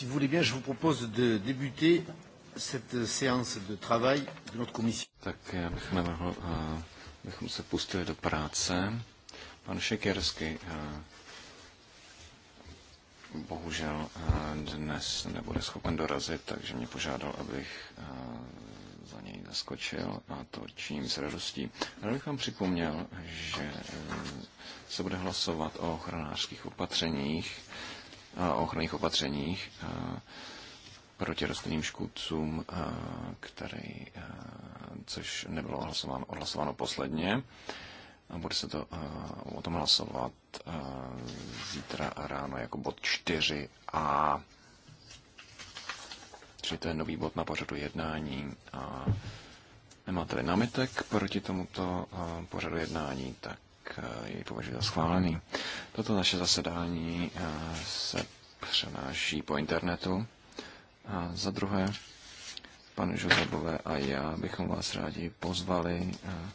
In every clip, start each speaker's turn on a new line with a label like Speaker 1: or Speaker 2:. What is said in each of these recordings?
Speaker 1: Si vous voulez bien, je vous propose de débuter cette séance de travail de notre commission. Tak já bych navrhl, abychom se pustili do práce. Pan Šekersky eh, bohužel eh, dnes nebude schopen dorazit, takže mě požádal, abych eh, za něj zaskočil a to činím s radostí. Rád bych vám připomněl, že se bude hlasovat o ochranářských opatřeních o ochranných opatřeních proti rostlinným škůdcům, který, což nebylo odhlasováno, odhlasováno posledně. A bude se to, o tom hlasovat zítra ráno jako bod 4a. Čili to je nový bod na pořadu jednání. A nemáte-li námitek proti tomuto pořadu jednání, tak tak eh, jej považuji za schválený. Toto naše zasedání eh, se přenáší po internetu. A za druhé, pan Žozebové a já bychom vás rádi pozvali eh,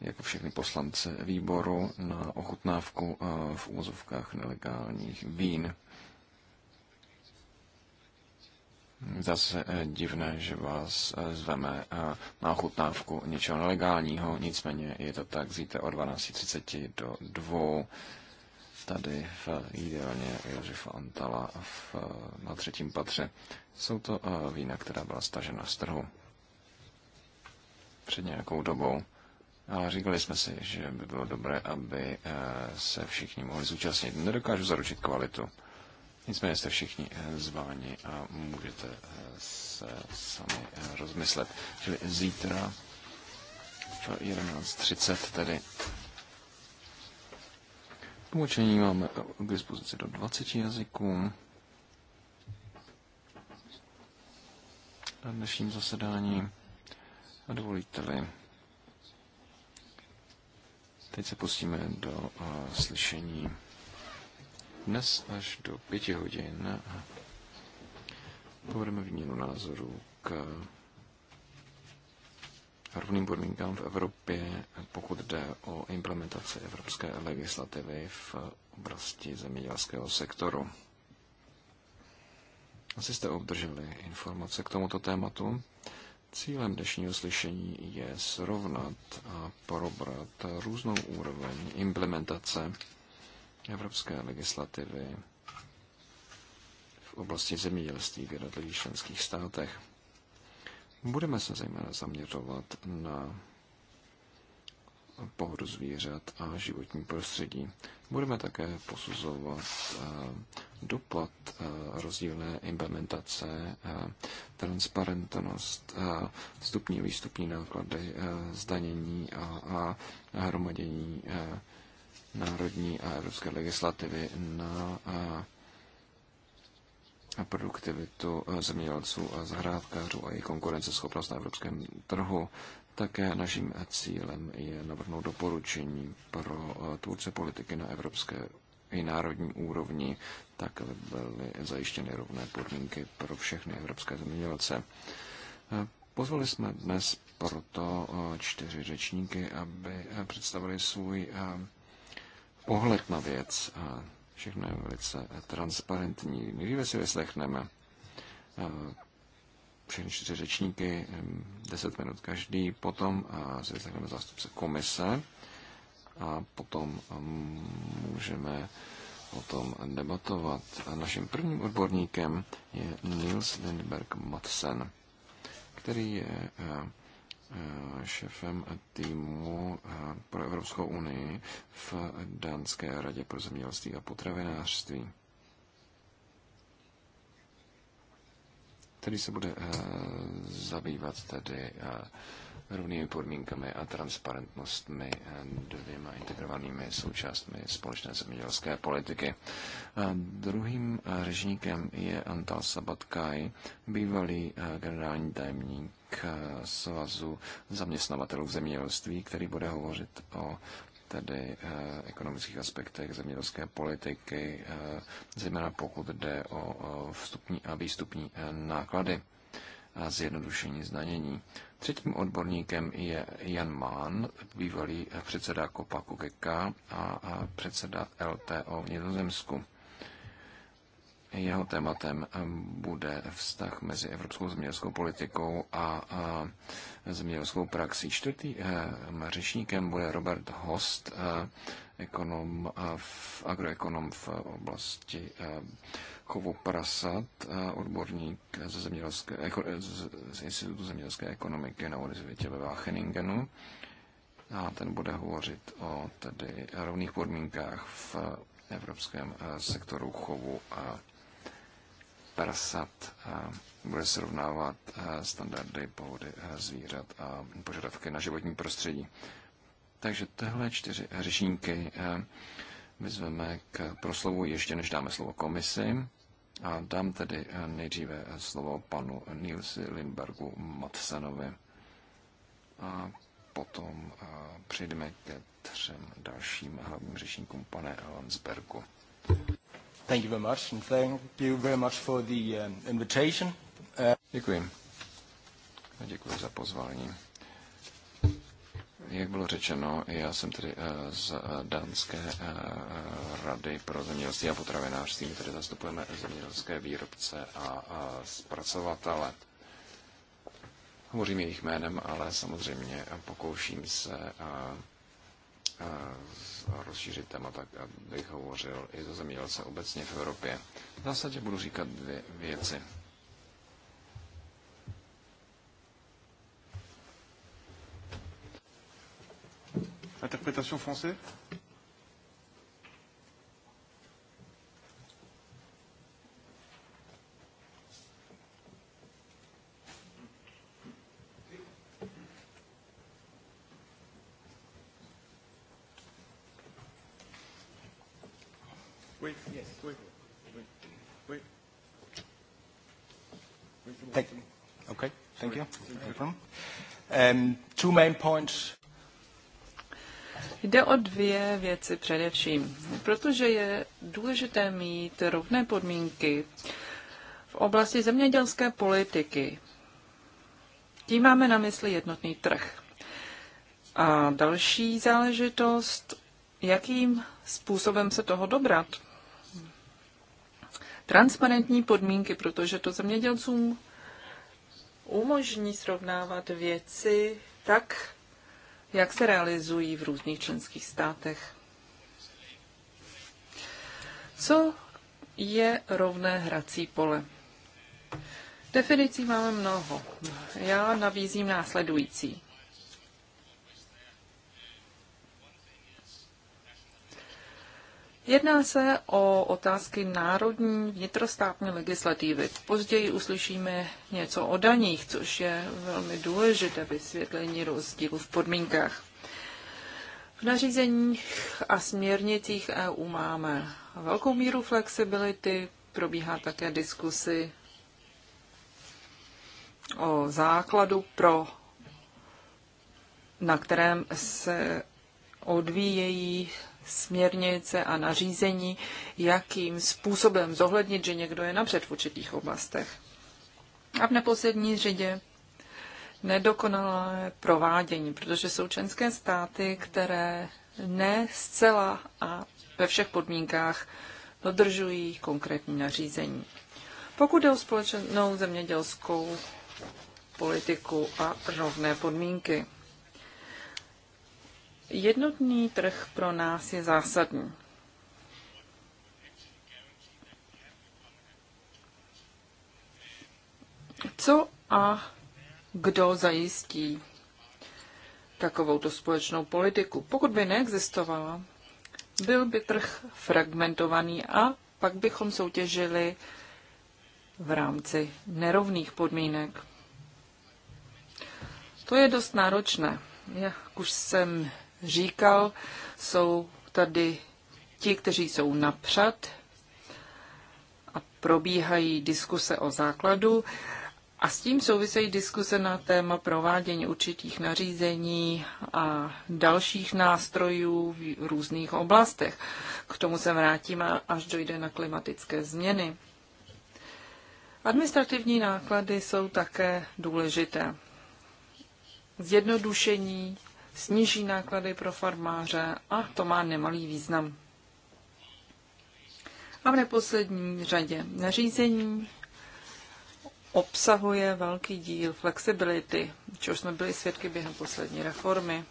Speaker 1: jako všechny poslance výboru na ochutnávku v úzovkách nelegálních vín. zase eh, divné, že vás eh, zveme eh, na ochutnávku něčeho nelegálního, nicméně je to tak, zíte o 12.30 do 2 tady v jídelně Josefa Antala v, na třetím patře. Jsou to vína, která byla stažena z trhu před nějakou dobou. Ale říkali jsme si, že by bylo dobré, aby se všichni mohli zúčastnit. Nedokážu zaručit kvalitu Nicméně jste všichni eh, zváni a můžete eh, se sami eh, rozmyslet. Čili zítra v 11.30 tedy Tlumočení máme k dispozici do 20 jazyků. Na dnešním zasedání a dovolíte-li. Teď se pustíme do uh, slyšení. Dnes až do pěti hodin povedeme výměnu názorů k rovným podmínkám v Evropě, pokud jde o implementaci evropské legislativy v oblasti zemědělského sektoru. Asi jste obdrželi informace k tomuto tématu. Cílem dnešního slyšení je srovnat a porobrat různou úroveň implementace evropské legislativy v oblasti zemědělství v jednotlivých členských státech. Budeme se zejména zaměřovat na pohodu zvířat a životní prostředí. Budeme také posuzovat eh, dopad eh, rozdílné implementace, eh, transparentnost, vstupní výstupní náklady, zdanění a hromadění národní a evropské legislativy na a produktivitu zemědělců a zahrádkářů a jejich konkurenceschopnost na evropském trhu. Také naším cílem je navrhnout doporučení pro tvůrce politiky na evropské i národní úrovni, tak aby byly zajištěny rovné podmínky pro všechny evropské zemědělce. Pozvali jsme dnes proto čtyři řečníky, aby představili svůj pohled na věc. A všechno je velice transparentní. Nejdříve si vyslechneme všechny čtyři řečníky, deset minut každý, potom si vyslechneme zástupce komise a potom můžeme o tom debatovat. Naším prvním odborníkem je Nils Lindberg Madsen, který je e, Eh, šéfem týmu eh, pro Evropskou unii v Dánské radě pro zemědělství a potravinářství. Který se bude eh, zabývat tedy rovnými podmínkami a transparentnostmi eh, dvěma integrovanými součástmi společné zemědělské politiky. A druhým režníkem eh, je Antal Sabatkaj, bývalý eh, generální tajemník svazu zaměstnavatelů v zemědělství, který bude hovořit o tedy ekonomických aspektech zemědělské politiky, zejména pokud jde o vstupní a výstupní náklady a zjednodušení zdanění. Třetím odborníkem je Jan Mann, bývalý předseda Kopaku Geka a předseda LTO v Nizozemsku. Jeho tématem bude vztah mezi evropskou zemědělskou politikou a, a zemědělskou praxí. Čtvrtým eh, řečníkem bude Robert Host, eh, ekonom eh, v, agroekonom v oblasti Kovoprasat, eh, odborník ze zemědělské, eh, z, z Institutu zemědělské ekonomiky na univerzitě ve Wacheningenu. A ten bude hovořit o tedy rovných podmínkách v evropském eh, sektoru chovu a prasat. A bude srovnávat standardy pohody zvířat a požadavky na životní prostředí. Takže tyhle čtyři řešníky vyzveme k proslovu ještě než dáme slovo komisi. A dám tedy eh, nejdříve eh, slovo panu Nilsi Lindbergu Matsenovi a potom eh, přejdeme ke třem dalším hlavním řečníkům, pane Lansbergu. Thank you very much and thank you very much for the invitation. Děkuji. Děkuji za pozvání. Jak bylo řečeno, já jsem tedy eh, z eh, Dánské eh, rady pro zemědělství a potravinářství. My tedy zastupujeme zemědělské výrobce a zpracovatele. Hovořím jejich jménem, ale samozřejmě pokouším se rozšířit téma tak, abych hovořil i za zemědělce obecně v Evropě. V zásadě budu říkat dvě věci. Interprétation française Thank you. No problem. Um, two main points
Speaker 2: Jde o dvě věci především, protože je důležité mít rovné podmínky v oblasti zemědělské politiky. Tím máme na mysli jednotný trh. A další záležitost, jakým způsobem se toho dobrat. Transparentní podmínky, protože to zemědělcům umožní srovnávat věci tak, jak se realizují v různých členských státech. Co je rovné hrací pole? Definicí máme mnoho. Já nabízím následující. Jedná se o otázky národní vnitrostátní legislativy. Později uslyšíme něco o daních, což je velmi důležité vysvětlení rozdílu v podmínkách. V nařízeních a směrnicích EU máme velkou míru flexibility, probíhá také diskusy o základu pro, na kterém se odvíjejí směrnice a nařízení, jakým způsobem zohlednit, že někdo je napřed v určitých oblastech. A v neposlední řadě nedokonalé provádění, protože jsou členské státy, které ne zcela a ve všech podmínkách dodržují konkrétní nařízení. Pokud jde o společnou zemědělskou politiku a rovné podmínky. Jednotný trh pro nás je zásadní. Co a kdo zajistí takovouto společnou politiku? Pokud by neexistovala, byl by trh fragmentovaný a pak bychom soutěžili v rámci nerovných podmínek. To je dost náročné. Jak už jsem říkal. Jsou tady ti, kteří jsou napřed a probíhají diskuse o základu. A s tím souvisejí diskuse na téma provádění určitých nařízení a dalších nástrojů v různých oblastech. K tomu se vrátíme, až dojde na klimatické změny. Administrativní náklady jsou také důležité. Zjednodušení sníží náklady pro farmáře a to má nemalý význam. A v neposlední řadě nařízení obsahuje velký díl flexibility, což jsme byli svědky během poslední reformy.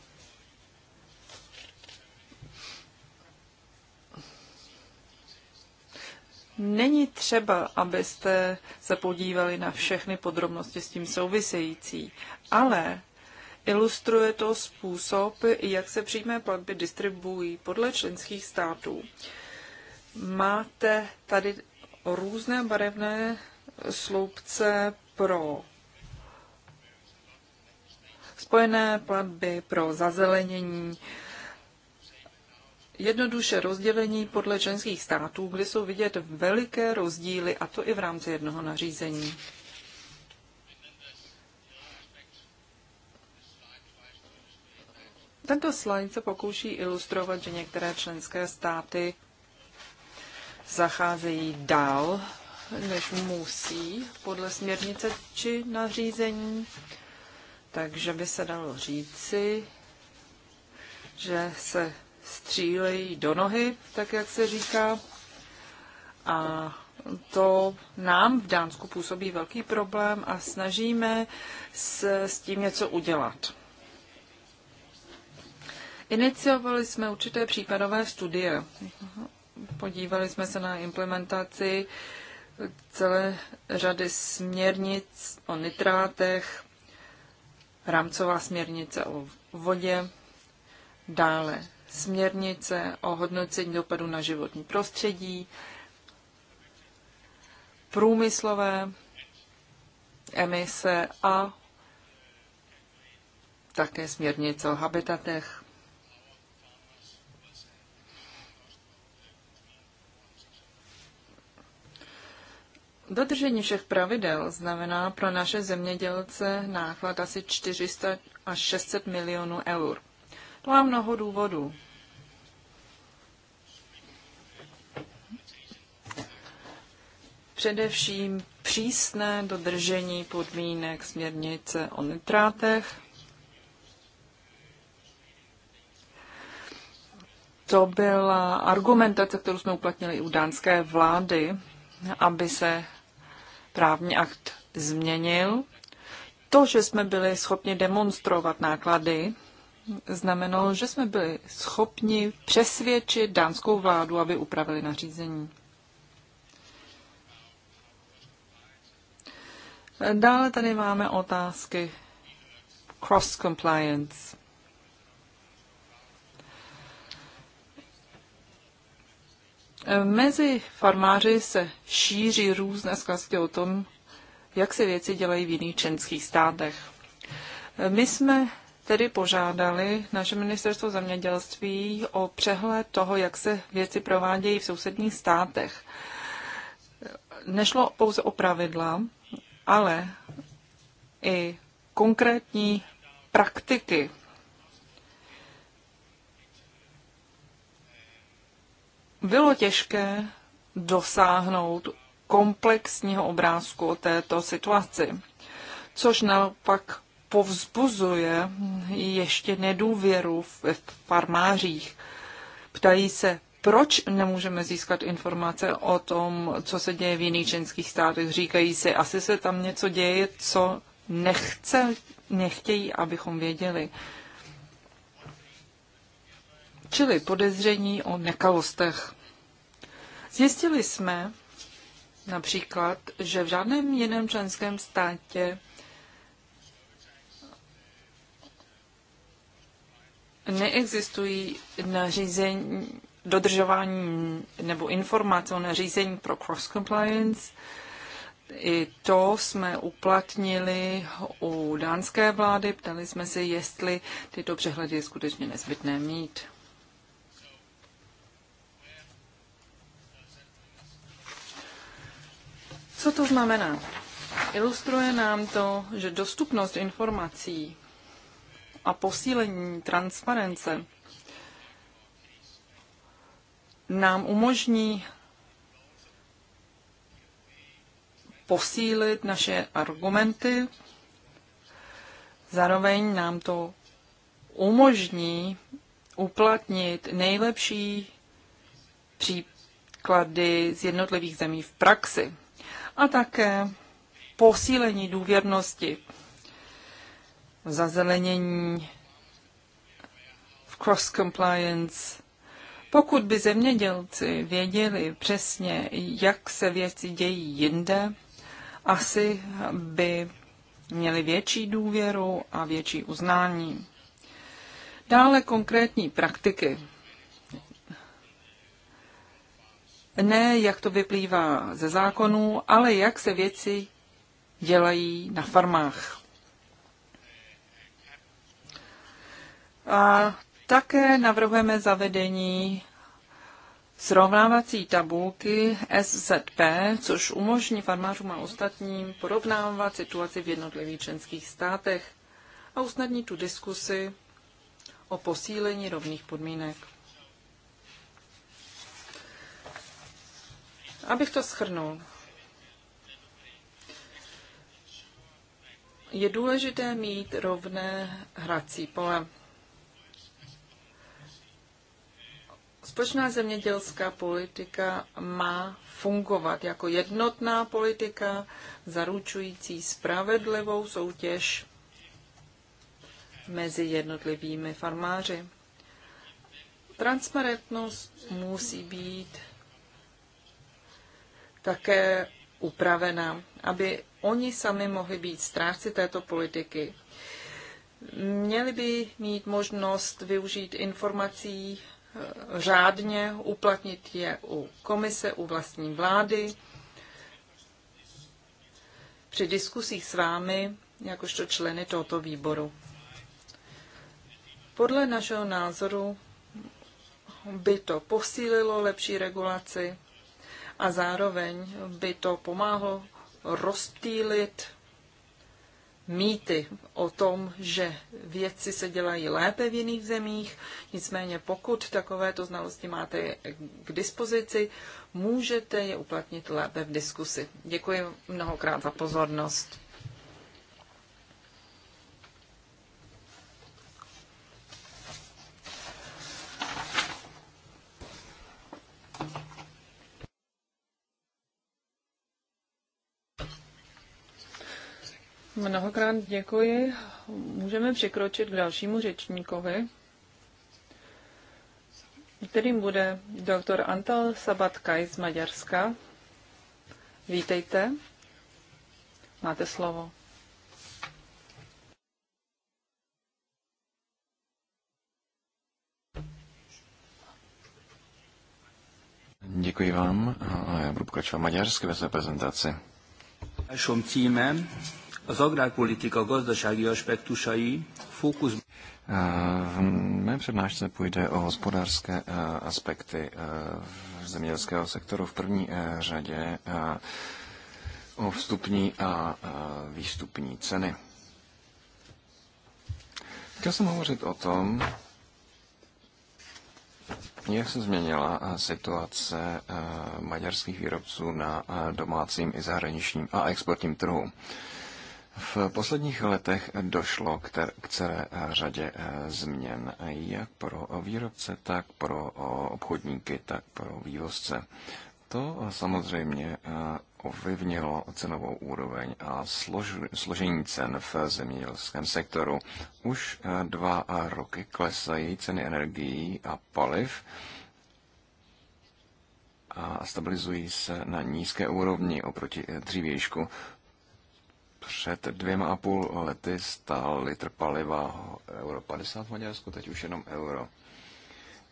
Speaker 2: Není třeba, abyste se podívali na všechny podrobnosti s tím související, ale Ilustruje to způsob, jak se přímé platby distribuují podle členských států. Máte tady různé barevné sloupce pro spojené platby, pro zazelenění, jednoduše rozdělení podle členských států, kde jsou vidět veliké rozdíly, a to i v rámci jednoho nařízení. Tento slide se pokouší ilustrovat, že některé členské státy zacházejí dál, než musí podle směrnice či nařízení. Takže by se dalo říci, že se střílejí do nohy, tak jak se říká. A to nám v Dánsku působí velký problém a snažíme se s tím něco udělat. Iniciovali jsme určité případové studie. Podívali jsme se na implementaci celé řady směrnic o nitrátech, rámcová směrnice o vodě, dále směrnice o hodnocení dopadu na životní prostředí, průmyslové emise a také směrnice o habitatech. Dodržení všech pravidel znamená pro naše zemědělce náklad asi 400 až 600 milionů eur. To má mnoho důvodů. Především přísné dodržení podmínek směrnice o nitrátech. To byla argumentace, kterou jsme uplatnili i u dánské vlády, aby se právní akt změnil. To, že jsme byli schopni demonstrovat náklady, znamenalo, že jsme byli schopni přesvědčit dánskou vládu, aby upravili nařízení. Dále tady máme otázky cross-compliance. Mezi farmáři se šíří různé zkazky o tom, jak se věci dělají v jiných členských státech. My jsme tedy požádali naše ministerstvo zemědělství o přehled toho, jak se věci provádějí v sousedních státech. Nešlo pouze o pravidla, ale i konkrétní praktiky bylo těžké dosáhnout komplexního obrázku o této situaci, což naopak povzbuzuje ještě nedůvěru v farmářích. Ptají se, proč nemůžeme získat informace o tom, co se děje v jiných ženských státech. Říkají si, asi se tam něco děje, co nechce, nechtějí, abychom věděli čili podezření o nekalostech. Zjistili jsme například, že v žádném jiném členském státě neexistují nařízení, dodržování nebo informace o nařízení pro cross-compliance. I to jsme uplatnili u dánské vlády. Ptali jsme se, jestli tyto přehledy je skutečně nezbytné mít. Co to znamená? Ilustruje nám to, že dostupnost informací a posílení transparence nám umožní posílit naše argumenty, zároveň nám to umožní uplatnit nejlepší příklady z jednotlivých zemí v praxi a také posílení důvěrnosti, zazelenění v cross-compliance. Pokud by zemědělci věděli přesně, jak se věci dějí jinde, asi by měli větší důvěru a větší uznání. Dále konkrétní praktiky. ne jak to vyplývá ze zákonů, ale jak se věci dělají na farmách. A také navrhujeme zavedení srovnávací tabulky SZP, což umožní farmářům a ostatním porovnávat situaci v jednotlivých členských státech a usnadní tu diskusi o posílení rovných podmínek. Abych to schrnul. Je důležité mít rovné hrací pole. Společná zemědělská politika má fungovat jako jednotná politika zaručující spravedlivou soutěž mezi jednotlivými farmáři. Transparentnost musí být také upravena, aby oni sami mohli být strážci této politiky. Měli by mít možnost využít informací eh, řádně, uplatnit je u komise, u vlastní vlády. Při diskusích s vámi, jakožto členy tohoto výboru. Podle našeho názoru by to posílilo lepší regulaci a zároveň by to pomáhlo rozptýlit mýty o tom, že věci se dělají lépe v jiných zemích. Nicméně pokud takovéto znalosti máte k dispozici, můžete je uplatnit lépe v diskusi. Děkuji mnohokrát za pozornost. Mnohokrát děkuji. Můžeme překročit k dalšímu řečníkovi, kterým bude doktor Antal Sabatkaj z Maďarska. Vítejte. Máte slovo.
Speaker 1: Děkuji vám já budu pokračovat maďarsky ve své prezentaci.
Speaker 2: Naším az agrárpolitika gazdasági aspektusai
Speaker 1: fókuszban. Eh, v mém přednášce půjde o hospodářské eh, aspekty eh, zemědělského sektoru v první řadě o vstupní a výstupní ceny. Chtěl jsem hovořit o tom, jak se změnila situace maďarských výrobců na domácím i zahraničním a exportním trhu. V posledních letech došlo k, ter, k celé řadě eh, změn, jak pro výrobce, tak pro eh, obchodníky, tak pro vývozce. To samozřejmě eh, ovlivnilo cenovou úroveň a slož, složení cen v zemědělském sektoru. Už dva roky klesají ceny energií a paliv a stabilizují se na nízké úrovni oproti dřívějšku. Před dvěma a půl lety stál litr paliva euro 50 v Maďarsku, teď už jenom euro.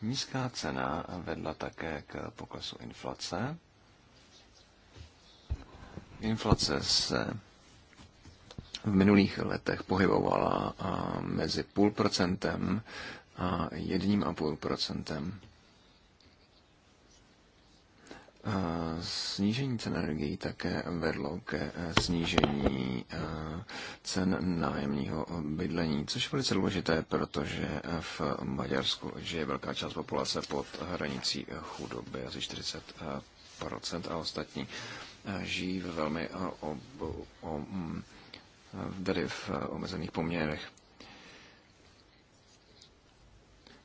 Speaker 1: Nízká cena vedla také k poklesu inflace. Inflace se v minulých letech pohybovala mezi půl procentem a jedním a půl procentem. Snížení cen energií také vedlo ke eh, snížení eh, cen nájemního bydlení, což je velice důležité, protože eh, v Maďarsku žije velká část populace pod hranicí chudoby, asi 40 a ostatní žijí ve velmi o, o, o, v omezených poměrech.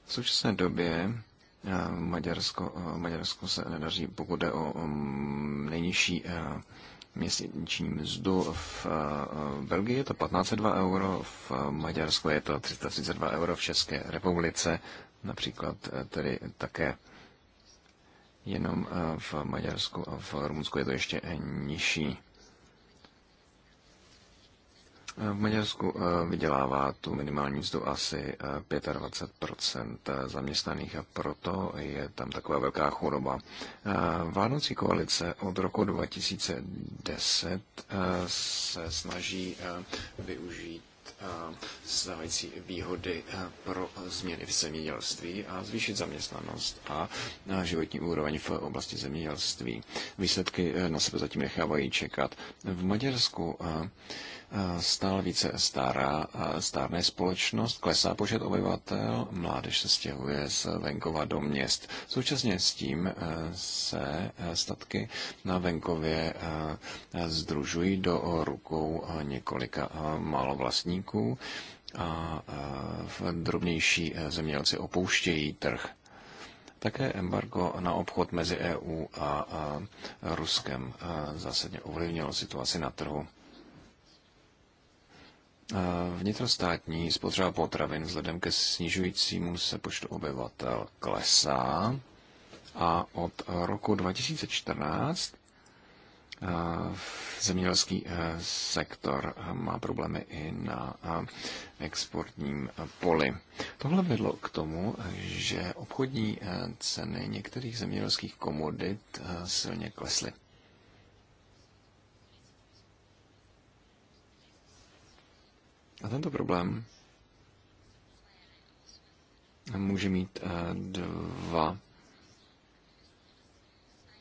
Speaker 1: V současné době Eh, Maďarsko, eh, Maďarsko se nedaří, pokud jde o mm, nejnižší eh, měsíční mzdu v Belgii je to 1502 euro, v Maďarsku je to 332 euro, v České republice například tedy také jenom v Maďarsku a v Rumunsku je to ještě nižší. V Maďarsku eh, vydělává tu minimální mzdu asi 25 eh, eh, zaměstnaných a proto je tam taková velká choroba. Vládnoucí koalice od roku 2010 se snaží využít stávající výhody pro změny v zemědělství a zvýšit zaměstnanost a životní úroveň v oblasti zemědělství. Výsledky na sebe zatím nechávají čekat. V Maďarsku stále více stará, stárné společnost, klesá počet obyvatel, mládež se stěhuje z venkova do měst. Současně s tím e, se e, statky na venkově e, združují do rukou několika malovlastníků a v drobnější zemědělci opouštějí trh. Také embargo na obchod mezi EU a, Ruskem zásadně ovlivnilo situaci na trhu. Vnitrostátní spotřeba potravin vzhledem ke snižujícímu se počtu obyvatel klesá a od roku 2014 zemědělský e, sektor má problémy i na exportním poli. Tohle vedlo k tomu, že obchodní e, ceny některých zemědělských komodit e, silně klesly. A tento problém může mít eh, dva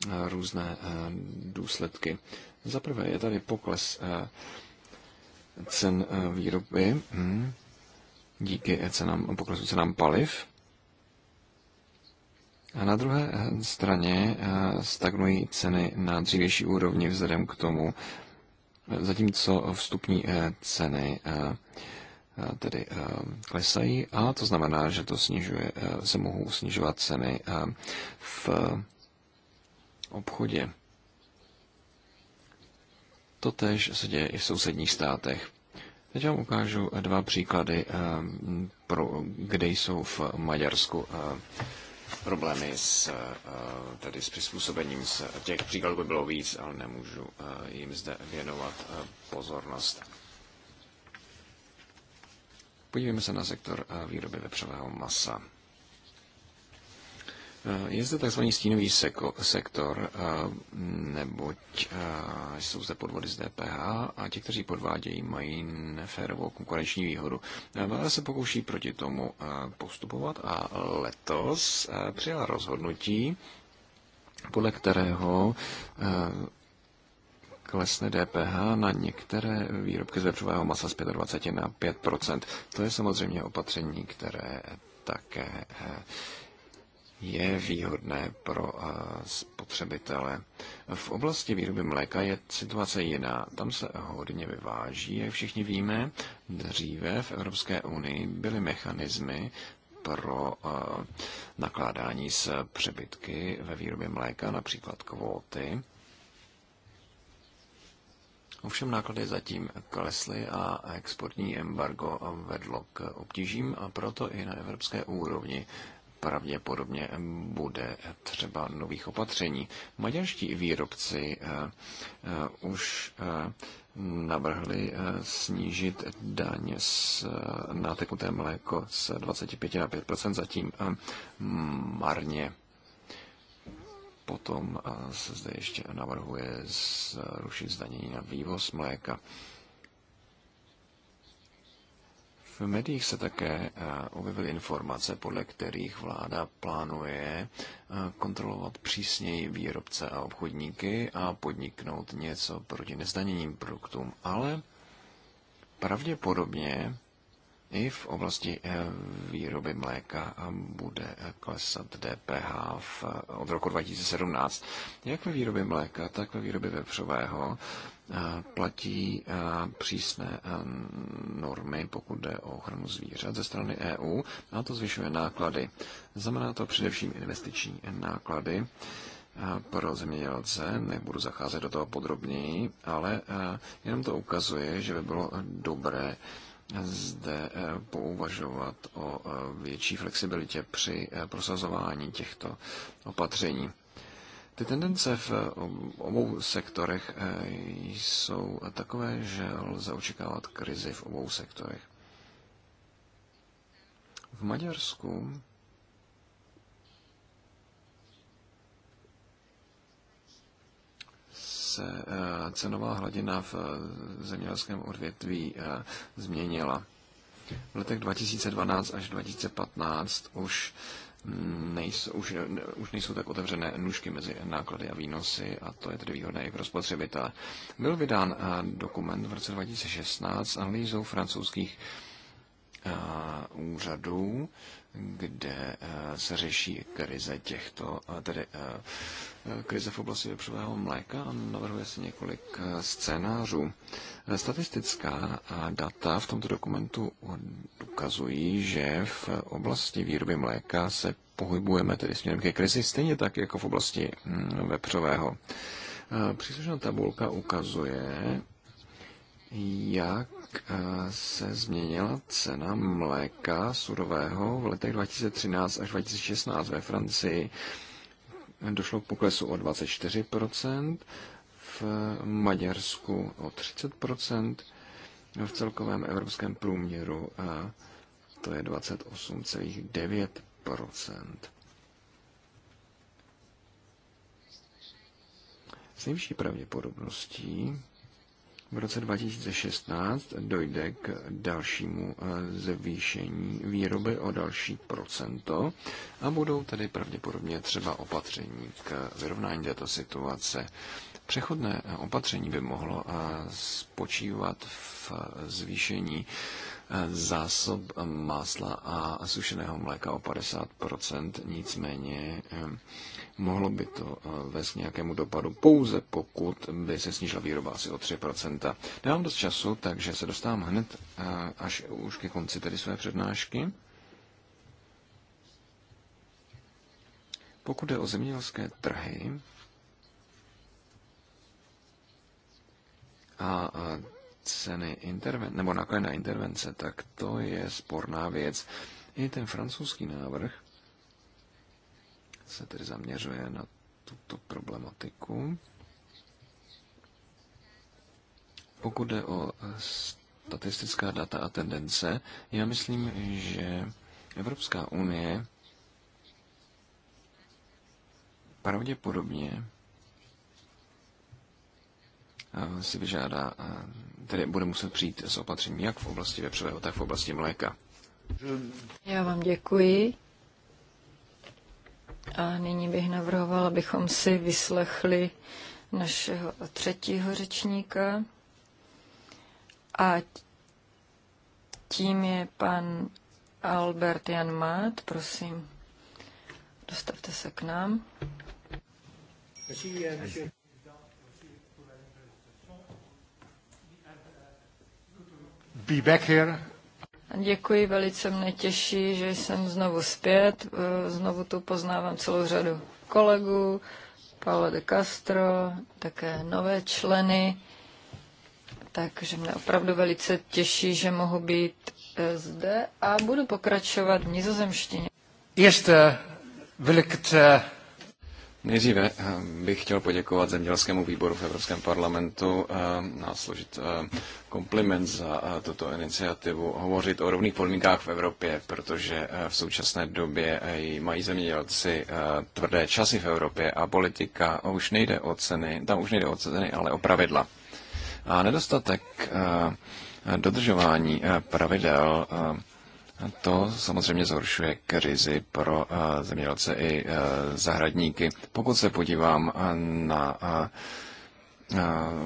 Speaker 1: eh, různé eh, důsledky. Za prvé je tady pokles cen výroby hm, díky cenám, poklesu cenám paliv. A na druhé straně stagnují ceny na dřívější úrovni vzhledem k tomu, zatímco vstupní eh, ceny eh, eh, tedy klesají a to znamená, že to snižuje, se mohou snižovat ceny v obchodě. To tež se děje i v sousedních státech. Teď vám ukážu dva příklady, kde jsou v Maďarsku problémy s, eh, tedy s přizpůsobením. se. těch příkladů by bylo víc, ale nemůžu eh, jim zde věnovat eh, pozornost. Podívejme se na sektor výroby vepřového masa. Eh, je zde tzv. stínový seko, sektor, eh, neboť eh, jsou zde podvody z DPH a ti, kteří podvádějí, mají neférovou konkurenční výhodu. Vláda se pokouší proti tomu postupovat a letos přijala rozhodnutí, podle kterého klesne DPH na některé výrobky z vepřového masa z 25 na 5 To je samozřejmě opatření, které také je výhodné pro eh, spotřebitele. V oblasti výroby mléka je situace jiná. Tam se hodně vyváží, jak všichni víme. Dříve v Evropské unii byly mechanismy pro eh, nakládání s přebytky ve výrobě mléka, například kvóty. Ovšem náklady zatím klesly a exportní embargo vedlo k obtížím a proto i na evropské úrovni pravděpodobně bude třeba nových opatření. Maďarští výrobci eh, eh, už eh, navrhli snížit daň s na tekuté mléko z 25 na 5 zatím marně. Potom se zde ještě navrhuje zrušit zdanění na vývoz mléka. V médiích se také eh, objevily informace, podle kterých vláda plánuje eh, kontrolovat přísněji výrobce a obchodníky a podniknout něco proti nezdaněním produktům, ale pravděpodobně i v oblasti eh, výroby mléka bude klesat DPH v, od roku 2017. Jak ve výrobě mléka, tak ve výrobě vepřového platí přísné normy, pokud jde o ochranu zvířat ze strany EU, a to zvyšuje náklady. Znamená to především investiční náklady pro zemědělce, nebudu zacházet do toho podrobněji, ale jenom to ukazuje, že by bylo dobré zde e, pouvažovat o e, větší flexibilitě při e, prosazování těchto opatření. Ty tendence v um, obou sektorech eh, jsou takové, že lze očekávat krizi v obou sektorech. V Maďarsku se eh, cenová hladina v eh, zemědělském odvětví změnila. V letech 2012 až 2015 už nejsou, už, ne, už nejsou tak otevřené nůžky mezi náklady a výnosy a to je tedy výhodné i pro spotřebitele. Byl vydán eh, dokument v roce 2016 analýzou francouzských eh, úřadů kde eh, se řeší krize těchto, eh, tedy eh, krize v oblasti vepřového mléka a navrhuje se několik scénářů. Statistická data v tomto dokumentu ukazují, že v oblasti výroby mléka se pohybujeme tedy směrem ke krizi, stejně tak jako v oblasti mm, vepřového. Příslušná tabulka ukazuje, jak Eh, se změnila cena mléka surového v letech 2013 až 2016 ve Francii. Došlo k poklesu o 24%, v Maďarsku o 30%, v celkovém evropském průměru a to je 28,9%. S nejvyšší pravděpodobností v roce 2016 dojde k dalšímu eh, zvýšení výroby o další procento a budou tedy pravděpodobně třeba opatření k vyrovnání této situace. Přechodné eh, opatření by mohlo eh, spočívat v zvýšení zásob másla a sušeného mléka o 50%, nicméně mohlo by to eh, vést k nějakému dopadu, pouze pokud by se snížila výroba asi o 3%. Nemám dost času, takže se dostávám hned eh, až už ke konci tedy své přednášky. Pokud jde o zemědělské trhy a eh, ceny interven- nebo náklady na intervence, tak to je sporná věc. I ten francouzský návrh se tedy zaměřuje na tuto problematiku. Pokud jde o statistická data a tendence, já myslím, že Evropská unie pravděpodobně eh, si vyžádá, eh, tedy bude muset přijít s opatřením jak v oblasti vepřového, tak v oblasti mléka.
Speaker 3: Já vám děkuji. A nyní bych navrhoval, abychom si vyslechli našeho třetího řečníka. A tím je pan Albert Jan Mát. Prosím, dostavte se k nám.
Speaker 1: Be back here
Speaker 3: Děkuji, velice mne těší, že jsem znovu zpět. Eh, znovu tu poznávám celou řadu kolegů, Paolo de Castro, také nové členy, takže mne opravdu velice těší, že mohu být eh, zde a budu pokračovat v nizozemštině.
Speaker 1: Ještě uh, Nejdříve eh, bych chtěl poděkovat zemědělskému výboru v Evropském parlamentu eh, a složit eh, kompliment za tuto iniciativu hovořit o rovných podmínkách v Evropě, protože v současné době mají zemědělci tvrdé časy v Evropě a politika už nejde o ceny, tam už nejde o ceny, ale o pravidla. A nedostatek dodržování pravidel to samozřejmě zhoršuje krizi pro eh, zemědělce i eh, zahradníky. Pokud se podívám eh, na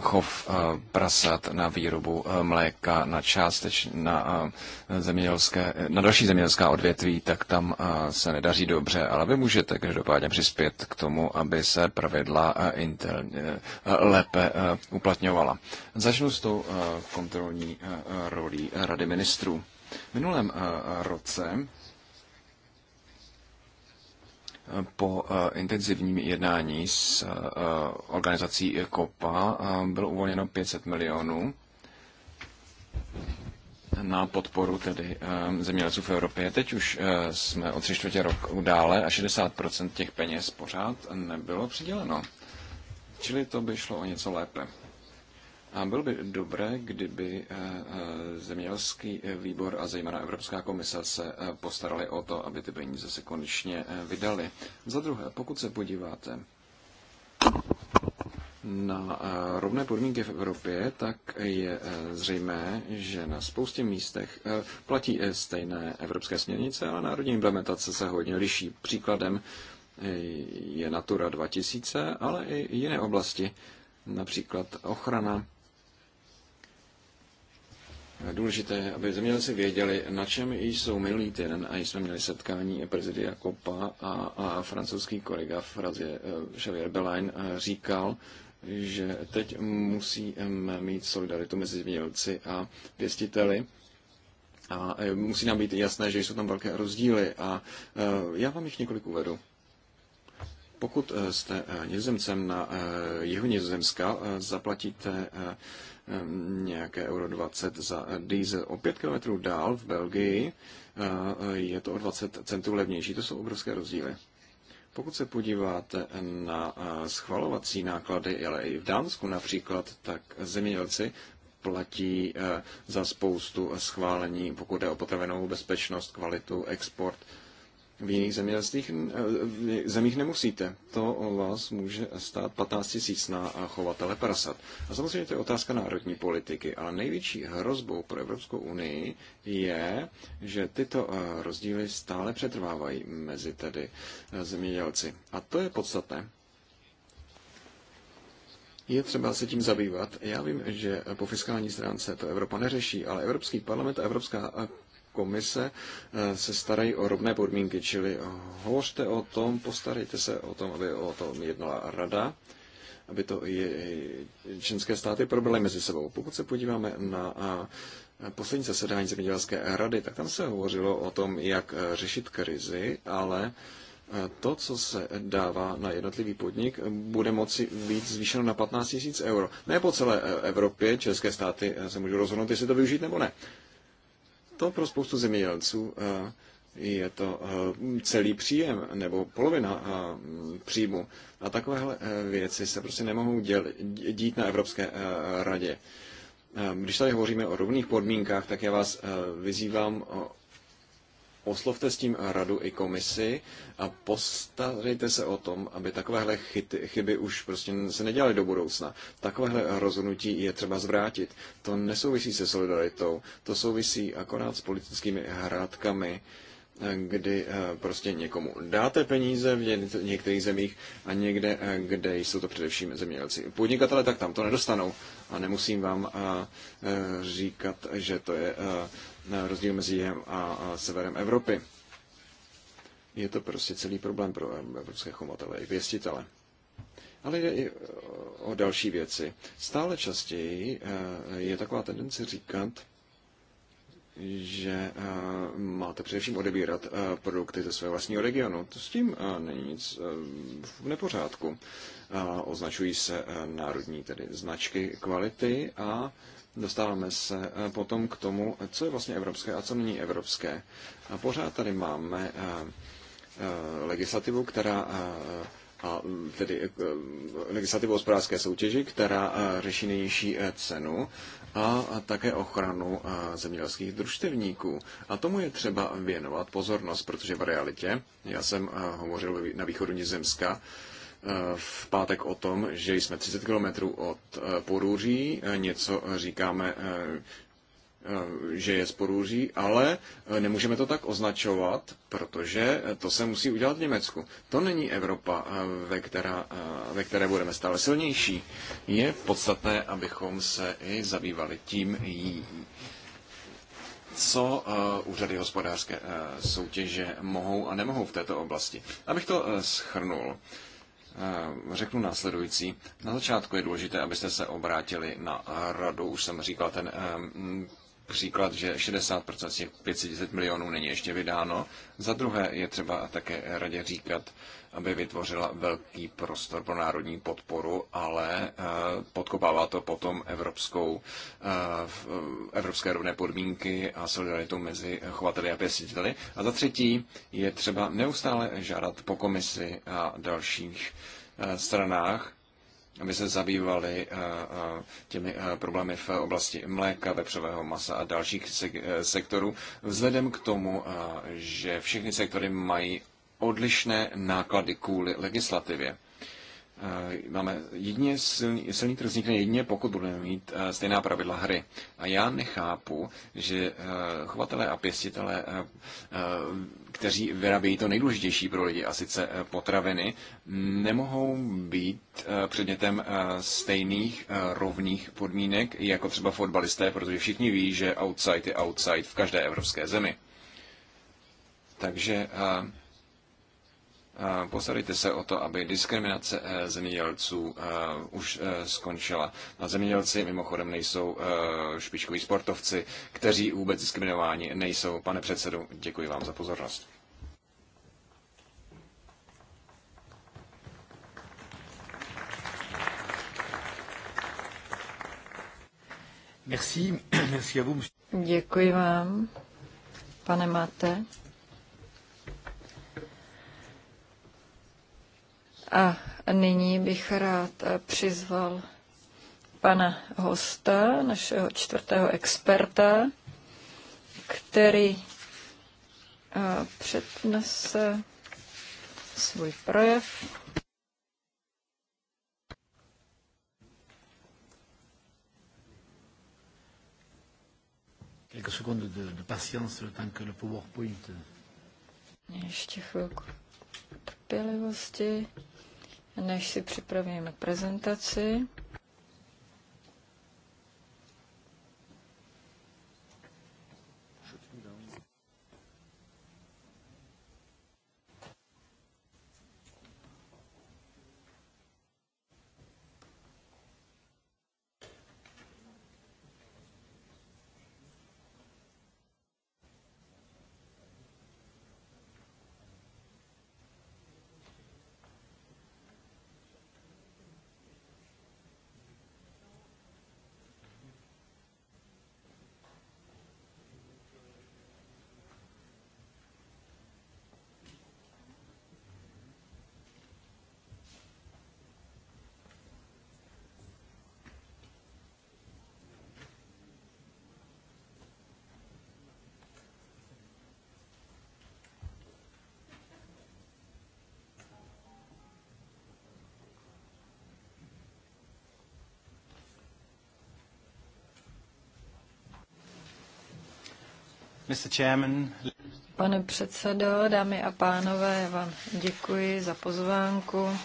Speaker 1: chov prasat, na výrobu mléka, na částeč, na, zemědělské, na další zemědělská odvětví, tak tam se nedaří dobře, ale vy můžete každopádně přispět k tomu, aby se pravidla intel, lépe uplatňovala. Začnu s tou kontrolní rolí Rady ministrů. V minulém eh, roce eh, po eh, intenzivním jednání s organizací COPA bylo uvolněno 500 milionů na podporu tedy zemědělců v Evropě. Teď už jsme o tři čtvrtě roku dále a 60% těch peněz pořád nebylo přiděleno. Čili to by šlo o něco lépe. A bylo by dobré, kdyby eh, eh, zemědělský výbor a zejména Evropská komise se eh, postarali o to, aby ty peníze se konečně vydali. Za druhé, pokud se podíváte na rovné podmínky v Evropě, tak je zřejmé, že na spoustě místech platí stejné evropské směrnice, ale národní implementace se hodně liší. Příkladem je Natura 2000, ale i jiné oblasti, například ochrana důležité, aby zemědělci věděli, na čem jsou minulý týden, a jsme měli setkání prezidia Kopa a, a francouzský kolega v Frazie eh, Xavier Belain eh, říkal, že teď musíme mít solidaritu mezi zemědělci a pěstiteli. A eh, musí nám být jasné, že jsou tam velké rozdíly a já vám jich několik uvedu. Pokud jste nizozemcem na jihu Nizozemska, zaplatíte Ehm, nějaké euro 20 za diesel. O 5 kilometrů dál v Belgii je to o 20 centů levnější. To jsou obrovské rozdíly. Pokud se podíváte na schvalovací náklady, ale i v Dánsku například, tak zemědělci platí e, za spoustu schválení, pokud jde o potravinovou bezpečnost, kvalitu, export v jiných zemědělských eh, zemích nemusíte. To vás může stát 15 tisíc na chovatele prasat. A samozřejmě to je otázka národní politiky, ale největší hrozbou pro Evropskou unii je, že tyto eh, rozdíly stále přetrvávají mezi tedy eh, zemědělci. A to je podstatné. Je třeba se tím zabývat. Já vím, že po fiskální stránce to Evropa neřeší, ale Evropský parlament a Evropská komise eh, se starají o rovné podmínky, čili hovořte o tom, postarejte se o tom, aby o tom jednala rada, aby to i členské státy problémy mezi sebou. Pokud se podíváme na poslední zasedání zemědělské rady, tak tam se hovořilo o tom, jak eh, řešit krizi, ale eh, to, co se dává na jednotlivý podnik, bude moci být zvýšeno na 15 000 euro. Ne po celé Evropě, české státy se můžou rozhodnout, jestli to využít nebo ne to pro spoustu zemědělců eh, je to eh, celý příjem nebo polovina eh, příjmu. A takovéhle věci se prostě nemohou děl, dít na Evropské radě. Když tady hovoříme o rovných podmínkách, tak já vás vyzývám oslovte s tím radu i komisi a postarejte se o tom, aby takovéhle chyty, chyby už prostě se nedělaly do budoucna. Takovéhle rozhodnutí je třeba zvrátit. To nesouvisí se solidaritou, to souvisí akorát s politickými hrátkami, kdy eh, prostě někomu dáte peníze v některých zemích a někde, eh, kde jsou to především zemědělci. Podnikatele tak tam to nedostanou a nemusím vám eh, říkat, že to je rozdíl mezi jihem a severem Evropy. Je to prostě celý problém pro evropské chovatele i pěstitele. Ale jde i o další věci. Stále častěji e, je taková tendence říkat, že e, máte především odebírat e, produkty ze svého vlastního regionu. To s tím není nic v nepořádku. Označují se národní tedy značky kvality a Dostáváme se eh, potom k tomu, co je vlastně evropské a co není evropské. A pořád tady máme eh, eh, legislativu, která a tedy legislativu hospodářské soutěži, která řeší nejnižší cenu a také ochranu zemědělských družstevníků. A tomu je třeba věnovat pozornost, protože v realitě, já jsem hovořil na východu Nizemska, Eh, v pátek o tom, že jsme 30 kilometrů od eh, Porůří, eh, něco říkáme, že je z Porůří, ale nemůžeme to tak označovat, protože to se musí udělat v Německu. To není Evropa, ve, která, ve které budeme stále silnější. Je podstatné, abychom se i zabývali tím, co úřady hospodářské soutěže mohou a nemohou v této oblasti. Abych to Uh, Eh, řeknu následující. Na začátku je důležité, abyste se obrátili na radu. Už jsem říkal ten ehm, příklad, že 60% z těch 510 milionů není ještě vydáno. Za druhé je třeba také radě říkat, aby vytvořila velký prostor pro národní podporu, ale eh, podkopává to potom evropskou, eh, evropské rovné podmínky a solidaritu mezi chovateli a pěstiteli. A za třetí je třeba neustále žádat po komisi a dalších eh, stranách, aby se zabývali těmi problémy v oblasti mléka, vepřového masa a dalších sektorů, vzhledem k tomu, že všechny sektory mají odlišné náklady kvůli legislativě. Eh, máme jedině silný, silný trh vznikne jedině, pokud budeme mít eh, stejná pravidla hry. A já nechápu, že eh, chovatelé a pěstitelé, kteří vyrábějí to nejdůležitější pro lidi, a sice potraviny, nemohou být předmětem stejných rovných podmínek jako třeba fotbalisté, protože všichni ví, že outside je outside v každé evropské zemi. Takže Postarejte se o to, aby diskriminace eh, zemědělců eh, už eh, skončila. A no, zemědělci mimochodem nejsou špičkoví sportovci, kteří vůbec diskriminováni nejsou. Pane předsedu, děkuji vám za pozornost.
Speaker 3: Děkuji vám, pane Mate. A nyní bych rád eh, přizval pana hosta, našeho čtvrtého experta, který eh, přednese svůj projev. Quelques secondes de, de patience, le temps que le PowerPoint. Euh, Ještě chvilku trpělivosti než si připravíme prezentaci. Pane předsedo, dámy a pánové, vám děkuji za pozvánku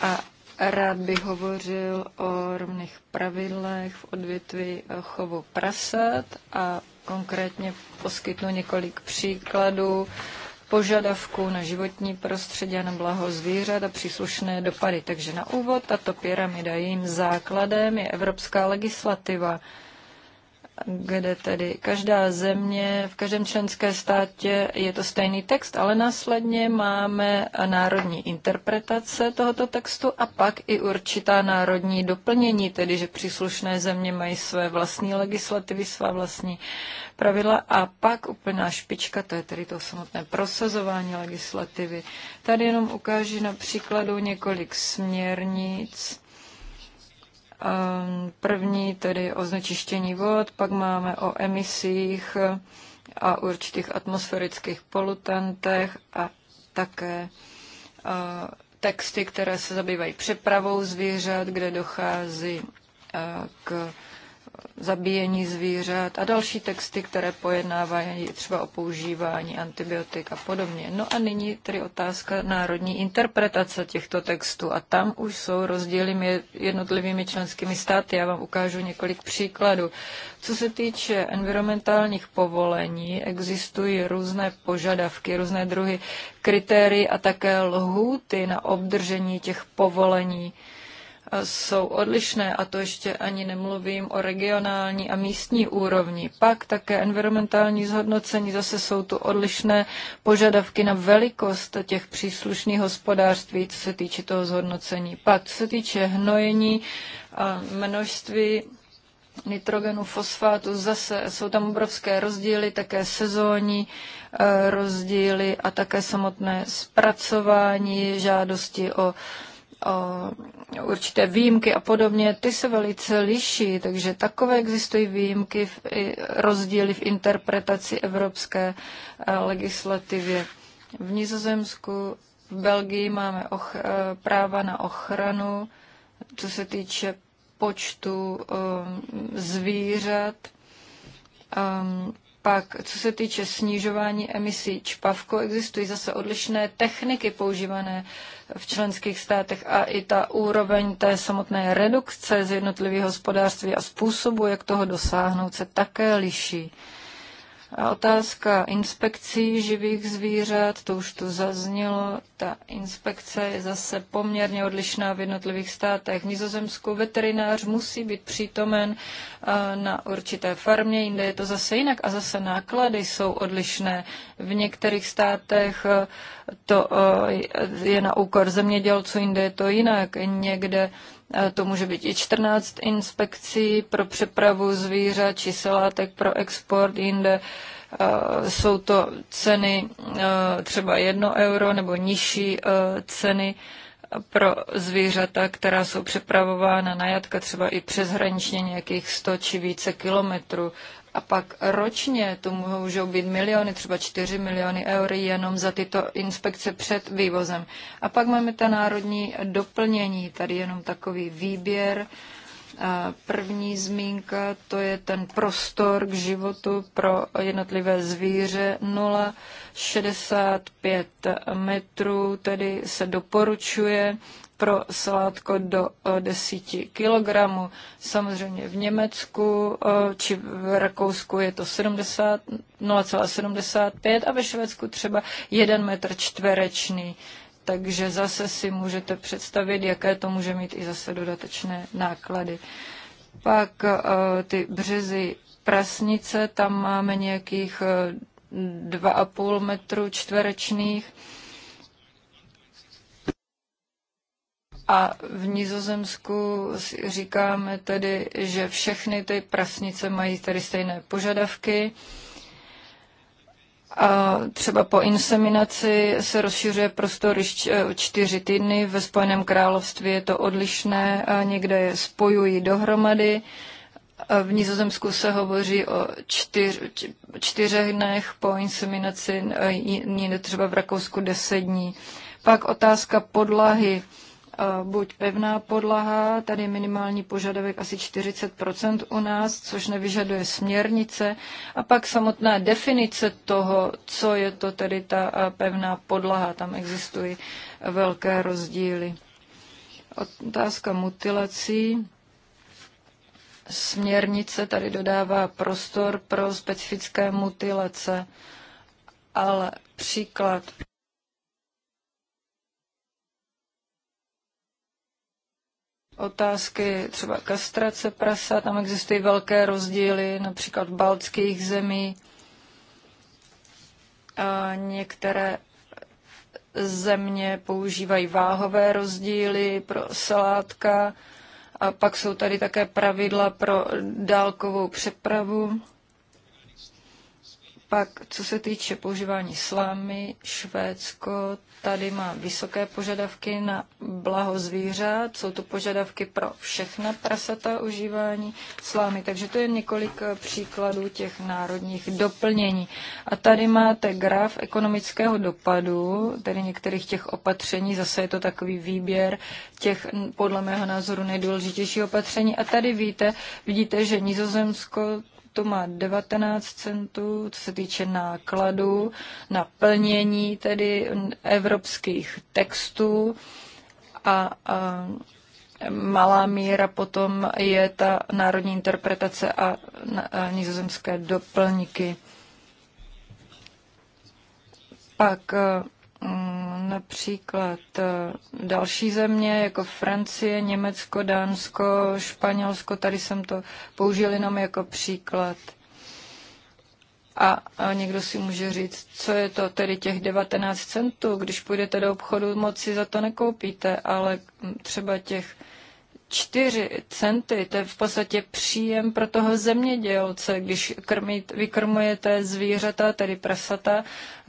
Speaker 3: a rád bych hovořil o rovných pravidlech v odvětví chovu prasat a konkrétně poskytnu několik příkladů požadavků na životní prostředí a na blaho zvířat a příslušné dopady. Takže na úvod tato pyramida, jejím základem je evropská legislativa kde tedy každá země, v každém členské státě je to stejný text, ale následně máme národní interpretace tohoto textu a pak i určitá národní doplnění, tedy že příslušné země mají své vlastní legislativy, svá vlastní pravidla a pak úplná špička, to je tedy to samotné prosazování legislativy. Tady jenom ukážu na příkladu několik směrnic Ehm, první tedy o znečištění vod, pak máme o emisích a určitých atmosférických polutantech a také eh, texty, které se zabývají přepravou zvířat, kde dochází eh, k zabíjení zvířat a další texty, které pojednávají třeba o používání antibiotik a podobně. No a nyní tedy otázka národní interpretace těchto textů a tam už jsou rozdíly jednotlivými členskými státy. Já vám ukážu několik příkladů. Co se týče environmentálních povolení, existují různé požadavky, různé druhy kritérií a také lhůty na obdržení těch povolení jsou odlišné, a to ještě ani nemluvím o regionální a místní úrovni. Pak také environmentální zhodnocení, zase jsou tu odlišné požadavky na velikost těch příslušných hospodářství, co se týče toho zhodnocení. Pak, co se týče hnojení, a množství nitrogenu, fosfátu, zase jsou tam obrovské rozdíly, také sezónní eh, rozdíly a také samotné zpracování žádosti o určité výjimky a podobně, ty se velice liší, takže takové existují výjimky, v, rozdíly v interpretaci evropské eh, legislativě. V Nizozemsku, v Belgii máme och, eh, práva na ochranu, co se týče počtu eh, zvířat. Ehm, pak, co se týče snižování emisí čpavku, existují zase odlišné techniky používané v členských státech a i ta úroveň té samotné redukce z jednotlivých hospodářství a způsobu, jak toho dosáhnout, se také liší. Otázka inspekcí živých zvířat, to už tu zaznělo. Ta inspekce je zase poměrně odlišná v jednotlivých státech. V Nizozemsku veterinář musí být přítomen na určité farmě, jinde je to zase jinak a zase náklady jsou odlišné. V některých státech to je na úkor zemědělců, jinde je to jinak. Někde to může být i 14 inspekcí pro přepravu zvířat či salátek pro export jinde. Jsou to ceny třeba 1 euro nebo nižší ceny pro zvířata, která jsou přepravována na jatka třeba i přeshraničně nějakých 100 či více kilometrů. A pak ročně to můžou být miliony, třeba 4 miliony eur jenom za tyto inspekce před vývozem. A pak máme ta národní doplnění, tady jenom takový výběr. A první zmínka, to je ten prostor k životu pro jednotlivé zvíře 0,65 metrů, tedy se doporučuje pro sládko do 10 kg. Samozřejmě v Německu či v Rakousku je to 70, 0,75 a ve Švédsku třeba 1 metr čtverečný. Takže zase si můžete představit, jaké to může mít i zase dodatečné náklady. Pak ty březy prasnice, tam máme nějakých 2,5 metru čtverečných A v Nizozemsku říkáme tedy, že všechny ty prasnice mají tedy stejné požadavky. A třeba po inseminaci se rozšiřuje prostor eh, čtyři týdny, ve Spojeném království je to odlišné, a někde je spojují dohromady. A v Nizozemsku se hovoří o čtyř, čtyřech dnech po inseminaci, jinde třeba v Rakousku deset dní. Pak otázka podlahy buď pevná podlaha, tady minimální požadavek asi 40 u nás, což nevyžaduje směrnice, a pak samotná definice toho, co je to tedy ta pevná podlaha, tam existují velké rozdíly. Otázka mutilací. Směrnice tady dodává prostor pro specifické mutilace, ale příklad otázky třeba kastrace prasa, tam existují velké rozdíly, například v baltských zemí. A některé země používají váhové rozdíly pro salátka a pak jsou tady také pravidla pro dálkovou přepravu. Pak, co se týče používání slámy, Švédsko tady má vysoké požadavky na blaho zvířat. Jsou to požadavky pro všechna prasata užívání slámy. Takže to je několik eh, příkladů těch národních doplnění. A tady máte graf ekonomického dopadu, tedy některých těch opatření. Zase je to takový výběr těch, podle mého názoru, nejdůležitějších opatření. A tady víte, vidíte, že Nizozemsko to má 19 centů, co se týče nákladu na plnění tedy evropských textů a, a malá míra potom je ta národní interpretace a, a nizozemské doplňky. Pak mm, Například eh, další země jako Francie, Německo, Dánsko, Španělsko, tady jsem to použil jenom jako příklad. A, a někdo si může říct, co je to tedy těch 19 centů, když půjdete do obchodu, moc si za to nekoupíte, ale třeba těch 4 centy, to je v podstatě příjem pro toho zemědělce, když krmit, vykrmujete zvířata, tedy prasata,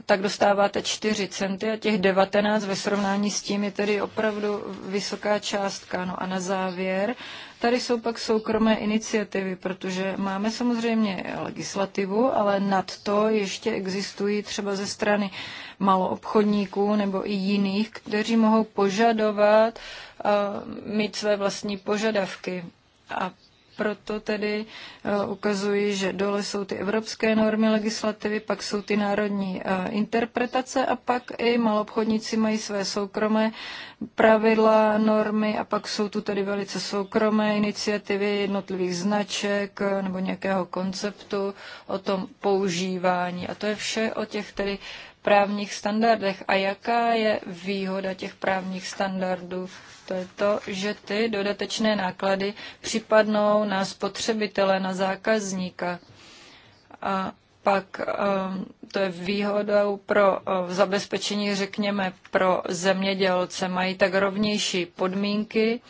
Speaker 3: tak dostáváte 4 centy a těch 19 ve srovnání s tím je tedy opravdu vysoká částka. No a na závěr, tady jsou pak soukromé iniciativy, protože máme samozřejmě legislativu, ale nad to ještě existují třeba ze strany maloobchodníků nebo i jiných, kteří mohou požadovat, eh, mít své vlastní požadavky. A proto tedy eh, ukazuji, že dole jsou ty evropské normy legislativy, pak jsou ty národní eh, interpretace a pak i malobchodníci mají své soukromé pravidla, normy a pak jsou tu tedy velice soukromé iniciativy jednotlivých značek eh, nebo nějakého konceptu o tom používání. A to je vše o těch tedy právních standardech. A jaká je výhoda těch právních standardů to je to, že ty dodatečné náklady připadnou na spotřebitele, na zákazníka. A pak ehm, to je výhodou pro eh, zabezpečení, řekněme, pro zemědělce. Mají tak rovnější podmínky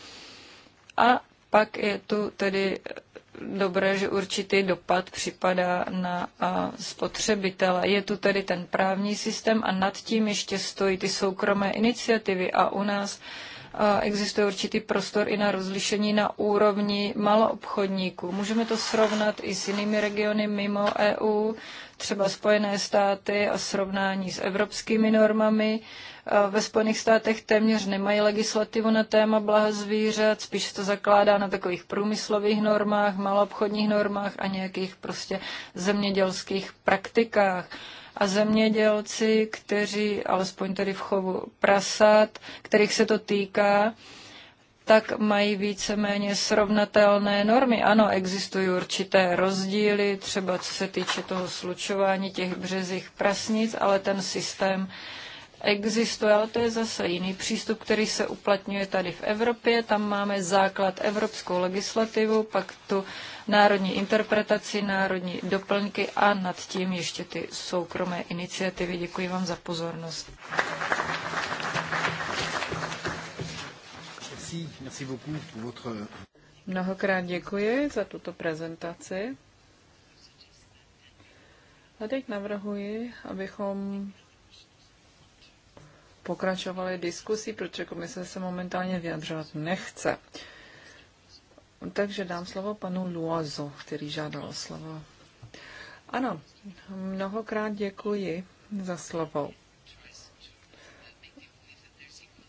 Speaker 3: a pak je tu tedy eh, dobré, že určitý dopad připadá na eh, spotřebitele. Je tu tedy ten právní systém a nad tím ještě stojí ty soukromé iniciativy a u nás existuje určitý prostor i na rozlišení na úrovni maloobchodníků. Můžeme to srovnat i s jinými regiony mimo EU, třeba Spojené státy a srovnání s evropskými normami. Ve Spojených státech téměř nemají legislativu na téma blaha zvířat, spíš se to zakládá na takových průmyslových normách, maloobchodních normách a nějakých prostě zemědělských praktikách a zemědělci, kteří, alespoň tedy v chovu prasat, kterých se to týká, tak mají víceméně srovnatelné normy. Ano, existují určité rozdíly, třeba co se týče toho slučování těch březích prasnic, ale ten systém existuje, ale to je zase jiný přístup, který se uplatňuje tady v Evropě. Tam máme základ evropskou legislativu, pak tu národní interpretaci, národní doplňky a nad tím ještě ty soukromé iniciativy. Děkuji vám za pozornost. Mnohokrát
Speaker 2: děkuji za tuto prezentaci. A teď navrhuji, abychom pokračovali diskusí, protože komise se momentálně vyjadřovat nechce. Takže dám slovo panu Luazo, který žádal o slovo. Ano, mnohokrát děkuji za slovo.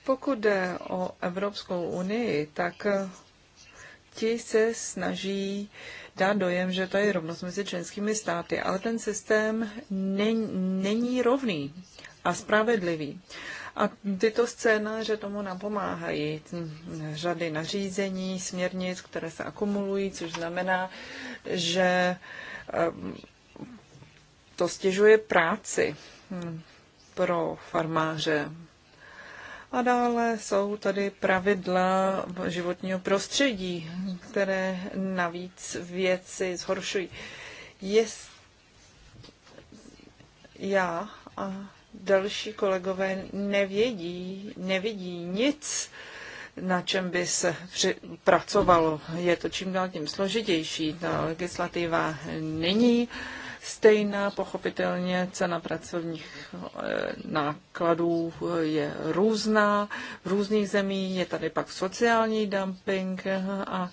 Speaker 2: Pokud jde o Evropskou unii, tak ti se snaží dát dojem, že to je rovnost mezi členskými státy, ale ten systém není, není rovný a spravedlivý. A tyto scénáře tomu napomáhají. Řady nařízení, směrnic, které se akumulují, což znamená, že eh, to stěžuje práci hm, pro farmáře. A dále jsou tady pravidla životního prostředí, které navíc věci zhoršují. Jest já a další kolegové nevědí, nevidí nic, na čem by se při- pracovalo. Je to čím dál tím složitější. Ta legislativa není stejná. Pochopitelně cena pracovních eh, nákladů eh, je různá. V různých zemích je tady pak sociální dumping eh, a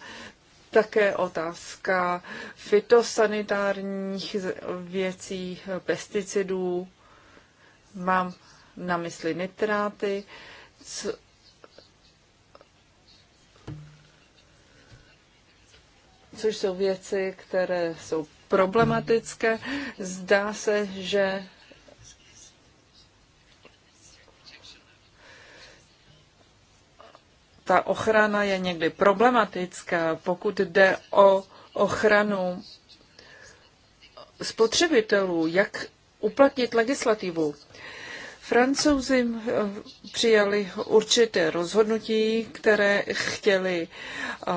Speaker 2: také otázka fitosanitárních věcí, pesticidů, Mám na mysli nitráty, co, což jsou věci, které jsou problematické. Zdá se, že ta ochrana je někdy problematická, pokud jde o ochranu spotřebitelů, jak uplatnit legislativu. Francouzi eh, přijali určité rozhodnutí, které chtěli eh,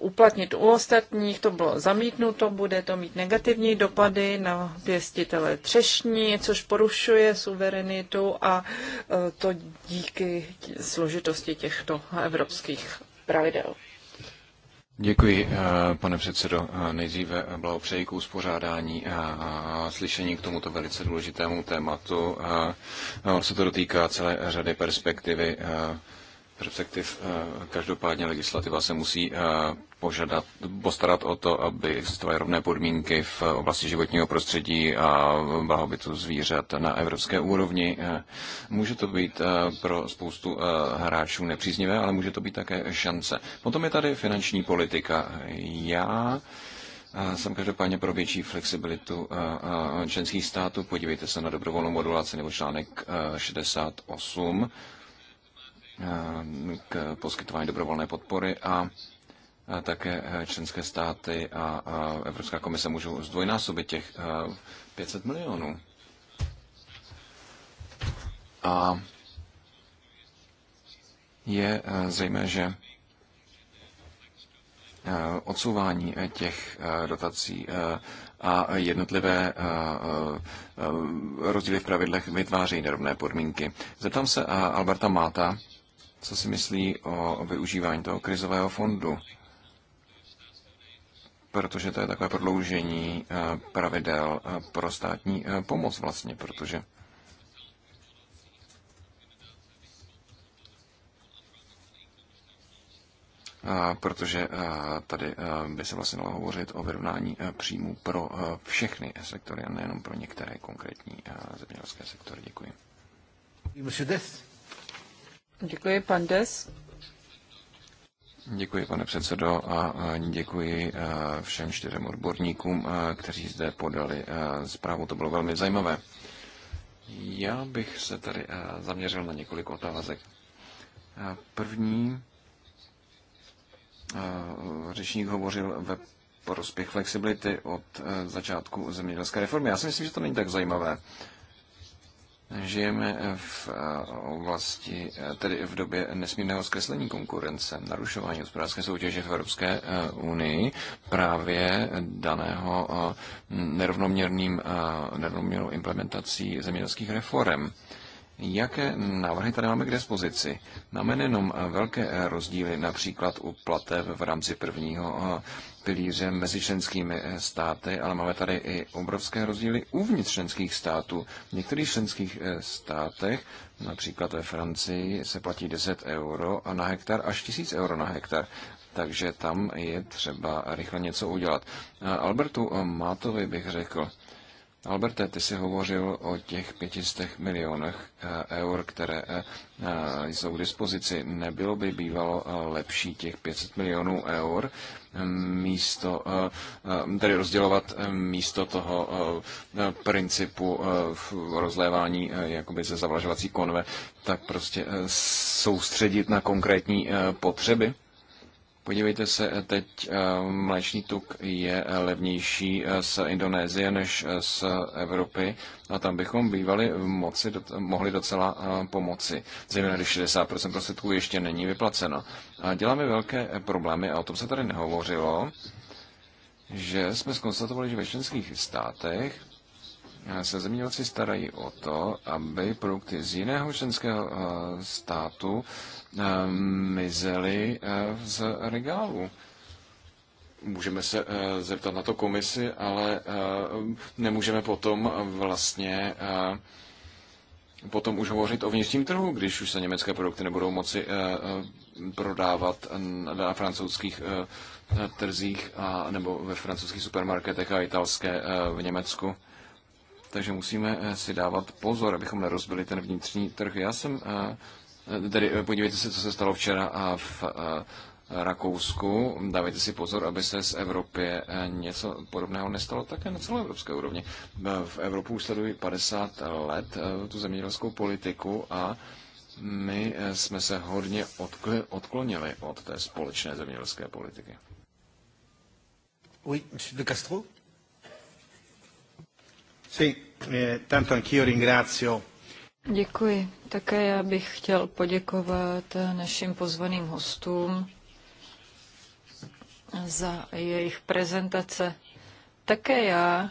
Speaker 2: uplatnit u ostatních, to bylo zamítnuto, bude to mít negativní dopady na pěstitele třešní, což porušuje suverenitu a eh, to díky složitosti těchto evropských pravidel.
Speaker 1: Děkuji, eh, pane předsedo. Eh, nejdříve blahopřeji k uspořádání a slyšení k tomuto velice důležitému tématu. Eh, On se to dotýká celé řady perspektivy perspektiv. Eh, každopádně legislativa se musí eh, požadat, postarat o to, aby existovaly rovné podmínky v oblasti životního prostředí a blahobytu zvířat na evropské úrovni. Eh, může to být pro spoustu hráčů nepříznivé, ale může to být také šance. Potom je tady finanční politika. Já jsem každopádně pro větší flexibilitu členských států. Podívejte se na dobrovolnou modulaci nebo článek 68 k poskytování dobrovolné podpory a také členské státy a Evropská komise můžou zdvojnásobit těch 500 milionů. A je zřejmé, že odsouvání těch dotací a jednotlivé rozdíly v pravidlech vytvářejí nerovné podmínky. Zeptám se Alberta Máta, co si myslí o využívání toho krizového fondu, protože to je takové prodloužení eh, pravidel eh, pro státní eh, pomoc vlastně, protože protože tady by se vlastně dalo hovořit o vyrovnání příjmů pro všechny sektory a nejenom pro některé konkrétní zemědělské sektory. Děkuji.
Speaker 3: Monsieur
Speaker 2: Děkuji, pan Des.
Speaker 1: Děkuji, pane předsedo, a děkuji e, všem čtyřem odborníkům, e, kteří zde podali e, zprávu. To bylo velmi zajímavé. Já bych se tady zaměřil na několik otázek. První řečník hovořil ve prospěch flexibility od začátku zemědělské reformy. Já si myslím, že to není tak zajímavé. Žijeme v eh, oblasti, eh, tedy v době nesmírného zkreslení konkurence, narušování hospodářské soutěže v Evropské eh, unii právě daného nerovnoměrným, nerovnoměrnou implementací zemědělských reform. Jaké návrhy tady máme k dispozici? Máme jenom eh, velké eh, rozdíly, například u plateb v rámci prvního eh, pilíře mezi členskými státy, ale máme tady i obrovské rozdíly uvnitř členských států. V některých členských státech, například ve Francii, se platí 10 euro na hektar až 1000 euro na hektar takže tam je třeba rychle něco udělat. Albertu Mátovi bych řekl, Alberte, ty jsi hovořil o těch 500 milionech eh, eur, které eh, eh, jsou k dispozici. Nebylo by bývalo lepší těch 500 milionů eur mm, místo, tedy rozdělovat místo toho principu rozlévání jakoby ze zavlažovací konve, tak prostě soustředit na konkrétní potřeby? Podívejte se, eh, teď eh, mléčný tuk je eh, levnější z Indonésie než z Evropy a tam bychom bývali moci, mohli docela pomoci, zejména když 60% prostředků ještě není vyplaceno. A děláme velké problémy, a o tom se tady nehovořilo, že jsme skonstatovali, že ve členských státech se zemědělci starají o to, aby produkty z jiného členského státu Eh, mizely eh, z regálu. Můžeme se eh, zeptat na to komisi, ale nemůžeme potom vlastně potom už hovořit o vnitřním trhu, když už se německé produkty nebudou moci prodávat na francouzských trzích a, nebo ve francouzských supermarketech a italské v Německu. Takže musíme si dávat pozor, abychom nerozbili ten vnitřní trh. Já jsem Eh, tedy eh, podívejte se, co se stalo včera a v eh, Rakousku. Dávejte si pozor, aby se z Evropě něco podobného nestalo také na celoevropské evropské úrovni. V Evropu už sledují 50 let tu zemědělskou politiku a my jsme se hodně odklonili od té společné zemědělské politiky.
Speaker 3: Oui, monsieur de Castro. Sì,
Speaker 2: tanto anch'io ringrazio
Speaker 3: Děkuji. Také já bych chtěl poděkovat našim pozvaným hostům za jejich prezentace. Také já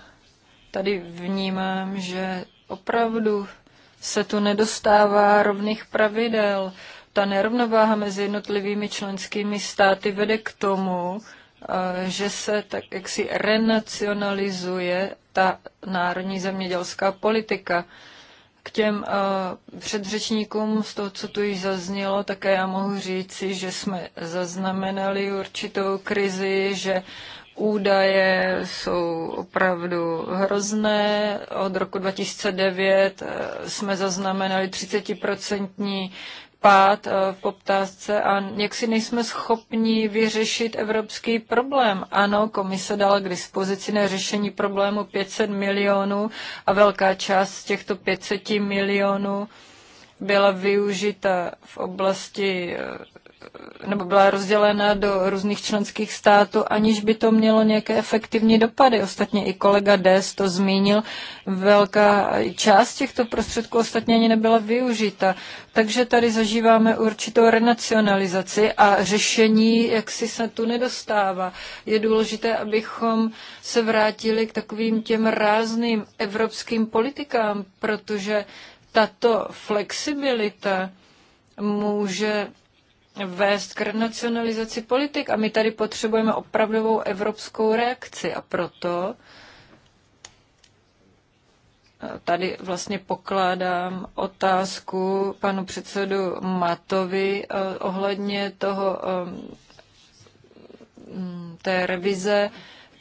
Speaker 3: tady vnímám, že opravdu se tu nedostává rovných pravidel. Ta nerovnováha mezi jednotlivými členskými státy vede k tomu, eh, že se tak jaksi renacionalizuje ta národní zemědělská politika. K těm uh, předřečníkům z toho, co tu již zaznělo, také já mohu říci, že jsme zaznamenali určitou krizi, že údaje jsou opravdu hrozné. Od roku 2009 eh, jsme zaznamenali 30% pád eh, v poptávce a jak si nejsme schopni vyřešit evropský problém. Ano, komise dala k dispozici na řešení problému 500 milionů a velká část z těchto 500 milionů byla využita v oblasti eh, nebo byla rozdělena do různých členských států, aniž by to mělo nějaké efektivní dopady. Ostatně i kolega Des to zmínil, velká část těchto prostředků ostatně ani nebyla využita. Takže tady zažíváme určitou renacionalizaci a řešení, jak si se tu nedostává. Je důležité, abychom se vrátili k takovým těm rázným evropským politikám, protože tato flexibilita může vést k renacionalizaci politik a my tady potřebujeme opravdovou evropskou reakci a proto eh, tady vlastně pokládám otázku panu předsedu Matovi eh, ohledně toho eh, té revize,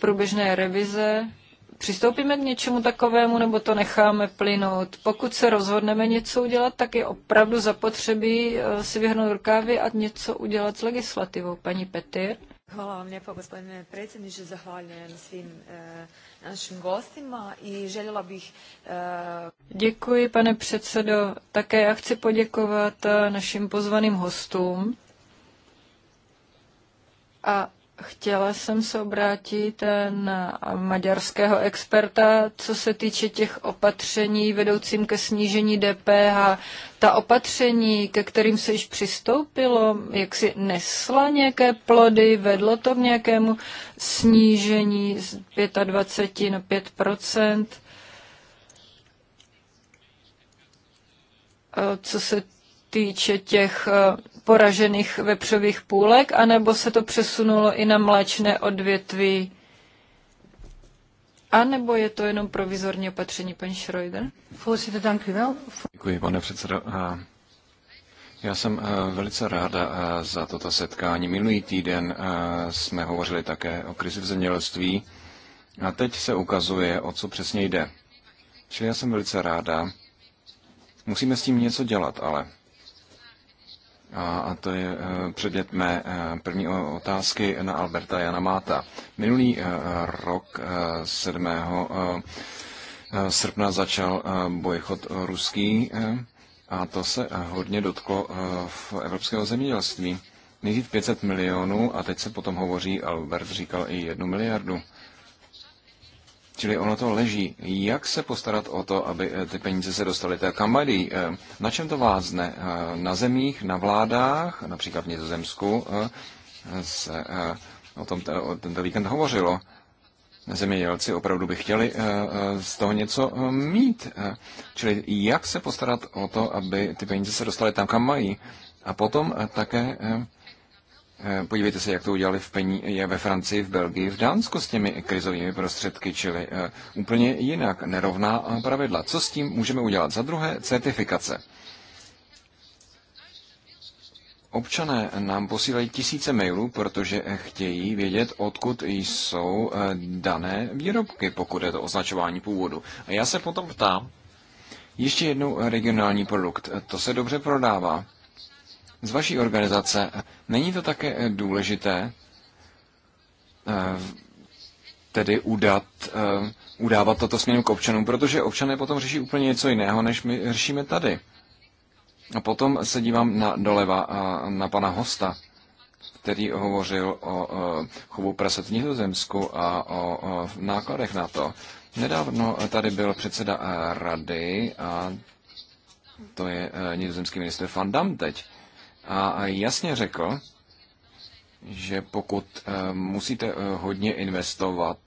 Speaker 3: průběžné revize přistoupíme k něčemu takovému, nebo to necháme plynout. Pokud se rozhodneme něco udělat, tak je opravdu zapotřebí eh, si vyhrnout rukávy a něco udělat s legislativou. Paní Petir. Hvala vám lijepo gospodine predsjedniče, zahvaljujem svim e, našim gostima i željela bych... E... Eh, Děkuji pane předsedo, také já chci poděkovat našim pozvaným hostům a Chtěla jsem se obrátit eh, na maďarského experta, co se týče těch opatření vedoucím ke snížení DPH. Ta opatření, ke kterým se již přistoupilo, jak si nesla nějaké plody, vedlo to k nějakému snížení z 25 na 5 eh, Co se týče těch eh, poražených vepřových půlek, anebo se to přesunulo i na mléčné odvětví? A nebo je to jenom provizorní opatření, paní Schroeder?
Speaker 1: Děkuji, pane předsedo. Já jsem velice ráda za toto setkání. Minulý týden jsme hovořili také o krizi v zemědělství a teď se ukazuje, o co přesně jde. Čili já jsem velice ráda. Musíme s tím něco dělat, ale a to je eh, předmět mé eh, první otázky na Alberta Jana Máta. Minulý eh, rok 7. srpna začal bojchod ruský a to se hodně dotklo v evropského zemědělství. Nejdřív 500 milionů a teď se potom hovoří, Albert říkal i jednu miliardu. Čili ono to leží. Jak se postarat o to, aby eh, ty peníze se dostaly té Kambadii? Eh, na čem to vázne? Eh, na zemích, na vládách, například v Nizozemsku se o tom tento víkend hovořilo. Zemědělci opravdu by chtěli z toho něco mít. Čili jak se postarat o to, aby ty peníze se dostaly tam, kam mají? A potom také Eh, podívejte se, jak to udělali v pení, ve Francii, v Belgii, v Dánsku s těmi krizovými prostředky, čili eh, úplně jinak, nerovná eh, pravidla. Co s tím můžeme udělat? Za druhé, certifikace. Občané nám posílají tisíce mailů, protože chtějí vědět, odkud jsou dané výrobky, pokud je to označování původu. A já se potom ptám, ještě jednou regionální produkt, to se dobře prodává z vaší organizace. Není to také eh, důležité eh, tedy udat, eh, udávat toto směrem k občanům, protože občané potom řeší úplně něco jiného, než my řešíme tady. A potom se dívám na doleva na pana hosta, který hovořil o, chovu prasat v Nizozemsku a o, o nákladech na to. Nedávno tady byl předseda rady a to je nizozemský minister Van Dam teď a jasně řekl, že pokud eh, musíte eh, hodně investovat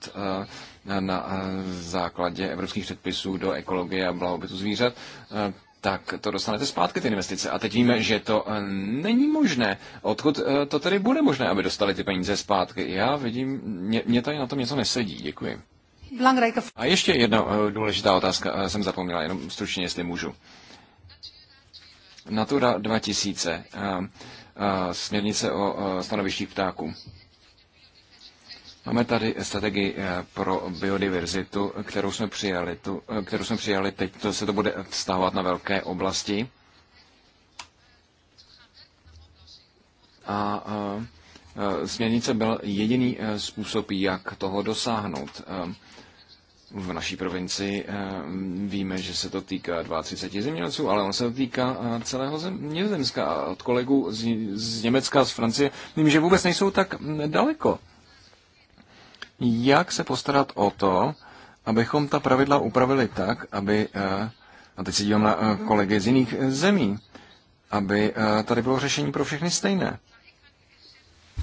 Speaker 1: eh, na základě evropských předpisů do ekologie a blahobytu zvířat, tak to dostanete zpátky ty investice. A teď víme, že to není možné. Odkud to tedy bude možné, aby dostali ty peníze zpátky? Já vidím, mě, mě tady na tom něco nesedí. Děkuji. A ještě jedna důležitá otázka, jsem zapomněla, jenom stručně, jestli můžu. Natura 2000, směrnice o stanovištích ptáků. Máme tady strategii e, pro biodiverzitu, kterou jsme přijali, tu, e, kterou jsme přijali teď. To se to bude vztahovat na velké oblasti. A, a e, směrnice byl jediný způsob, jak toho dosáhnout v naší provinci eh, víme, že se to týká 32 zemědělců, ale on se to týká eh, celého Nizozemska. A od kolegů z, z Německa, z Francie, vím, že vůbec nejsou tak mm, daleko. Jak se postarat o to, abychom ta pravidla upravili tak, aby, eh, a teď se dívám na kolegy z jiných zemí, aby tady bylo řešení pro všechny stejné.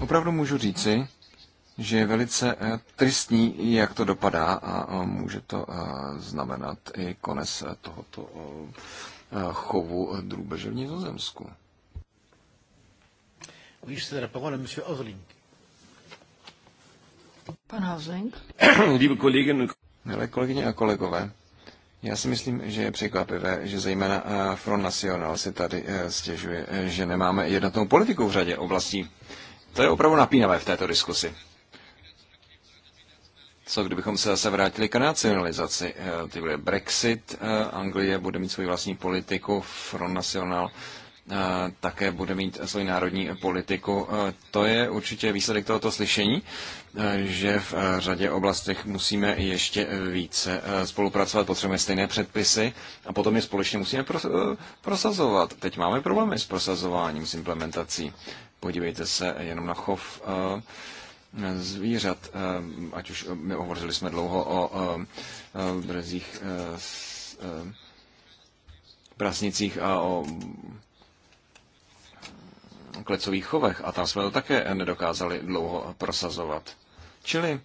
Speaker 1: Opravdu můžu říci, že je velice eh, tristní, jak to dopadá a eh, může to eh, znamenat i konec tohoto chovu drůbeže v Nizozemsku.
Speaker 3: Pan Hausling.
Speaker 1: Milé kolegyně a kolegové, já si myslím, že je překvapivé, že zejména Front National si tady stěžuje, že nemáme jednotnou politiku v řadě oblastí. To je opravdu napínavé v této diskusi. Co kdybychom se zase vrátili k nacionalizaci? Eh, ty bude Brexit, eh, Anglie bude mít svoji vlastní politiku, Front National eh, také bude mít svoji národní politiku. To je určitě výsledek tohoto slyšení, že v řadě oblastech musíme ještě více spolupracovat, potřebujeme stejné předpisy a potom je společně musíme prosazovat. Teď máme problémy s prosazováním, s implementací. Podívejte se jenom na chov zvířat, eh, ať už eh, my hovořili jsme dlouho o brzích eh, prasnicích a o klecových chovech a tam jsme to také nedokázali dlouho prosazovat. Čili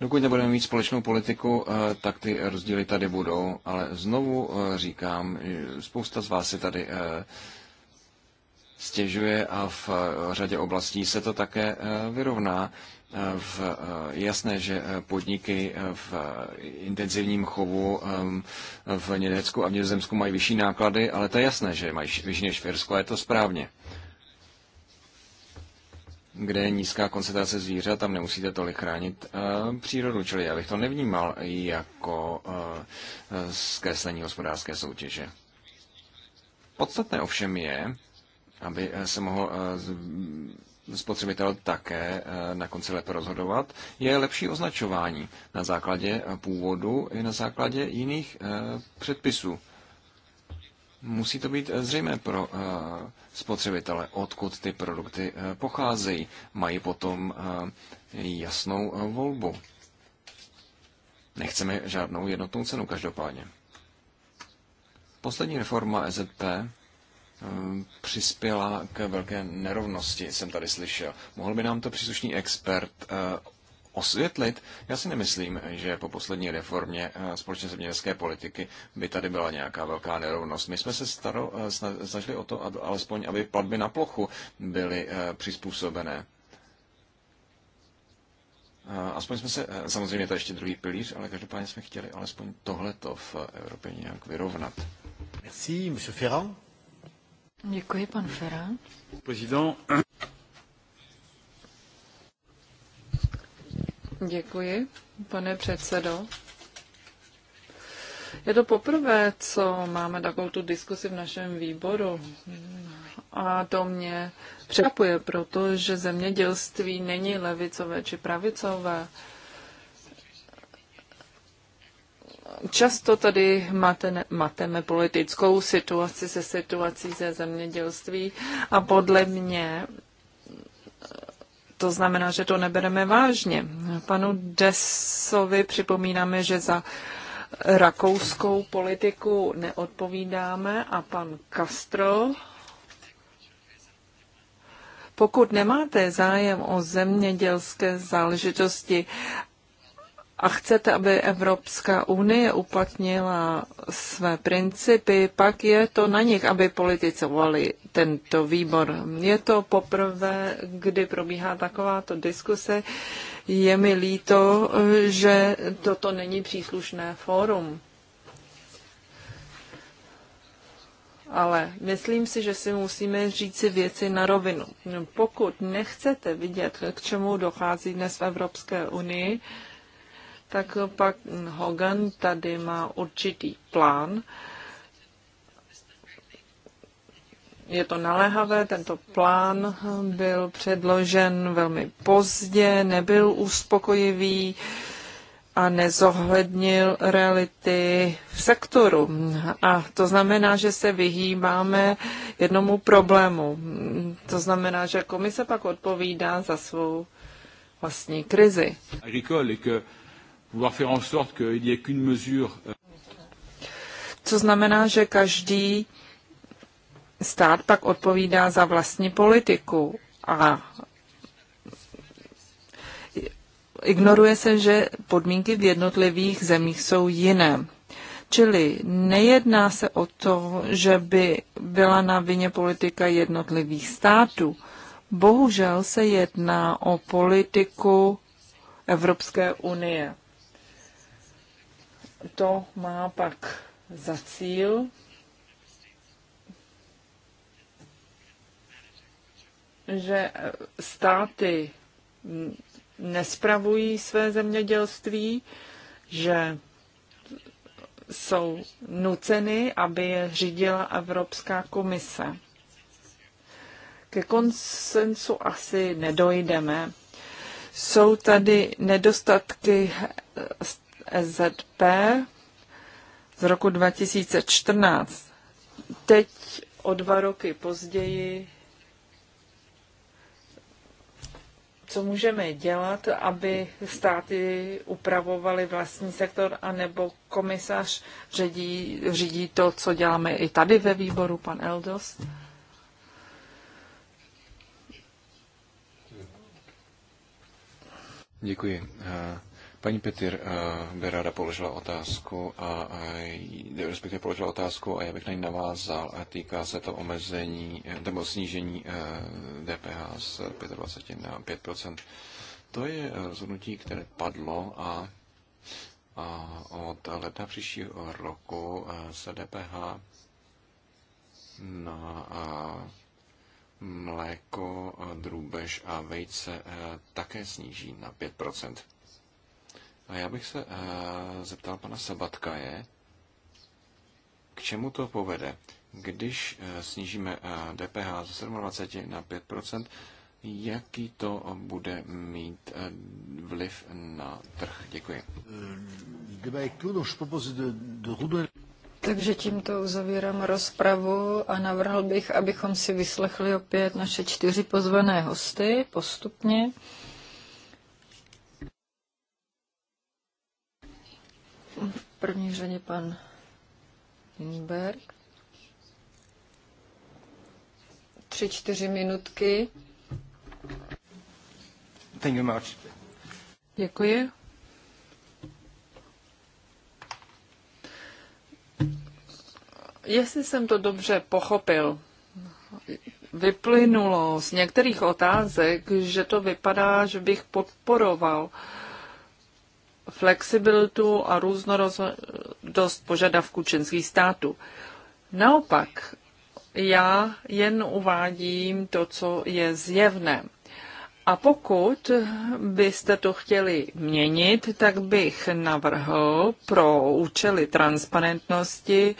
Speaker 1: dokud nebudeme mít společnou politiku, tak ty rozdíly tady budou, ale znovu říkám, spousta z vás je tady stěžuje a v eh, řadě oblastí se to také eh, vyrovná. Eh, v, jasné, že podniky v intenzivním chovu v Německu a v Nizozemsku mají vyšší náklady, ale to je jasné, že mají vyšší než v Irsku a je to správně. Kde je nízká koncentrace zvířat, tam nemusíte tolik chránit přírodu, čili já bych to nevnímal jako zkreslení hospodářské soutěže. Podstatné ovšem je, aby eh, se mohl eh, mm, spotřebitel také eh, na konci lépe rozhodovat, je lepší označování na základě původu i na základě jiných předpisů. Musí to být zřejmé pro spotřebitele, odkud ty produkty pocházejí. Mají potom jasnou volbu. Nechceme žádnou jednotnou cenu každopádně. Poslední reforma EZP Ehm, přispěla k velké nerovnosti, jsem tady slyšel. Mohl by nám to příslušný expert eh, osvětlit? Já si nemyslím, že po poslední reformě eh, společně zemědělské politiky by tady byla nějaká velká nerovnost. My jsme se staro, eh, snažili o to, alespoň aby platby na plochu byly přizpůsobené. Aspoň jsme se, samozřejmě to ještě druhý pilíř, ale každopádně jsme chtěli alespoň tohleto v Evropě nějak vyrovnat. Merci, monsieur Ferrand.
Speaker 3: Děkuji, pan Fera.
Speaker 1: Prezident.
Speaker 2: Děkuji, pane předsedo. Je to poprvé, co máme takovou tu diskusi v našem výboru. A to mě překvapuje, protože zemědělství není levicové či pravicové. Často tady matene, mateme politickou situaci se situací ze zemědělství a podle mě to znamená, že to nebereme vážně. Panu Desovi připomínáme, že za rakouskou politiku neodpovídáme a pan Castro pokud nemáte zájem o zemědělské záležitosti a chcete, aby Evropská unie uplatnila své principy, pak je to na nich, aby volali tento výbor. Je to poprvé, kdy probíhá takováto diskuse. Je mi líto, že toto není příslušné fórum. ale myslím si, že si musíme říci věci na rovinu. Pokud nechcete vidět, k čemu dochází dnes v Evropské unii, tak pak Hogan tady má určitý plán. Je to naléhavé, tento plán byl předložen velmi pozdě, nebyl uspokojivý a nezohlednil reality v sektoru. A to znamená, že se vyhýbáme jednomu problému. To znamená, že komise pak odpovídá za svou vlastní krizi
Speaker 1: vouloir faire en sorte qu'il n'y ait qu'une mesure. Euh,
Speaker 2: Co znamená, že každý stát pak odpovídá za vlastní politiku a ignoruje se, že podmínky v jednotlivých zemích jsou jiné. Čili nejedná se o to, že by byla na vině politika jednotlivých států. Bohužel se jedná o politiku Evropské unie to má pak za cíl že státy nespravují své zemědělství, že jsou nuceny, aby je řídila Evropská komise. Ke konsensu asi nedojdeme. Jsou tady nedostatky EZP z roku 2014. Teď o dva roky později, co můžeme dělat, aby státy upravovaly vlastní sektor, anebo komisař řídí, řídí to, co děláme i tady ve výboru, pan Eldos?
Speaker 1: Děkuji. Eh, Paní Petr eh, by ráda položila otázku, a, a, eh, respektive položila otázku a já bych na ní navázal a týká se to omezení nebo snížení DPH eh, z 25 na 5 To je rozhodnutí, které padlo a, a od leta příštího roku se DPH na a, mléko, drůbež a vejce také sníží na 5 a já bych se eh, zeptal pana Sabatka je, k čemu to povede, když eh, snížíme DPH eh, ze 27 na 5 jaký to bude mít vliv na trh. Děkuji.
Speaker 3: Takže tímto uzavírám rozpravu a navrhl bych, abychom si vyslechli opět naše čtyři pozvané hosty postupně. V první řadě pan Nýberg. Tři, čtyři minutky. Thank you much. Děkuji.
Speaker 2: Jestli jsem to dobře pochopil, vyplynulo z některých otázek, že to vypadá, že bych podporoval uh, flexibilitu a různorodost požadavků členských států. Naopak, já jen uvádím to, co je zjevné. A pokud byste to chtěli měnit, tak bych navrhl pro účely transparentnosti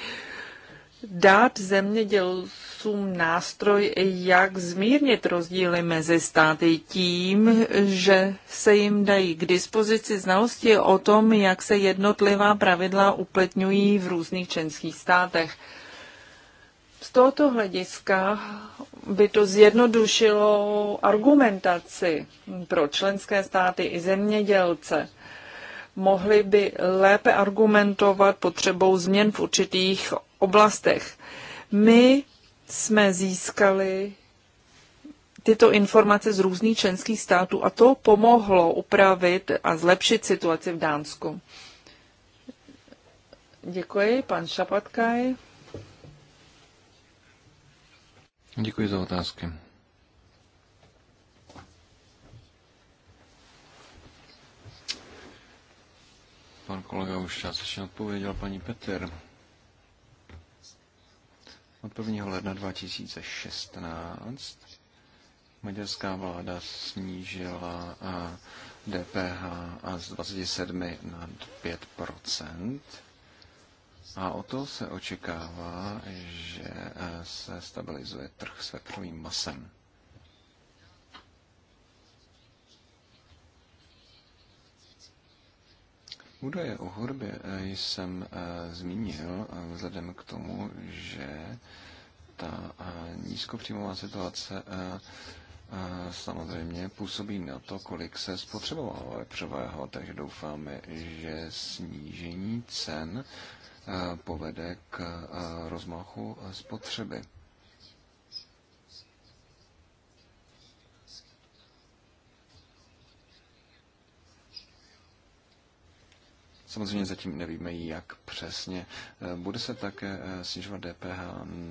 Speaker 2: dát zemědělství poslancům nástroj, jak zmírnit rozdíly mezi státy tím, že se jim dají k dispozici znalosti o tom, jak se jednotlivá pravidla uplatňují v různých členských státech. Z tohoto hlediska by to zjednodušilo argumentaci pro členské státy i zemědělce mohli by lépe argumentovat potřebou změn v určitých oblastech. My jsme získali tyto informace z různých členských států a to pomohlo upravit a zlepšit situaci v Dánsku. Děkuji, pan Šapatkaj.
Speaker 1: Děkuji za otázky. Pan kolega už částečně odpověděl, paní Petr. Od 1. ledna 2016 maďarská vláda snížila DPH z 27 na 5 a o to se očekává, že se stabilizuje trh s vepřovým masem. Údaje o hudbě eh, jsem eh, zmínil eh, vzhledem k tomu, že ta nízkopříjmová situace samozřejmě působí na to, kolik se spotřebovalo vepřového, takže doufáme, že snížení cen povede k rozmachu spotřeby. Samozřejmě zatím nevíme, jak přesně. Eh, bude se také eh, snižovat DPH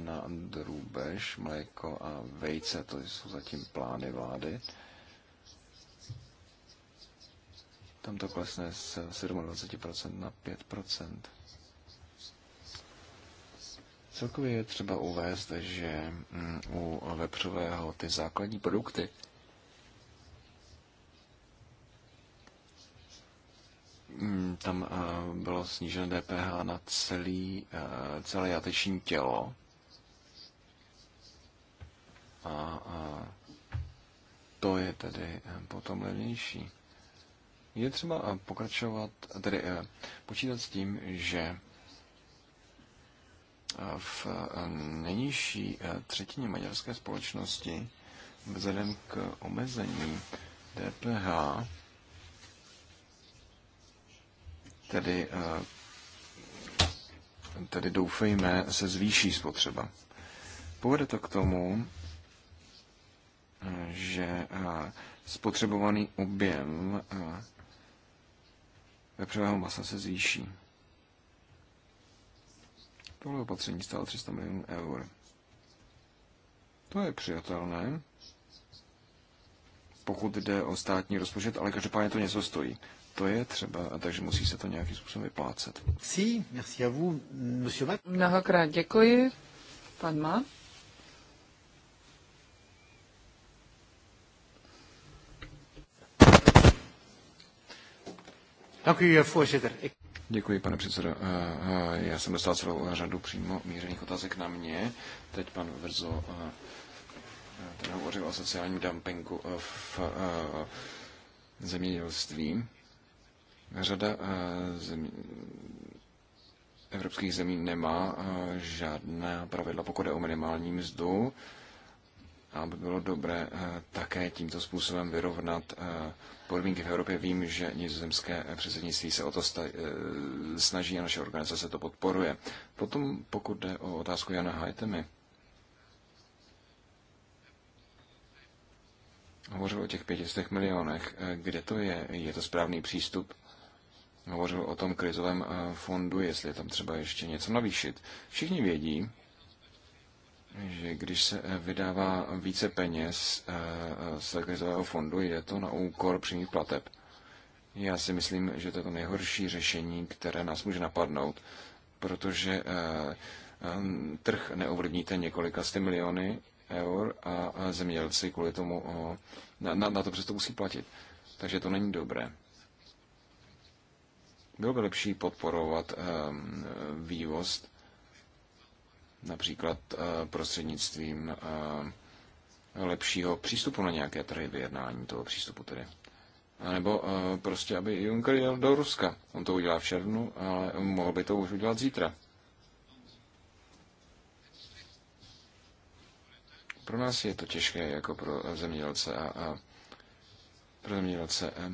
Speaker 1: na drůbež, mléko a vejce, to jsou zatím plány vlády. Tam to klesne z 27% na 5%. Celkově je třeba uvést, že mm, u vepřového ty základní produkty, Mm, tam eh, bylo sníženo DPH na celý, eh, celé jateční tělo. A, a to je tedy eh, potom levnější. Je třeba pokračovat, tedy počítat s tím, že v nejnižší třetině maďarské společnosti vzhledem k omezení DPH tedy, eh, tedy doufejme, se zvýší spotřeba. Povede to k tomu, že eh, spotřebovaný objem eh, vepřového masa se zvýší. Tohle opatření stálo 300 milionů eur. To je přijatelné, pokud jde o státní rozpočet, ale každopádně to něco stojí to je třeba, a takže musí se to nějakým způsobem vyplácet.
Speaker 3: Si, merci vous, monsieur
Speaker 2: Mnohokrát děkuji, pan Matt.
Speaker 1: Eh, děkuji, pane předsedo. Eh, eh, já jsem dostal celou řadu přímo mířených otázek na mě. Teď pan Verzo ten hovořil o sociálním dumpingu v zemědělství. Řada eh, zemí, evropských zemí nemá eh, žádná pravidla, pokud je o minimální mzdu. A by bylo dobré eh, také tímto způsobem vyrovnat podmínky v Evropě. Vím, že nizozemské předsednictví se o to snaží a naše organizace to podporuje. Potom, pokud jde o otázku Jana Hajtemi, hovořil o těch 500 milionech. Kde to je? Je to správný přístup? hovořil o tom krizovém eh, fondu, jestli je tam třeba ještě něco navýšit. Všichni vědí, že když se eh, vydává více peněz eh, z krizového fondu, jde to na úkor přímých plateb. Já si myslím, že to je to nejhorší řešení, které nás může napadnout, protože trh neovlivníte několika sty miliony eur a zemědělci kvůli tomu na, na, na to přesto musí platit. Takže to není dobré. Bylo by lepší podporovat eh, vývoz například eh, prostřednictvím eh, lepšího přístupu na nějaké trhy, vyjednání toho přístupu tedy. A nebo prostě, aby Juncker jel do Ruska. On to udělá v červnu, ale mohl by to už udělat zítra. Pro nás je to těžké, jako pro zemědělce a, a pro zemědělce. A,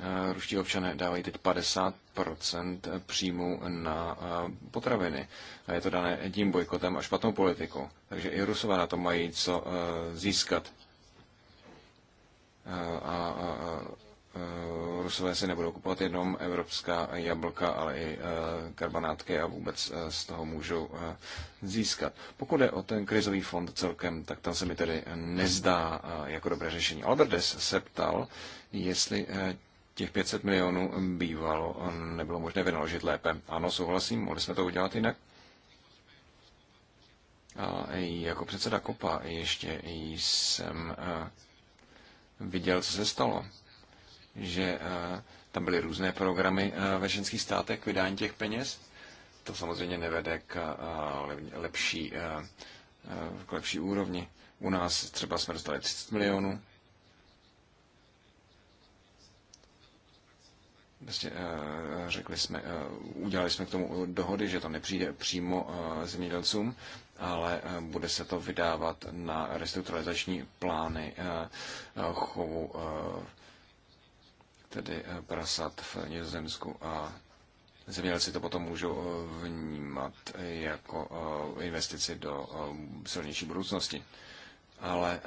Speaker 1: Eh, ruští občané dávají teď 50% příjmu na eh, potraviny. A je to dané tím bojkotem a špatnou politikou. Takže i Rusové na to mají co eh, získat. A Rusové si nebudou kupovat jenom evropská jablka, ale i karbanátky a vůbec z toho můžou získat. Pokud je o ten krizový fond celkem, tak tam se mi tedy nezdá jako dobré řešení. Albert Des se ptal, jestli těch 500 milionů bývalo, nebylo možné vynaložit lépe. Ano, souhlasím, mohli jsme to udělat jinak. A jako předseda KOPA ještě jsem viděl, co se stalo. Že tam byly různé programy ve ženských státech k vydání těch peněz. To samozřejmě nevede k lepší, k lepší úrovni. U nás třeba jsme dostali 30 milionů Prostě eh, řekli jsme, eh, udělali jsme k tomu dohody, že to nepřijde přímo eh, zemědělcům, ale bude se to vydávat na restrukturalizační plány chovu tedy prasat v Nizozemsku a zemědělci to potom můžou vnímat jako investici do silnější budoucnosti. Ale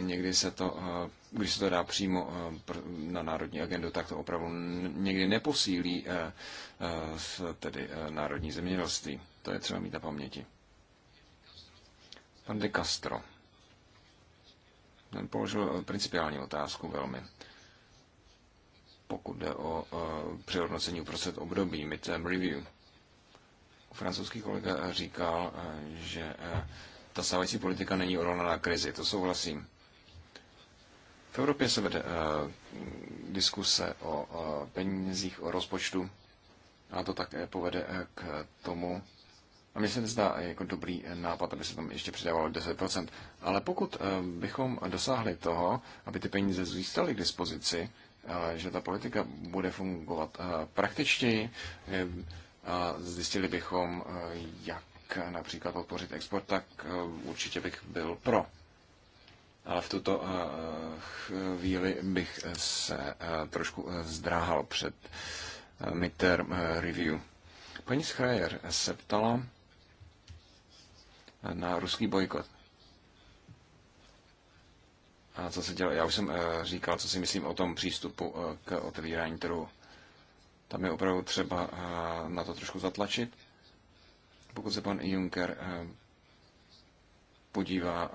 Speaker 1: někdy se to když se to dá přímo eh, na národní agendu, tak to opravdu někdy neposílí eh, eh, tedy národní zemědělství. To je třeba mít na paměti. Pan de Castro. Ten položil principiální otázku velmi. Pokud jde o přehodnocení uprostřed období, midterm review. Francouzský kolega říkal, že ta stávající politika není odolná na krizi. To souhlasím. V Evropě se vede eh, diskuse o penězích, o rozpočtu a to také povede eh, k tomu, a mně se nezdá jako dobrý eh, nápad, aby se tam ještě přidávalo 10%. Ale pokud bychom dosáhli toho, aby ty peníze zůstaly k dispozici, že ta politika bude fungovat praktičtěji, a zjistili bychom, jak například podpořit export, tak určitě bych byl pro ale v tuto eh, chvíli bych se eh, trošku eh, zdráhal před midterm review. Paní Schreier se ptala na ruský bojkot. A co se dělá? Já už jsem říkal, co si myslím o tom přístupu k otevírání trhu. Tam je opravdu třeba na to trošku zatlačit. Pokud se pan Juncker podívá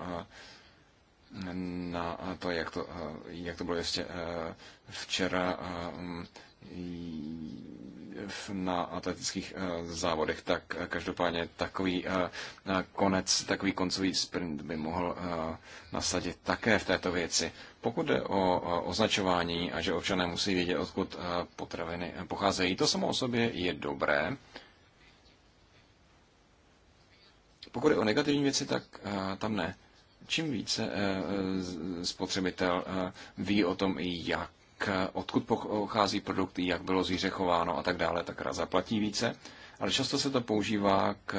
Speaker 1: na to, jak to, eh, jak to bylo ještě eh, včera eh, na atletických závodech, tak každopádně takový konec, takový koncový sprint by mohl nasadit také v této věci. Pokud jde o označování a že občané musí vědět, odkud potraviny pocházejí, to samo o sobě je dobré. Pokud jde o negativní věci, tak tam ne. Čím více eh, eh, spotřebitel eh, ví o tom, jak odkud pochází produkt, jak bylo zvíře chováno a tak dále, tak zaplatí více. Ale často se to používá k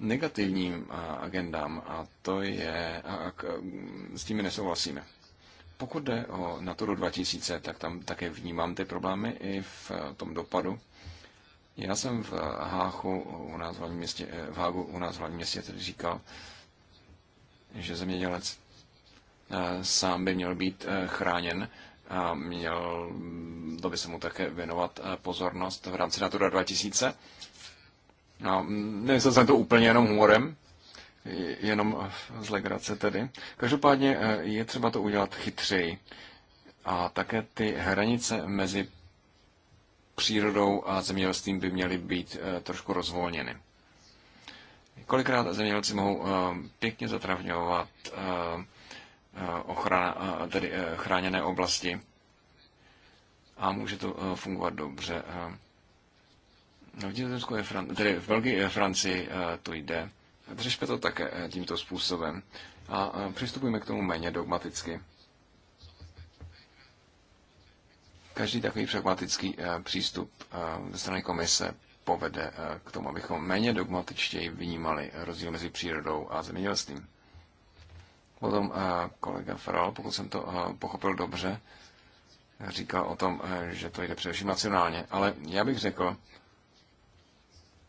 Speaker 1: negativním agendám a to je, a k, s tím nesouhlasíme. Pokud jde o Naturu 2000, tak tam také vnímám ty problémy i v tom dopadu. Já jsem v Háchu, u nás v hlavním městě, v Hágu, u nás v hlavním městě tedy říkal, že zemědělec eh, sám by měl být eh, chráněn a měl to by se mu také věnovat eh, pozornost v rámci Natura 2000. No, nemyslel jsem to úplně jenom humorem, jenom z legrace tedy. Každopádně je třeba to udělat chytřeji. A také ty hranice mezi přírodou a zemědělstvím by měly být trošku rozvolněny. Kolikrát zemědělci mohou eh, pěkně zatravňovat eh, eh, ochrana, tedy chráněné oblasti a může to fungovat dobře. No, v Nizozemsku je Fran- tedy v Belgii a Francii to jde. Řešme to také tímto způsobem a přistupujeme k tomu méně dogmaticky. Každý takový pragmatický přístup ze strany komise povede eh, k tomu, abychom méně dogmatičtěji vnímali rozdíl mezi přírodou a zemědělstvím. Potom eh, kolega Feral, pokud jsem to eh, pochopil dobře, říkal o tom, že to jde především nacionálně, ale já bych řekl,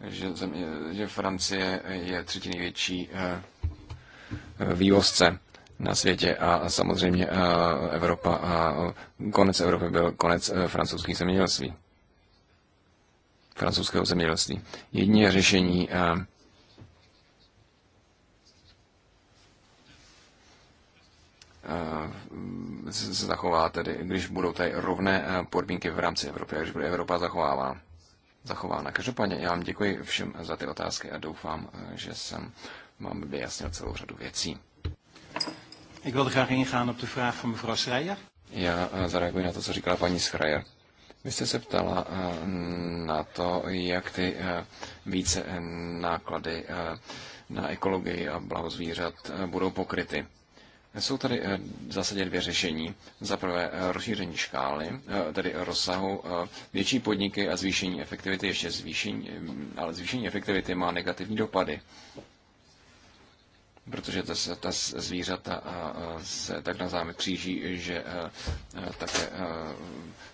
Speaker 1: že, země, že Francie je třetí největší vývozce na světě a samozřejmě Evropa a konec Evropy byl konec francouzských zemědělství francouzského zemědělství. Jedině řešení eh, eh, se zachová tedy, když budou tady rovné eh, podmínky v rámci Evropy, když bude Evropa zachovává, zachována. Každopádně já vám děkuji všem za ty otázky a doufám, že jsem vám vyjasnil celou řadu věcí. Ik wilde graag ingaan op de vraag van mevrouw Schreier. Já zareaguji na to, co říkala paní Schreier. Vy jste se ptala eh, na to, jak ty eh, více náklady eh, na ekologii a blaho zvířat budou pokryty. Jsou tady v zásadě dvě řešení. Za prvé rozšíření škály, tedy rozsahu větší podniky a zvýšení efektivity, ještě zvýšení, ale zvýšení efektivity má negativní dopady protože ta, ta zvířata se tak na zámi kříží, že také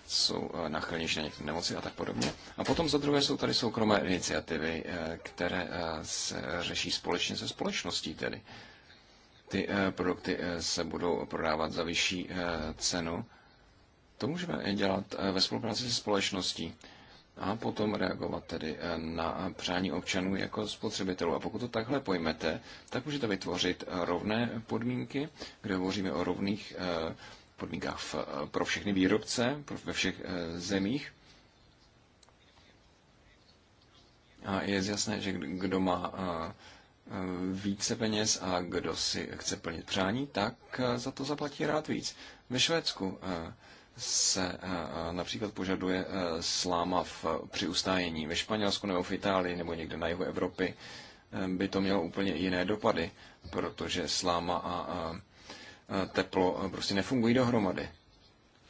Speaker 1: jsou náchylnější na některé nemoci a tak podobně. A potom za druhé jsou tady soukromé iniciativy, které se řeší společně se společností tedy. Ty produkty se budou prodávat za vyšší cenu. To můžeme dělat ve spolupráci se společností a potom reagovat tedy eh, na přání občanů jako spotřebitelů. A pokud to takhle pojmete, tak můžete vytvořit eh, rovné podmínky, kde hovoříme o rovných eh, podmínkách pro všechny výrobce pro, ve všech zemích. A je jasné, že kdo má více peněz a kdo si chce plnit přání, tak za to zaplatí rád víc. Ve Švédsku se eh, eh, například požaduje eh, sláma v, při ustájení ve Španělsku nebo v Itálii nebo někde na jihu Evropy, by to mělo úplně jiné dopady, protože sláma a, a teplo prostě nefungují dohromady.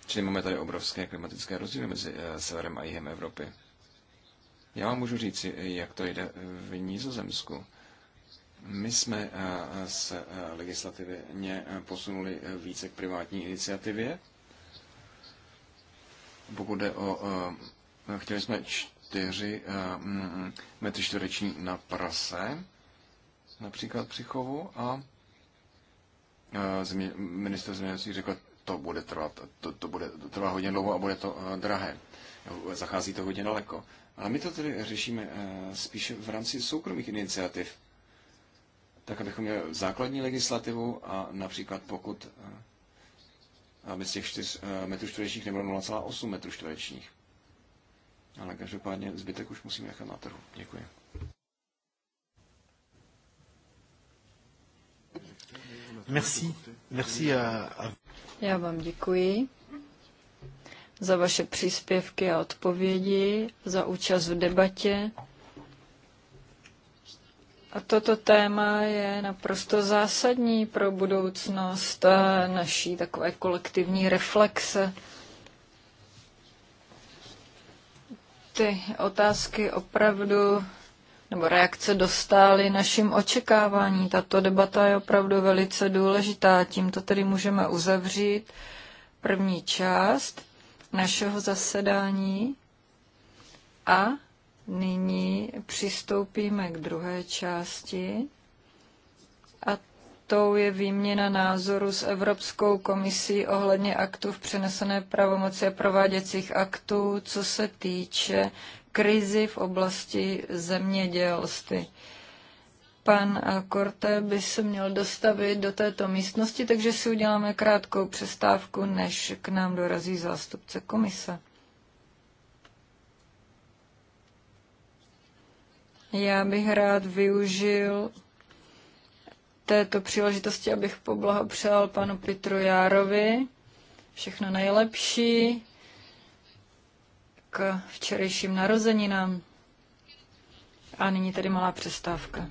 Speaker 1: Čili máme tady obrovské klimatické rozdíly mezi severem a jihem Evropy. Já vám můžu říct, jak to jde v Nízozemsku. My jsme se legislativně posunuli více k privátní iniciativě, pokud jde o... Eh, chtěli jsme uh, metry čtvereční na prase, například při chovu, a eh, země, minister zemědělství řekl, to bude trvat, to, to bude to trvá hodně dlouho a bude to drahé. Zachází to hodně daleko. Ale my to tedy řešíme spíše v rámci soukromých iniciativ, tak abychom měli základní legislativu a například pokud z těch 4 eh, metrů čtverečních nebo 0,8 metrů čtverečních. Ale každopádně zbytek už musíme nechat na trhu. Děkuji.
Speaker 3: Merci. Merci a... Já vám děkuji za vaše příspěvky a odpovědi, za účast v debatě. A toto téma je naprosto zásadní pro budoucnost eh, naší takové kolektivní reflexe. Ty otázky opravdu nebo reakce dostály našim očekávání. Tato debata je opravdu velice důležitá. Tímto tedy můžeme uzavřít první část našeho zasedání a Nyní přistoupíme k druhé části a tou je výměna názoru s Evropskou komisí ohledně aktů v přenesené pravomoci a prováděcích aktů, co se týče krizi v oblasti zemědělství. Pan Korte by se měl dostavit do této místnosti, takže si uděláme krátkou přestávku, než k nám dorazí zástupce komise. Já bych rád využil této příležitosti, abych poblahopřál panu Petru Járovi všechno nejlepší k včerejším narozeninám. A nyní tedy malá přestávka.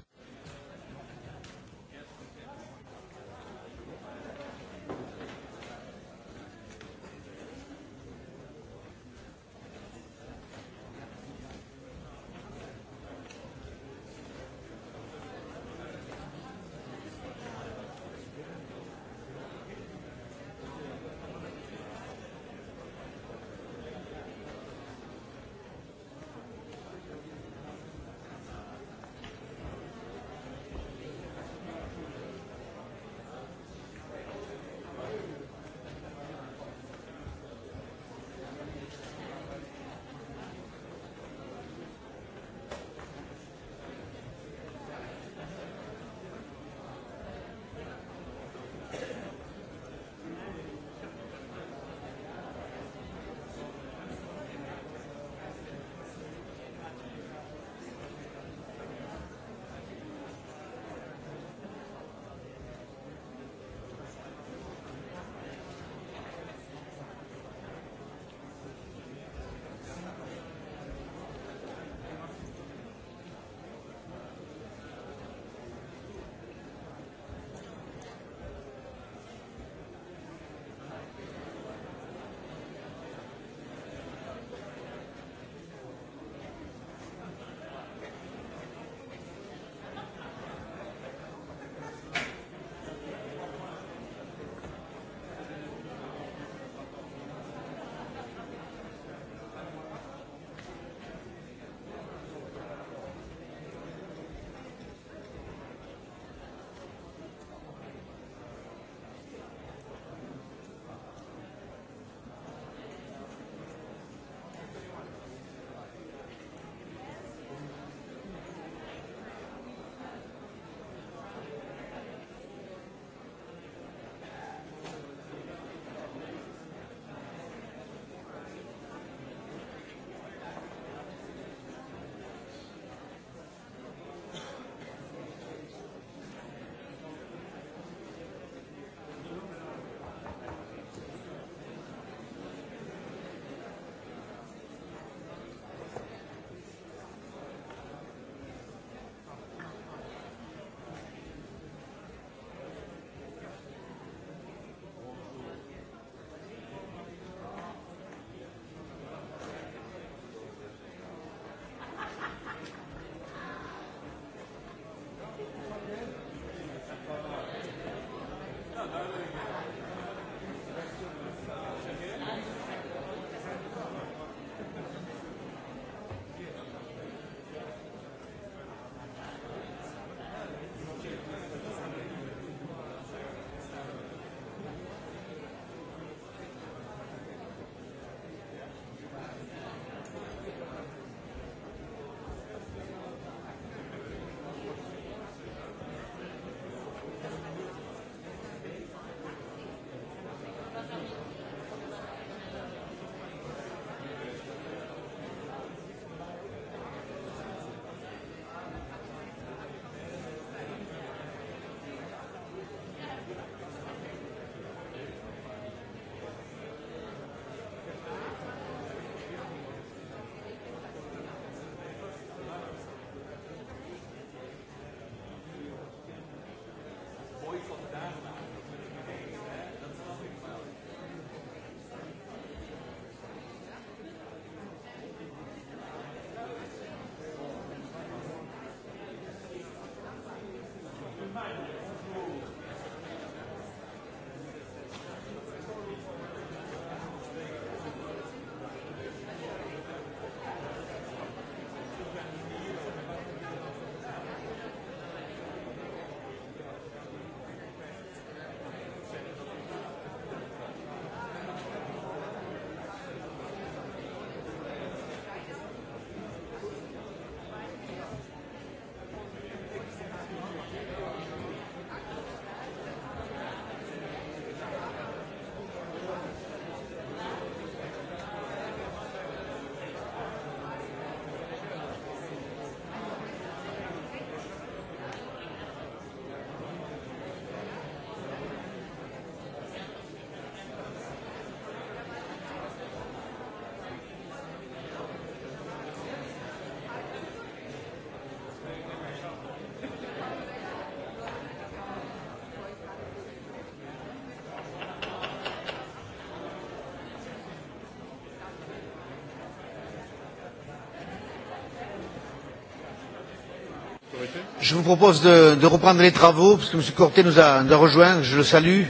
Speaker 3: Je vous propose de, de reprendre les travaux, parce que M. Corté nous a, nous a rejoint, je le salue.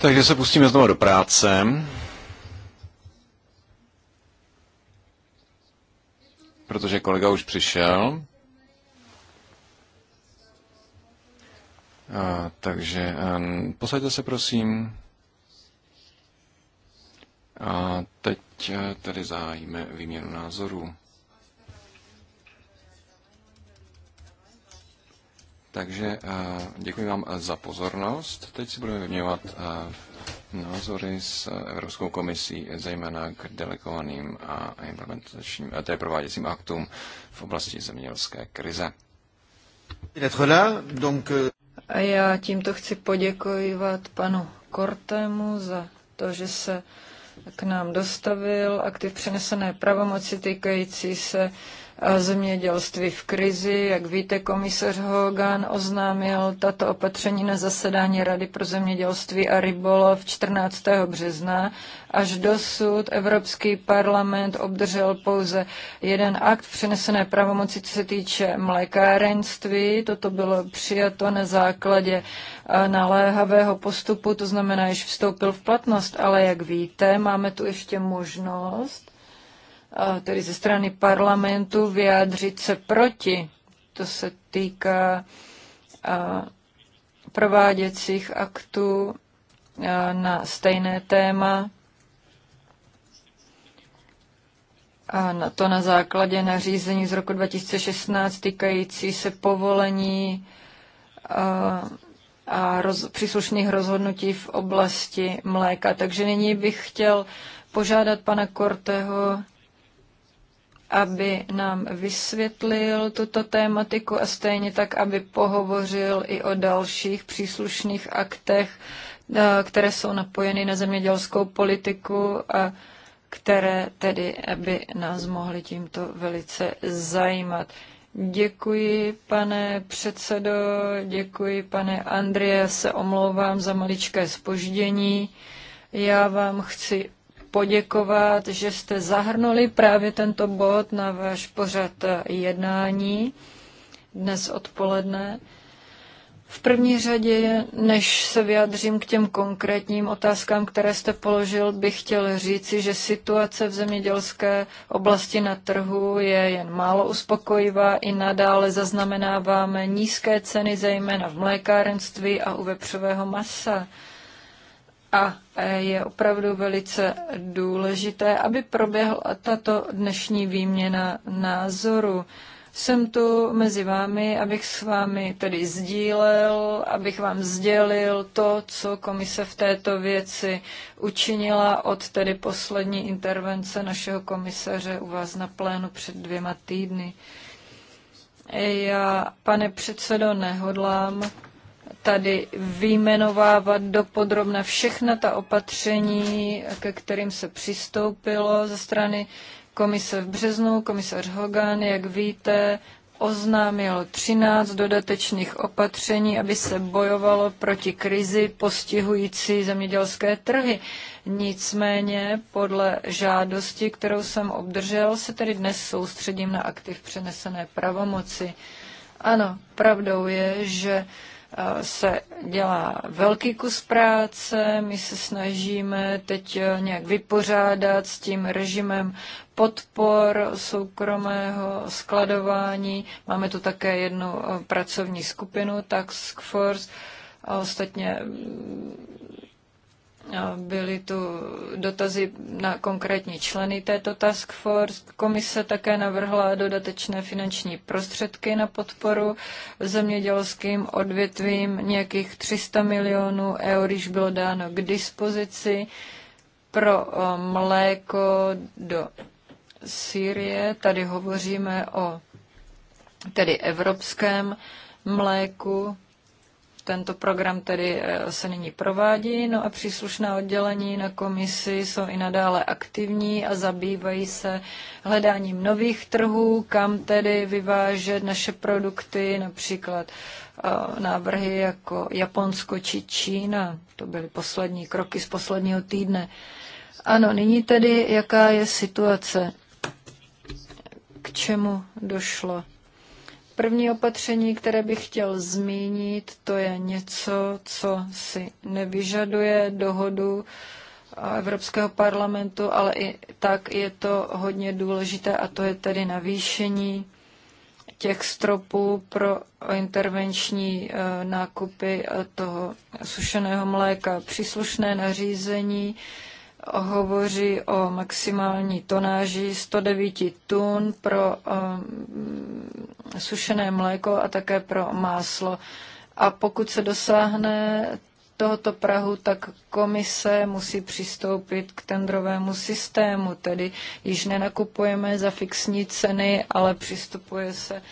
Speaker 1: Takže se pustíme znovu do práce. Protože kolega už přišel. A, takže a, posaďte se prosím. A teď a, eh, tady zájíme výměnu názorů. Takže eh, děkuji vám eh, za pozornost. Teď si budeme vyměňovat eh, názory s Evropskou komisí, zejména k delegovaným a implementačním, tedy prováděcím aktům v oblasti zemědělské krize. Euh,
Speaker 3: a Já tímto chci poděkovat panu Kortému za to, že se k nám dostavil aktiv přenesené pravomoci týkající se zemědělství v krizi. Jak víte, komisař Hogan oznámil tato opatření na zasedání Rady pro zemědělství a rybolov 14. března. Až dosud Evropský parlament obdržel pouze jeden akt přenesené pravomoci, co se týče mlékárenství. Toto bylo přijato na základě eh, naléhavého postupu, to znamená, že vstoupil v platnost, ale jak víte, máme tu ještě možnost tedy ze strany parlamentu, vyjádřit se proti. To se týká prováděcích aktů na stejné téma. A na to na základě nařízení z roku 2016 týkající se povolení a roz, příslušných rozhodnutí v oblasti mléka. Takže nyní bych chtěl požádat pana Korteho, aby nám vysvětlil tuto tématiku a stejně tak, aby pohovořil i o dalších příslušných aktech, eh, které jsou napojeny na zemědělskou politiku a které tedy by nás mohly tímto velice zajímat. Děkuji, pane předsedo, děkuji, pane Andrie, se omlouvám za maličké spoždění. Já vám chci poděkovat, že jste zahrnuli právě tento bod na váš pořad jednání dnes odpoledne. V první řadě, než se vyjadřím k těm konkrétním otázkám, které jste položil, bych chtěl říci, že situace v zemědělské oblasti na trhu je jen málo uspokojivá. I nadále zaznamenáváme nízké ceny, zejména v mlékárenství a u vepřového masa a e, je opravdu velice důležité, aby proběhla tato dnešní výměna názoru. Jsem tu mezi vámi, abych s vámi tedy sdílel, abych vám sdělil to, co komise v této věci učinila od tedy poslední intervence našeho komisaře u vás na plénu před dvěma týdny. Já, pane předsedo, nehodlám tady vyjmenovávat dopodrobna všechna ta opatření, ke kterým se přistoupilo ze strany komise v březnu. Komisař Hogan, jak víte, oznámil 13 dodatečných opatření, aby se bojovalo proti krizi postihující zemědělské trhy. Nicméně podle žádosti, kterou jsem obdržel, se tedy dnes soustředím na aktiv přenesené pravomoci. Ano, pravdou je, že se dělá velký kus práce, my se snažíme teď eh, nějak vypořádat s tím režimem podpor soukromého skladování. Máme tu také jednu eh, pracovní skupinu Task Force, a ostatně Byly tu dotazy na konkrétní členy této task force. Komise také navrhla dodatečné finanční prostředky na podporu zemědělským odvětvím. Nějakých 300 milionů eur již bylo dáno k dispozici pro eh, mléko do Sýrie. Tady hovoříme o tedy evropském mléku tento program tedy eh, se nyní provádí, no a příslušná oddělení na komisi jsou i nadále aktivní a zabývají se hledáním nových trhů, kam tedy vyvážet naše produkty, například eh, návrhy jako Japonsko či Čína. To byly poslední kroky z posledního týdne. Ano, nyní tedy, jaká je situace? K čemu došlo? První opatření, které bych chtěl zmínit, to je něco, co si nevyžaduje dohodu eh, Evropského parlamentu, ale i tak je to hodně důležité a to je tedy navýšení těch stropů pro intervenční eh, nákupy eh, toho sušeného mléka. Příslušné nařízení hovoří o maximální tonáži 109 tun pro um, sušené mléko a také pro máslo. A pokud se dosáhne tohoto Prahu, tak komise musí přistoupit k tendrovému systému, tedy již nenakupujeme za fixní ceny, ale přistupuje se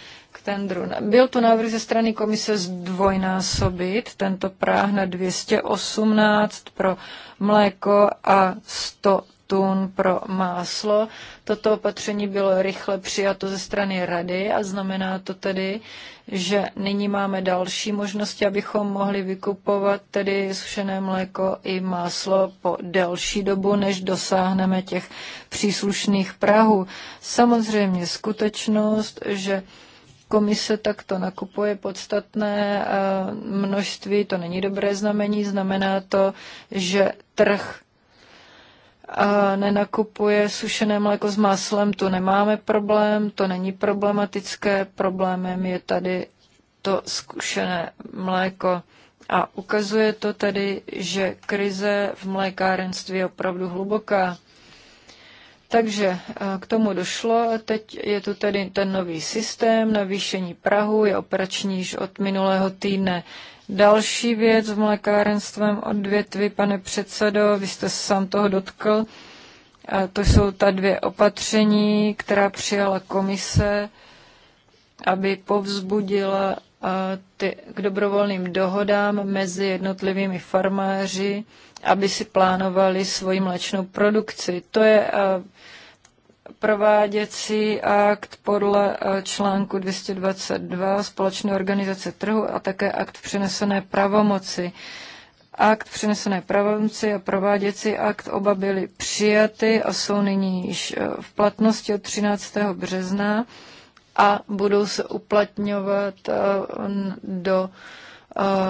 Speaker 3: tendru. Byl to návrh ze strany komise zdvojnásobit tento práh na 218 pro mléko a 100 tun pro máslo. Toto opatření bylo rychle přijato ze strany rady a znamená to tedy, že nyní máme další možnosti, abychom mohli vykupovat tedy sušené mléko i máslo po delší dobu, než dosáhneme těch příslušných prahů. Samozřejmě skutečnost, že komise takto nakupuje podstatné eh, množství, to není dobré znamení, znamená to, že trh eh, nenakupuje sušené mléko s máslem, tu nemáme problém, to není problematické, problémem je tady to zkušené mléko. A ukazuje to tedy, že krize v mlékárenství je opravdu hluboká. Takže eh, k tomu došlo. Teď je tu tedy ten nový systém navýšení Prahu, je operační již od minulého týdne. Další věc v mlékárenstvém odvětví, pane předsedo, vy jste se sám toho dotkl. A to jsou ta dvě opatření, která přijala komise, aby povzbudila eh, ty, k dobrovolným dohodám mezi jednotlivými farmáři, aby si plánovali svoji mléčnou produkci. To je eh, prováděcí akt podle eh, článku 222 společné organizace trhu a také akt přenesené pravomoci. Akt přenesené pravomoci a prováděcí akt oba byly přijaty a jsou nyní již eh, v platnosti od 13. března a budou se uplatňovat eh, do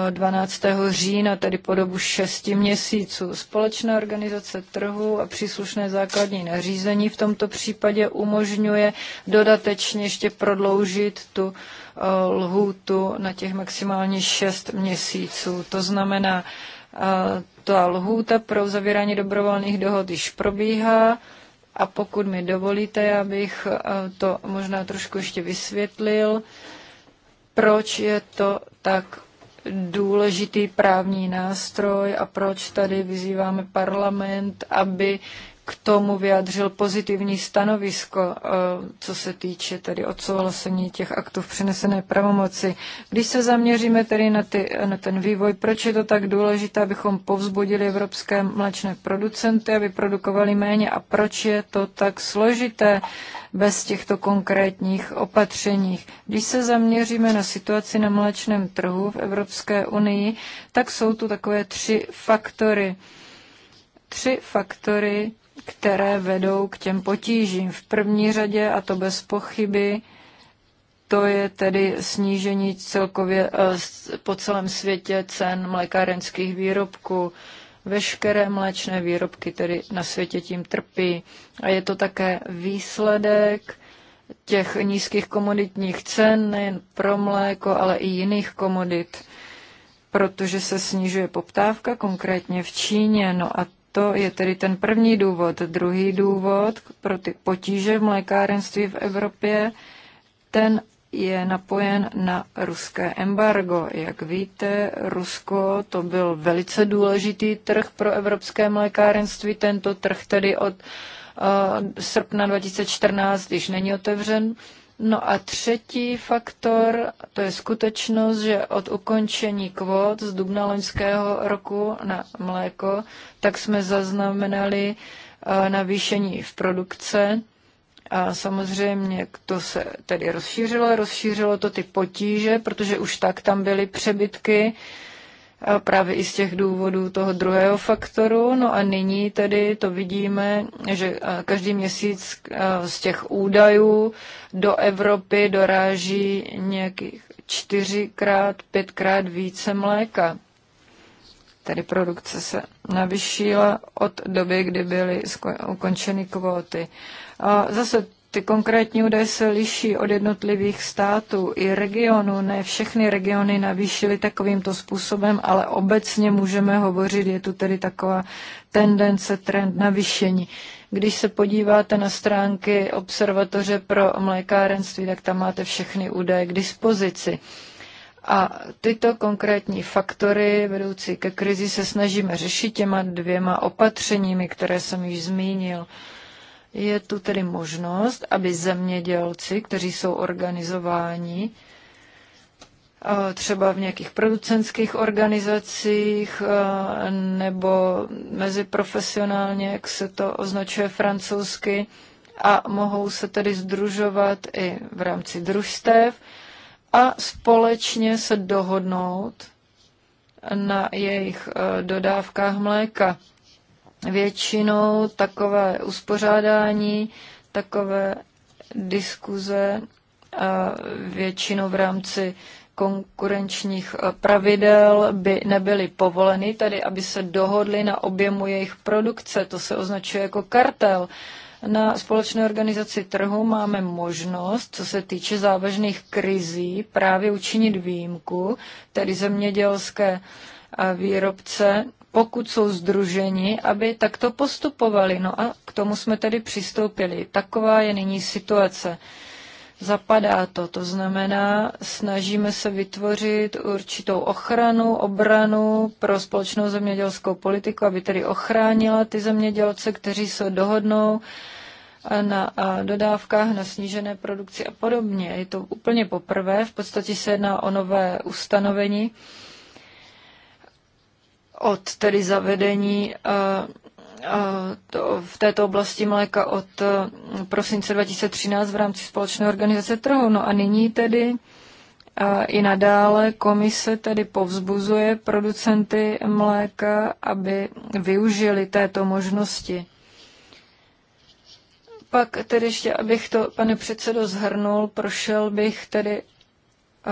Speaker 3: 12. Eh, října, tedy po dobu 6 měsíců. Společná organizace trhu a příslušné základní nařízení v tomto případě umožňuje dodatečně ještě prodloužit tu eh, lhůtu na těch maximálně 6 měsíců. To znamená, eh, ta lhůta pro zavírání dobrovolných dohod již probíhá a pokud mi dovolíte, já bych to možná trošku ještě vysvětlil, proč je to tak důležitý právní nástroj a proč tady vyzýváme parlament, aby k tomu vyjádřil pozitivní stanovisko, e, co se týče tedy odsouhlasení těch aktů v přenesené pravomoci. Když se zaměříme tedy na, ty, na ten vývoj, proč je to tak důležité, abychom povzbudili evropské mlečné producenty, aby produkovali méně a proč je to tak složité bez těchto konkrétních opatřeních. Když se zaměříme na situaci na mlečném trhu v Evropské unii, tak jsou tu takové tři faktory. Tři faktory, které vedou k těm potížím. V první řadě, a to bez pochyby, to je tedy snížení celkově eh, po celém světě cen mlékárenských výrobků. Veškeré mléčné výrobky tedy na světě tím trpí. A je to také výsledek těch nízkých komoditních cen, nejen pro mléko, ale i jiných komodit protože se snižuje poptávka, konkrétně v Číně. No a to je tedy ten první důvod. Druhý důvod pro ty potíže v mlékárenství v Evropě, ten je napojen na ruské embargo. Jak víte, Rusko to byl velice důležitý trh pro evropské mlékárenství. Tento trh tedy od uh, srpna 2014 již není otevřen. Uh, No a třetí faktor, to je skutečnost, že od ukončení kvót z dubna loňského roku na mléko, tak jsme zaznamenali eh, navýšení v produkce. A samozřejmě to se tedy rozšířilo, rozšířilo to ty potíže, protože už tak tam byly přebytky právě i z těch důvodů toho druhého faktoru. No a nyní tedy to vidíme, že každý měsíc z těch údajů do Evropy doráží nějakých čtyřikrát, pětkrát více mléka. Tedy produkce se navyšila od doby, kdy byly ukončeny kvóty. A zase ty konkrétní údaje se liší od jednotlivých států i regionů. Ne všechny regiony navýšily takovýmto způsobem, ale obecně můžeme hovořit, je tu tedy taková tendence, trend navýšení. Když se podíváte na stránky Observatoře pro mlékárenství, tak tam máte všechny údaje k dispozici. A tyto konkrétní faktory vedoucí ke krizi se snažíme řešit těma dvěma opatřeními, které jsem již zmínil. Je tu tedy možnost, aby zemědělci, kteří jsou organizováni, eh, třeba v nějakých producentských organizacích eh, nebo mezi profesionálně, jak se to označuje francouzsky, a mohou se tedy združovat i v rámci družstev a společně se dohodnout na jejich eh, dodávkách mléka. Většinou takové uspořádání, takové diskuze většinou v rámci konkurenčních e, pravidel by nebyly povoleny, tedy aby se dohodly na objemu jejich produkce. To se označuje jako kartel. Na společné organizaci trhu máme možnost, co se týče závažných krizí, právě učinit výjimku, tedy zemědělské výrobce pokud jsou združeni, aby takto postupovali. No a k tomu jsme tedy přistoupili. Taková je nyní situace. Zapadá to, to znamená, snažíme se vytvořit určitou ochranu, obranu pro společnou zemědělskou politiku, aby tedy ochránila ty zemědělce, kteří se dohodnou na dodávkách, na snížené produkci a podobně. Je to úplně poprvé, v podstatě se jedná o nové ustanovení od tedy zavedení eh, eh, v této oblasti mléka od eh, prosince 2013 v rámci společné organizace trhu. No a nyní tedy i nadále komise tedy povzbuzuje producenty mléka, aby využili této možnosti. Pak tedy ještě, abych to, pane předsedo, zhrnul, prošel bych tedy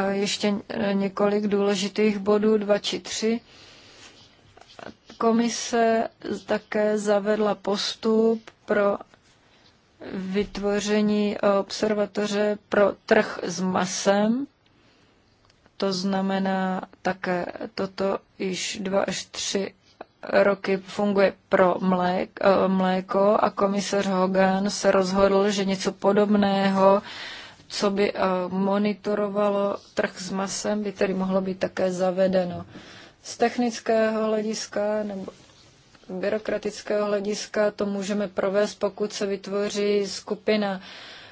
Speaker 3: ještě několik důležitých bodů, dva či tři. Komise také zavedla postup pro vytvoření eh, observatoře pro trh s masem. To znamená také toto již dva až tři roky funguje pro eh, mléko a komisař Hogan se rozhodl, že něco podobného, co by eh, monitorovalo trh s masem, by tedy mohlo být také zavedeno. Z technického hlediska nebo byrokratického hlediska to můžeme provést, pokud se vytvoří skupina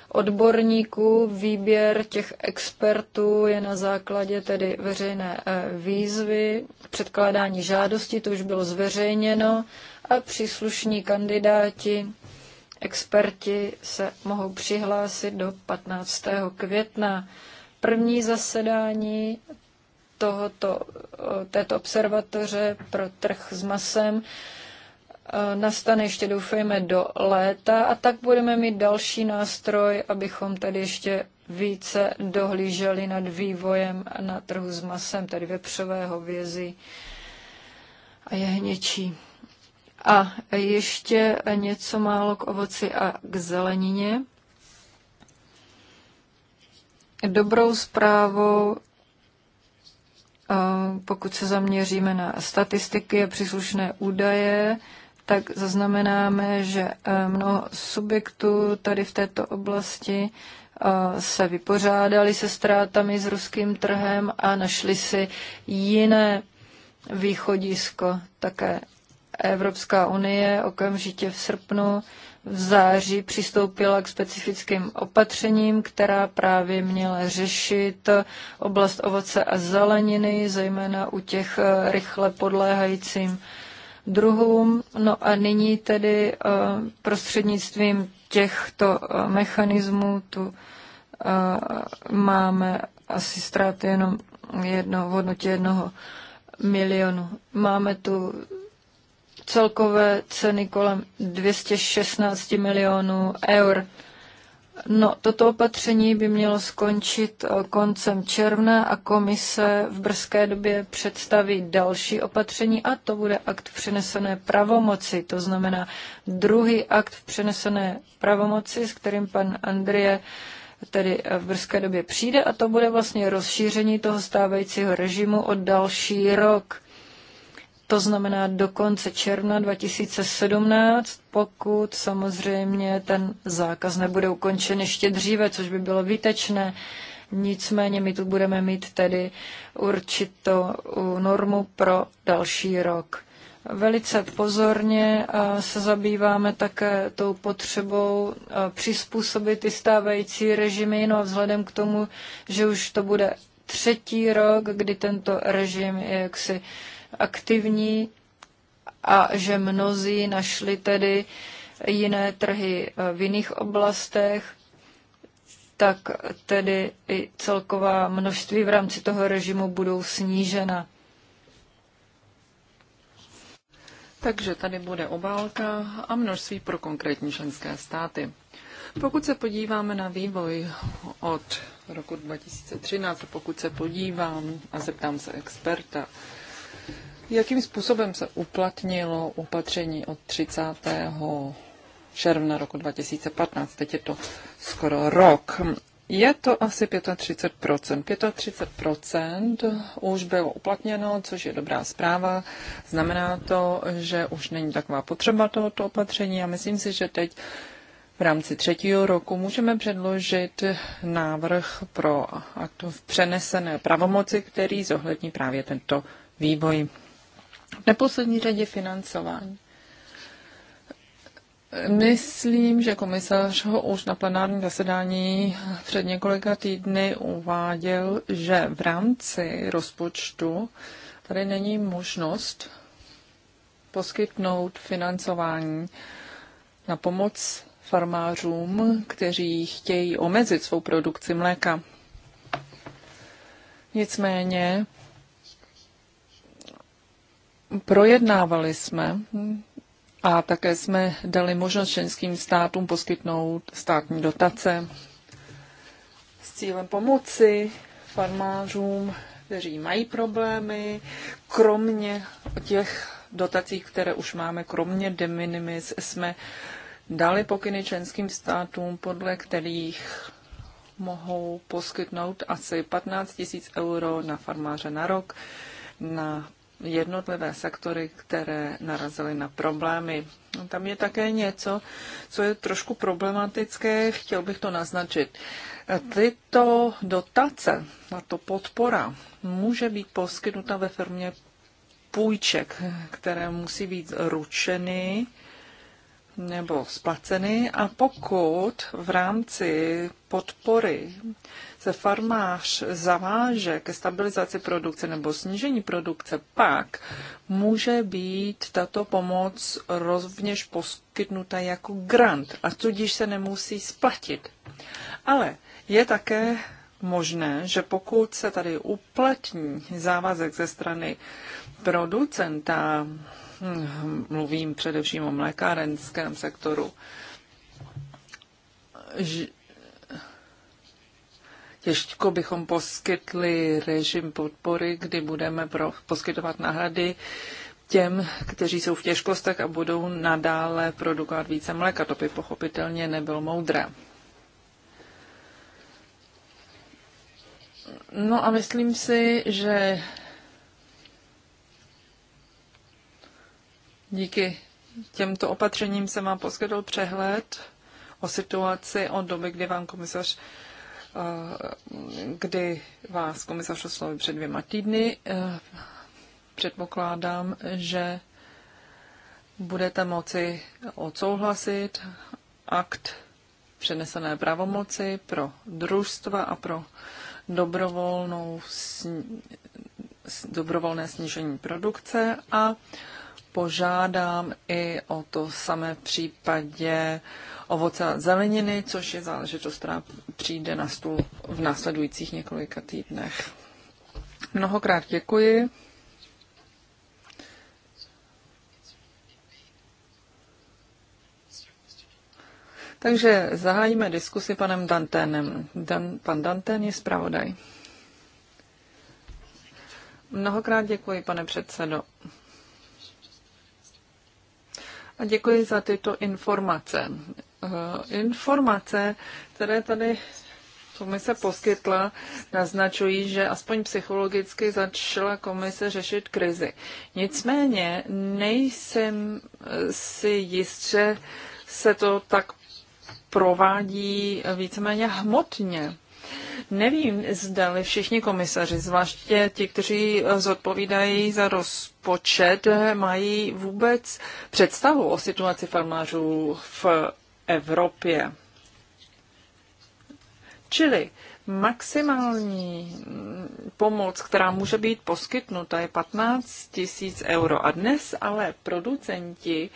Speaker 3: odborníků. Výběr těch expertů je na základě tedy veřejné eh, výzvy, předkládání žádosti, to už bylo zveřejněno a příslušní kandidáti, experti se mohou přihlásit do 15. května. První zasedání tohoto, eh, této observatoře pro trh s masem eh, nastane ještě doufejme do léta a tak budeme mít další nástroj, abychom tady ještě více dohlíželi nad vývojem na trhu s masem, tedy vepřového vězy a jehněčí. A ještě něco málo k ovoci a k zelenině. Dobrou zprávou pokud se zaměříme na statistiky a příslušné údaje, tak zaznamenáme, že e, mnoho subjektů tady v této oblasti e, se vypořádali se ztrátami s ruským trhem a našli si jiné východisko. Také Evropská unie okamžitě v srpnu v září přistoupila k specifickým opatřením, která právě měla řešit oblast ovoce a zeleniny, zejména u těch eh, rychle podléhajícím druhům. No a nyní tedy eh, prostřednictvím těchto eh, mechanismů tu máme asi ztráty jenom jedno, v hodnotě jednoho milionu. Máme tu celkové ceny kolem 216 milionů eur. No, toto opatření by mělo skončit eh, koncem června a komise v brzké době představí další opatření a to bude akt v přenesené pravomoci, to znamená druhý akt v přenesené pravomoci, s kterým pan Andrie tedy eh, v brzké době přijde a to bude vlastně rozšíření toho stávajícího režimu o další rok to znamená do konce června 2017, pokud samozřejmě ten zákaz nebude ukončen ještě dříve, což by bylo výtečné. Nicméně my tu budeme mít tedy určitou uh, normu pro další rok. Velice pozorně uh, se zabýváme také tou potřebou uh, přizpůsobit ty stávající režimy, no a vzhledem k tomu, že už to bude třetí rok, kdy tento režim je jaksi aktivní a že mnozí našli tedy jiné trhy eh, v jiných oblastech, tak tedy i celková množství v rámci toho režimu budou snížena. Takže
Speaker 2: tady bude obálka a množství pro konkrétní členské státy. Pokud se podíváme na vývoj od roku 2013, pokud se podívám a zeptám se experta, jakým způsobem se uplatnilo opatření od 30. června roku 2015. Teď je to skoro rok. Je to asi 35%. 35% už bylo uplatněno, což je dobrá zpráva. Znamená to, že už není taková potřeba tohoto opatření a myslím si, že teď v rámci třetího roku můžeme předložit návrh pro v přenesené pravomoci, který zohlední právě tento vývoj. V neposlední řadě financování. Myslím, že komisař ho už na plenárním zasedání před několika týdny uváděl, že v rámci rozpočtu tady není možnost poskytnout financování na pomoc farmářům, kteří chtějí omezit svou produkci mléka. Nicméně Projednávali jsme a také jsme dali možnost členským státům poskytnout státní dotace s cílem pomoci farmářům, kteří mají problémy, kromě těch dotací, které už máme, kromě de minimis, jsme dali pokyny členským státům, podle kterých mohou poskytnout asi 15 000 euro na farmáře na rok na jednotlivé sektory, které narazily na problémy. No, tam je také něco, co je trošku problematické, chtěl bych to naznačit. Tyto dotace, na to podpora, může být poskytnuta ve firmě půjček, které musí být ručeny nebo splaceny a pokud v rámci podpory se farmář zaváže ke stabilizaci produkce nebo snížení produkce, pak může být tato pomoc rovněž poskytnuta jako grant a tudíž se nemusí splatit. Ale je také možné, že pokud se tady uplatní závazek ze strany producenta, hm, mluvím především o mlékárenském sektoru, těžko bychom poskytli režim podpory, kdy budeme pro, poskytovat náhrady těm, kteří jsou v těžkostech a budou nadále produkovat více mléka. To by pochopitelně nebylo moudré. No a myslím si, že díky těmto opatřením se vám poskytl přehled o situaci od doby, kdy vám komisař kdy vás komisař oslovil před dvěma týdny. Eh, předpokládám, že budete moci odsouhlasit akt přenesené pravomoci pro družstva a pro dobrovolnou, dobrovolné snížení produkce a požádám i o to samé v případě ovoce a zeleniny, což je záležitost, která přijde na stůl v následujících několika týdnech. Mnohokrát děkuji. Takže zahájíme diskusi panem Danténem. Dan, pan Dantén je zpravodaj. Mnohokrát děkuji, pane předsedo a děkuji za tyto informace. Eh, informace, které tady komise poskytla, naznačují, že aspoň psychologicky začala komise řešit krizi. Nicméně nejsem eh, si jist, že se to tak provádí víceméně hmotně. Nevím, zdali všichni komisaři, zvláště ti, kteří zodpovídají za rozpočet, mají vůbec představu o situaci farmářů v Evropě. Čili maximální pomoc, která může být poskytnuta, je 15 000 euro. A dnes ale producenti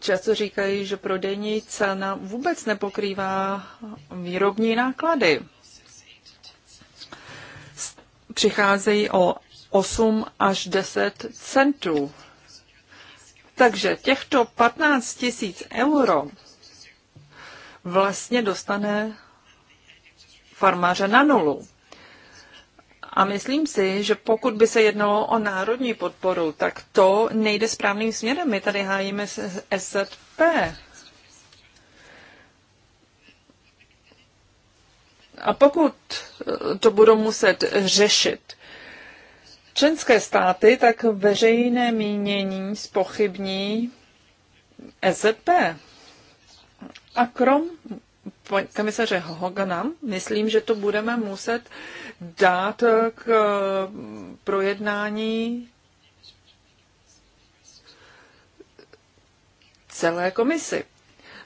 Speaker 2: často říkají, že prodejní cena vůbec nepokrývá výrobní náklady. Přicházejí o 8 až 10 centů. Takže těchto 15 tisíc euro vlastně dostane farmáře na nulu. A myslím si, že pokud by se jednalo o národní podporu, tak to nejde správným směrem. My tady hájíme SZP. A pokud eh, to budou muset řešit členské státy, tak veřejné mínění spochybní SZP. A krom komisaře Hogana, myslím, že to budeme muset dát k eh, projednání celé komisi.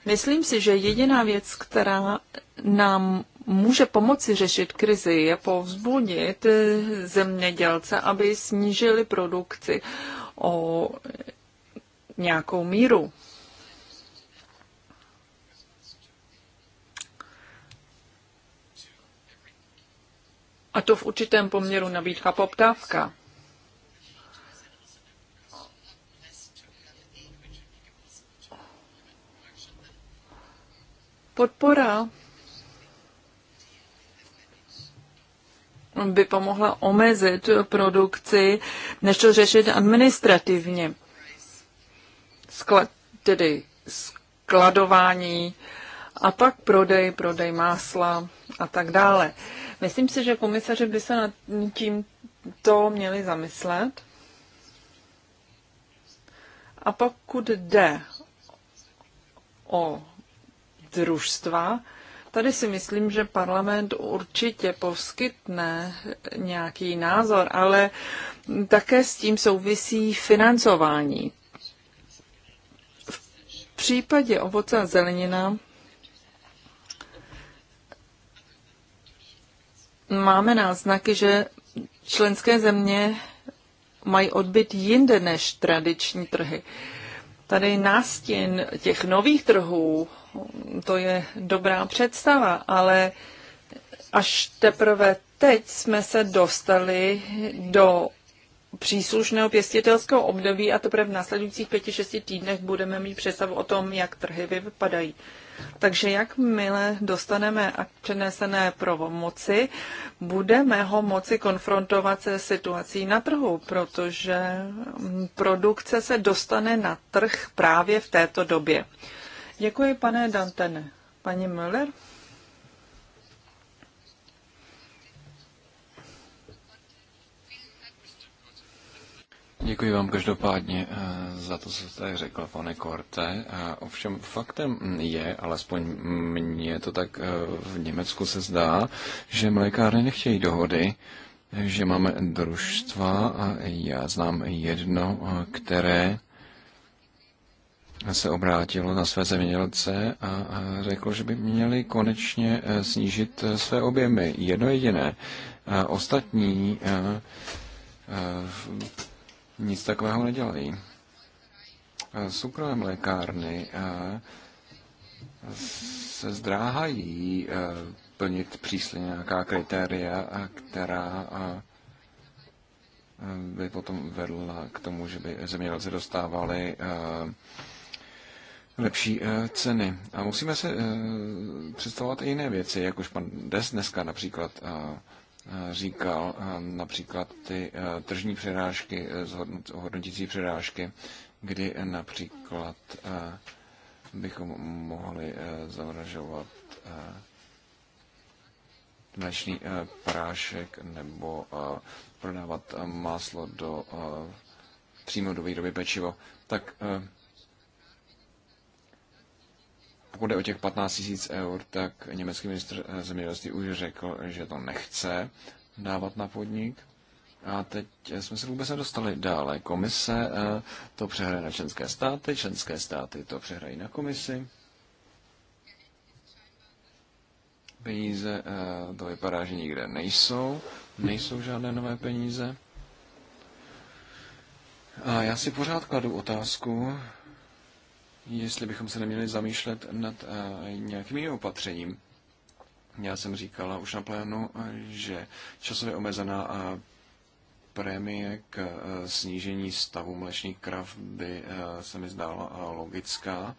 Speaker 2: Myslím si, že jediná věc, která nám může pomoci řešit krizi, je povzbudit eh, zemědělce, aby snížili produkci o nějakou míru. A to v určitém poměru nabídka poptávka. Podpora by pomohla omezit produkci, než to řešit administrativně. Sklad, tedy skladování a pak prodej, prodej másla a tak dále. Myslím si, že komisaři by se nad tím to měli zamyslet. A pokud jde o družstva, tady si myslím, že parlament určitě poskytne nějaký názor, ale také s tím souvisí financování. V případě ovoce a zelenina máme náznaky, že členské země mají odbyt jinde než tradiční trhy. Tady nástin těch nových trhů, to je dobrá představa, ale až teprve teď jsme se dostali do příslušného pěstitelského období a teprve v následujících pěti, šesti týdnech budeme mít představu o tom, jak trhy vypadají. Takže jakmile dostaneme a přenesené pravomoci, budeme ho moci konfrontovat se situací na trhu, protože produkce se dostane na trh právě v této době. Děkuji, pane Dantene. Paní Müller?
Speaker 1: Děkuji vám každopádně eh, za to, co jste řekl, pane Korte. A eh, ovšem faktem je, alespoň mně to tak eh, v Německu se zdá, že mlékárny nechtějí dohody, že máme družstva a já znám jedno, které se obrátilo na své zemědělce a řeklo, že by měli konečně snížit své objemy. Jedno jediné. ostatní nic takového nedělají. Soukromé lékárny, se zdráhají plnit přísně nějaká kritéria, která by potom vedla k tomu, že by zemědělci dostávali lepší e, ceny. A musíme se e, představovat i jiné věci, jak už pan Des dneska například Eh, říkal, eh, například ty eh, tržní přerážky, hodnotící přerážky, kdy například bychom mohli zavražovat dnešní prášek nebo prodávat máslo do přímo do výroby pečivo, tak pokud jde o těch 15 tisíc eur, tak německý ministr eh, zemědělství už řekl, že to nechce dávat na podnik. A teď eh, jsme se vůbec nedostali dále. Komise eh, to přehraje na členské státy, členské státy to přehrají na komisi. Peníze, to vypadá, že nikde nejsou. Nejsou žádné nové peníze. A já si pořád kladu otázku, jestli bychom se neměli zamýšlet nad eh, nějakým jiným opatřením. Já jsem říkala už na plénu, eh, že časově omezená eh, prémie k snížení stavu mlečných krav by se mi zdála logická.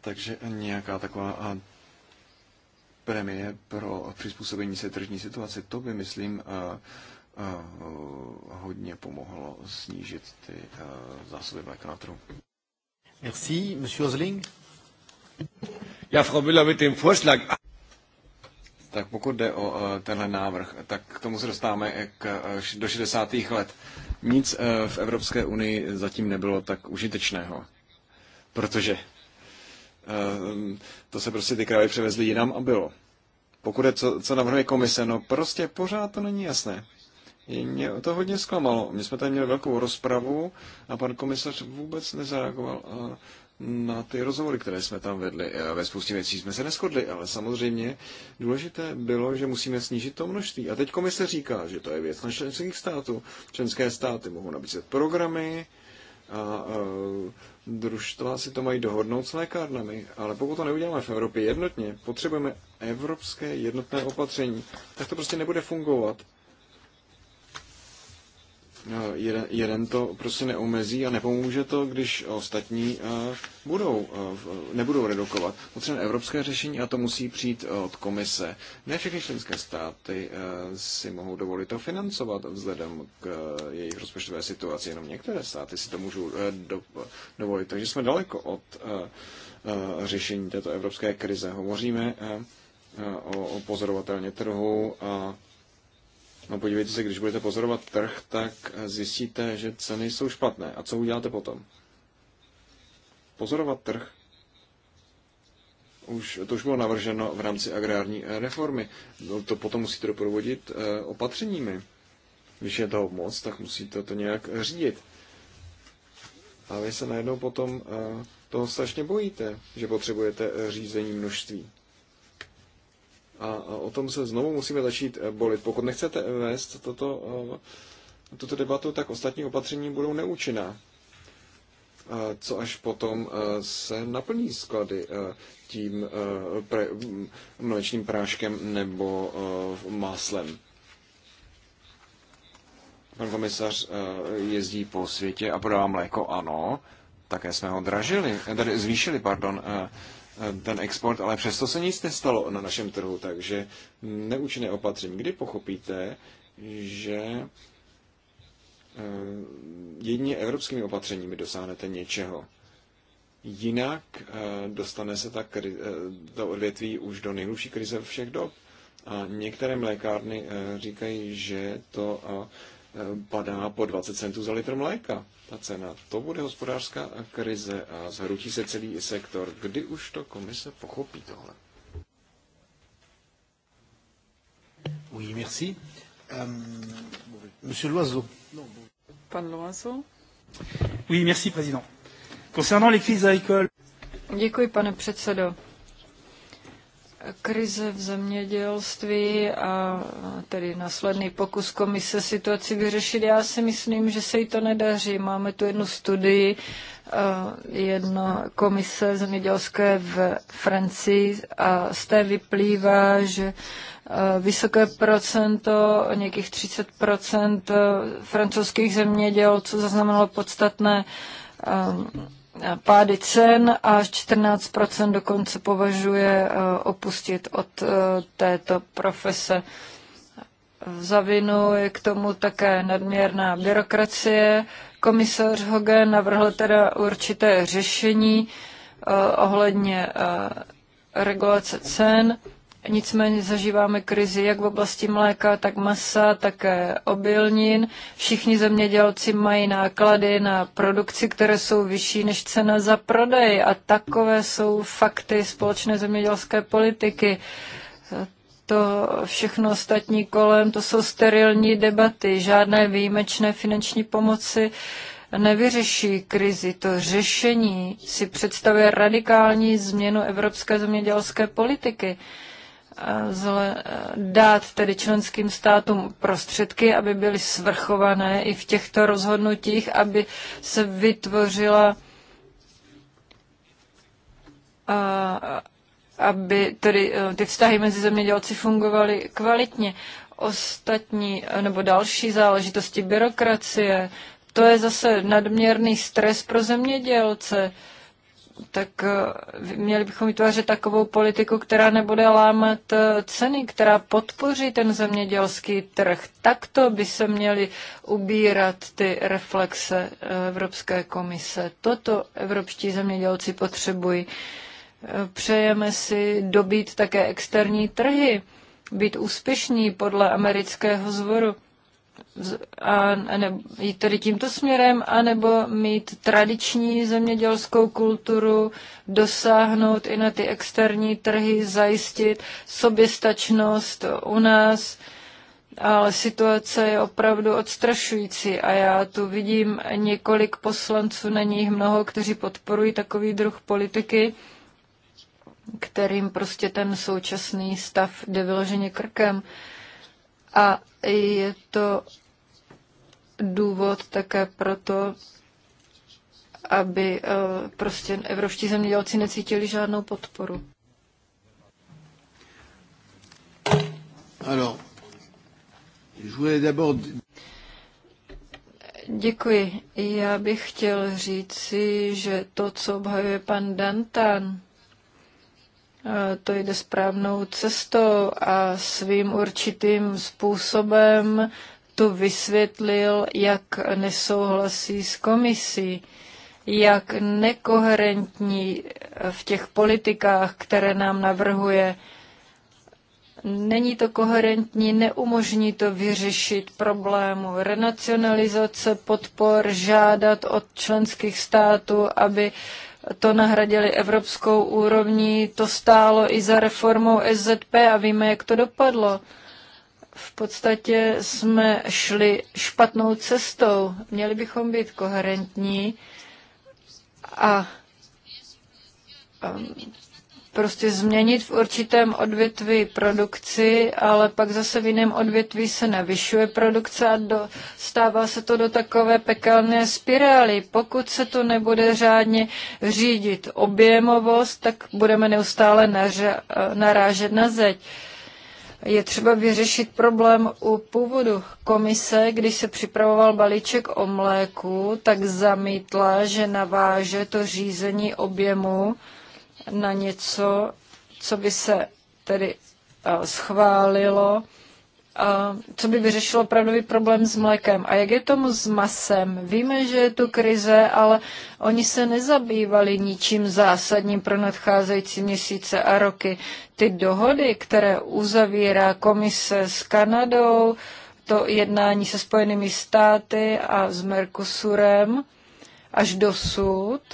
Speaker 1: Takže nějaká taková prémie pro přizpůsobení se tržní situaci, to by, myslím, Eh, hodně pomohlo snížit ty eh, zásoby mléka na trhu. Merci, Monsieur Osling. Já, Frau Müller, mit dem Vorschlag. Tak pokud jde o eh, tenhle návrh, tak k tomu se dostáváme k, do 60. let. Nic v Evropské unii zatím nebylo tak užitečného, protože to se prostě ty krávy převezly jinam a bylo. Pokud je co, co navrhuje komise, no prostě pořád to není jasné mě to hodně zklamalo. My jsme tady měli velkou rozpravu a pan komisař vůbec nezareagoval eh, na ty rozhovory, které jsme tam vedli. Eh, ve spoustě věcí jsme se neschodli, ale samozřejmě důležité bylo, že musíme snížit to množství. A teď komise říká, že to je věc na členských států. Členské státy mohou nabízet programy a, a eh, družstva si to mají dohodnout s lékárnami. Ale pokud to neuděláme v Evropě jednotně, potřebujeme evropské jednotné opatření, tak to prostě nebude fungovat. No, jeden, jeden to prostě neomezí a nepomůže to, když ostatní eh, budou, eh, nebudou redukovat. Potřebujeme evropské řešení a to musí přijít eh, od komise. Ne všechny členské státy si mohou dovolit to financovat vzhledem k jejich rozpočtové situaci. Jenom některé státy si to můžou dovolit. Takže jsme daleko od řešení této evropské krize. Hovoříme o pozorovatelně trhu a No podívejte se, když budete pozorovat trh, tak zjistíte, že ceny jsou špatné. A co uděláte potom? Pozorovat trh. Už, to už bylo navrženo v rámci agrární eh, reformy. No, to potom musíte doprovodit eh, opatřeními. Když je toho moc, tak musíte to nějak řídit. A vy se najednou potom eh, toho strašně bojíte, že potřebujete řízení množství. A o tom se znovu musíme začít eh, bolit. Pokud nechcete vést toto, eh, tuto debatu, tak ostatní opatření budou neúčinná. Co až potom eh, se naplní sklady tím mlečným práškem nebo máslem. Pan komisař jezdí po světě a prodává mléko, ano. Také jsme ho dražili, tady zvýšili, pardon, Eh, ten export, ale přesto se nic nestalo na našem trhu, takže neúčinné opatření. Kdy pochopíte, že eh, jedině evropskými opatřeními dosáhnete něčeho? Jinak eh, dostane se ta kri- to odvětví už do nejhlubší krize všech dob. A některé mlékárny říkají, že to padá po 20 centů za litr mléka. Ta cena. To bude hospodářská krize a zhrutí se celý sektor. Kdy už to komise pochopí tohle?
Speaker 3: Oui, merci. Um, monsieur Loiseau. Pan Loiseau.
Speaker 2: Oui, merci, président. Concernant les crises
Speaker 3: agricoles. Děkuji, pane předsedo krize v zemědělství a tedy následný pokus komise situaci vyřešit, já si myslím, že se jí to nedaří. Máme tu jednu studii, eh, jedno komise zemědělské v Francii a z té vyplývá, že eh, vysoké procento, nějakých 30 eh, francouzských zemědělců zaznamenalo podstatné pády cen a 14 dokonce považuje eh, opustit od eh, této profese. je k tomu také nadměrná byrokracie. Komisař Hogan navrhl teda určité řešení eh, ohledně regulace cen Nicméně zažíváme krizi jak v oblasti mléka, tak masa, tak eh, obilnin. Všichni zemědělci mají náklady na produkci, které jsou vyšší než cena za prodej. A takové jsou fakty společné zemědělské politiky. To všechno ostatní kolem, to jsou sterilní debaty, žádné výjimečné finanční pomoci nevyřeší krizi, to řešení si představuje radikální změnu evropské zemědělské politiky zle, dát tedy členským státům prostředky, aby byly svrchované i v těchto rozhodnutích, aby se vytvořila a, aby tedy e, ty vztahy mezi zemědělci fungovaly kvalitně. Ostatní e, nebo další záležitosti byrokracie, to je zase nadměrný stres pro zemědělce. Uh, tak eh, měli bychom vytvářet takovou politiku, která nebude lámat eh, ceny, která podpoří ten zemědělský trh. Takto by se měly ubírat ty reflexe eh, Evropské komise. Toto evropští zemědělci potřebují. Přejeme si dobít také externí trhy, být úspěšní podle amerického zvoru a, a ne, jít tedy tímto směrem, anebo mít tradiční zemědělskou kulturu, dosáhnout i na ty externí trhy, zajistit soběstačnost u nás. Ale situace je opravdu odstrašující a já tu vidím několik poslanců, není nich mnoho, kteří podporují takový druh politiky, kterým prostě ten současný stav jde vyloženě krkem. Uh, a je to důvod také proto, aby eh, prostě evropští zemědělci necítili žádnou podporu. Alors, Děkuji. Já bych chtěl říci, že to, co obhajuje pan Dantan, to jde správnou cestou a svým určitým způsobem tu vysvětlil, jak nesouhlasí s komisí, jak nekoherentní v těch politikách, které nám navrhuje. Není to koherentní, neumožní to vyřešit problému. Renacionalizace podpor žádat od členských států, aby uh, to nahradili evropskou úrovní, to stálo i za reformou SZP a víme, jak to dopadlo. V podstatě jsme šli špatnou cestou. Měli bychom být koherentní a prostě změnit v určitém odvětví produkci, ale pak zase v jiném odvětví se navyšuje produkce a do, stává se to do takové pekelné spirály. Pokud se to nebude řádně řídit objemovost, tak budeme neustále naře, narážet na zeď. Je třeba vyřešit problém u původu komise, když se připravoval balíček o mléku, tak zamítla, že naváže to řízení objemu na něco, co by se tedy eh, schválilo, eh, co by vyřešilo opravdový problém s mlékem. A jak je tomu s masem? Víme, že je tu krize, ale oni se nezabývali ničím zásadním pro nadcházející měsíce a roky. Ty dohody, které uzavírá komise s Kanadou, to jednání se Spojenými státy a s Mercosurem až dosud –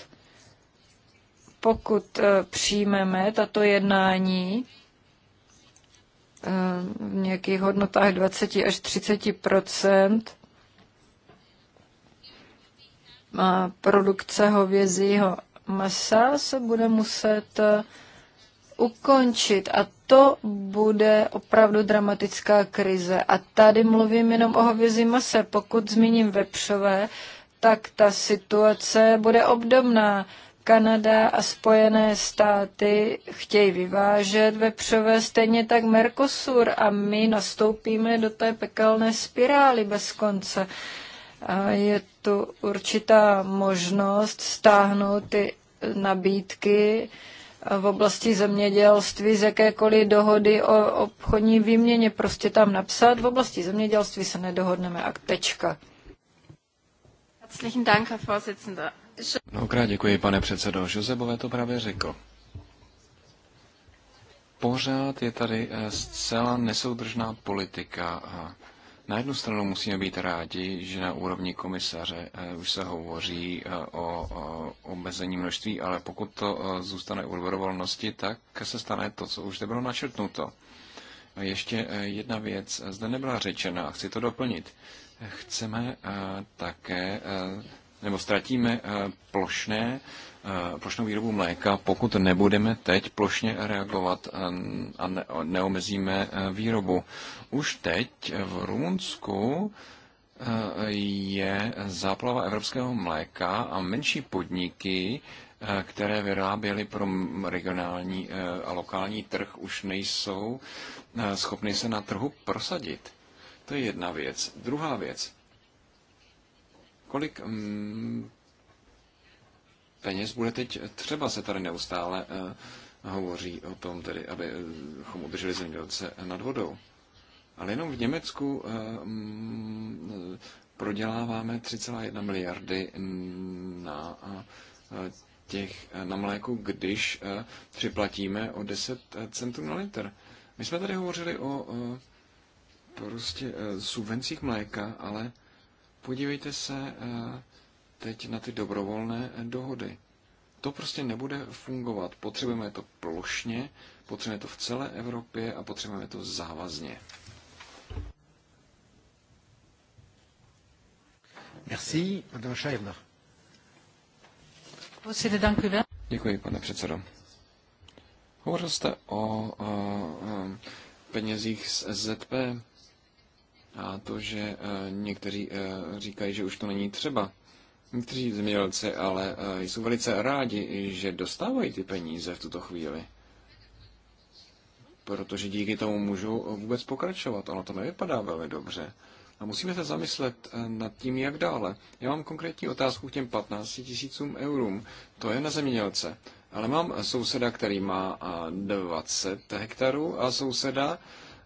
Speaker 3: pokud eh, přijmeme tato jednání eh, v nějakých hodnotách 20 až 30 produkce hovězího masa se bude muset eh, ukončit a to bude opravdu dramatická krize. A tady mluvím jenom o hovězím mase. Pokud zmíním vepřové, tak ta situace bude obdobná. Kanada a Spojené státy chtějí vyvážet vepřové, stejně tak Mercosur a my nastoupíme do té pekelné spirály bez konce. A je tu určitá možnost stáhnout ty nabídky v oblasti zemědělství z jakékoliv dohody o obchodní výměně. Prostě tam napsat, v oblasti zemědělství se nedohodneme a tečka. Herzlichen Dank, Herr Vorsitzender.
Speaker 1: Mnohokrát děkuji, pane předsedo. Josebové to právě řekl. Pořád je tady eh, zcela nesoudržná politika. Na jednu stranu musíme být rádi, že na úrovni komisaře eh, už se hovoří eh, o omezení množství, ale pokud to zůstane u dobrovolnosti, tak se stane to, co už bylo načrtnuto. Ještě jedna věc zde nebyla řečena, chci to doplnit. Chceme také nebo ztratíme eh, plošné, eh, plošnou výrobu mléka, pokud nebudeme teď plošně reagovat eh, a neomezíme výrobu. Už teď v Rumunsku je záplava evropského mléka a menší podniky, které vyráběly pro regionální a lokální trh, už nejsou schopny se na trhu prosadit. To je jedna věc. Druhá věc. Kolik mm, peněz bude teď třeba se tady neustále uh, hovoří o tom, tedy, abychom udrželi zemědělce nad vodou. Ale jenom v Německu uh, eh, m, mm, proděláváme 3,1 miliardy na uh, těch, na mléku, když připlatíme o 10 centů na litr. My jsme tady hovořili o prostě subvencích mléka, ale Podívejte se eh, teď na ty dobrovolné eh, dohody. To prostě nebude fungovat. Potřebujeme to plošně, potřebujeme to v celé Evropě a potřebujeme to závazně. Merci, Madame Schreiber. Děkuji, pane předsedo. Hovořil jste o, o, eh, o penězích z ZP. A to, že eh, někteří eh, říkají, že už to není třeba. Někteří zemědělci ale eh, jsou velice rádi, že dostávají ty peníze v tuto chvíli. Protože díky tomu můžou vůbec pokračovat. Ono to nevypadá velmi dobře. A musíme se zamyslet nad tím, jak dále. Já mám konkrétní otázku k těm 15 tisícům eurům. To je na zemědělce. Ale mám souseda, který má 20 hektarů a souseda,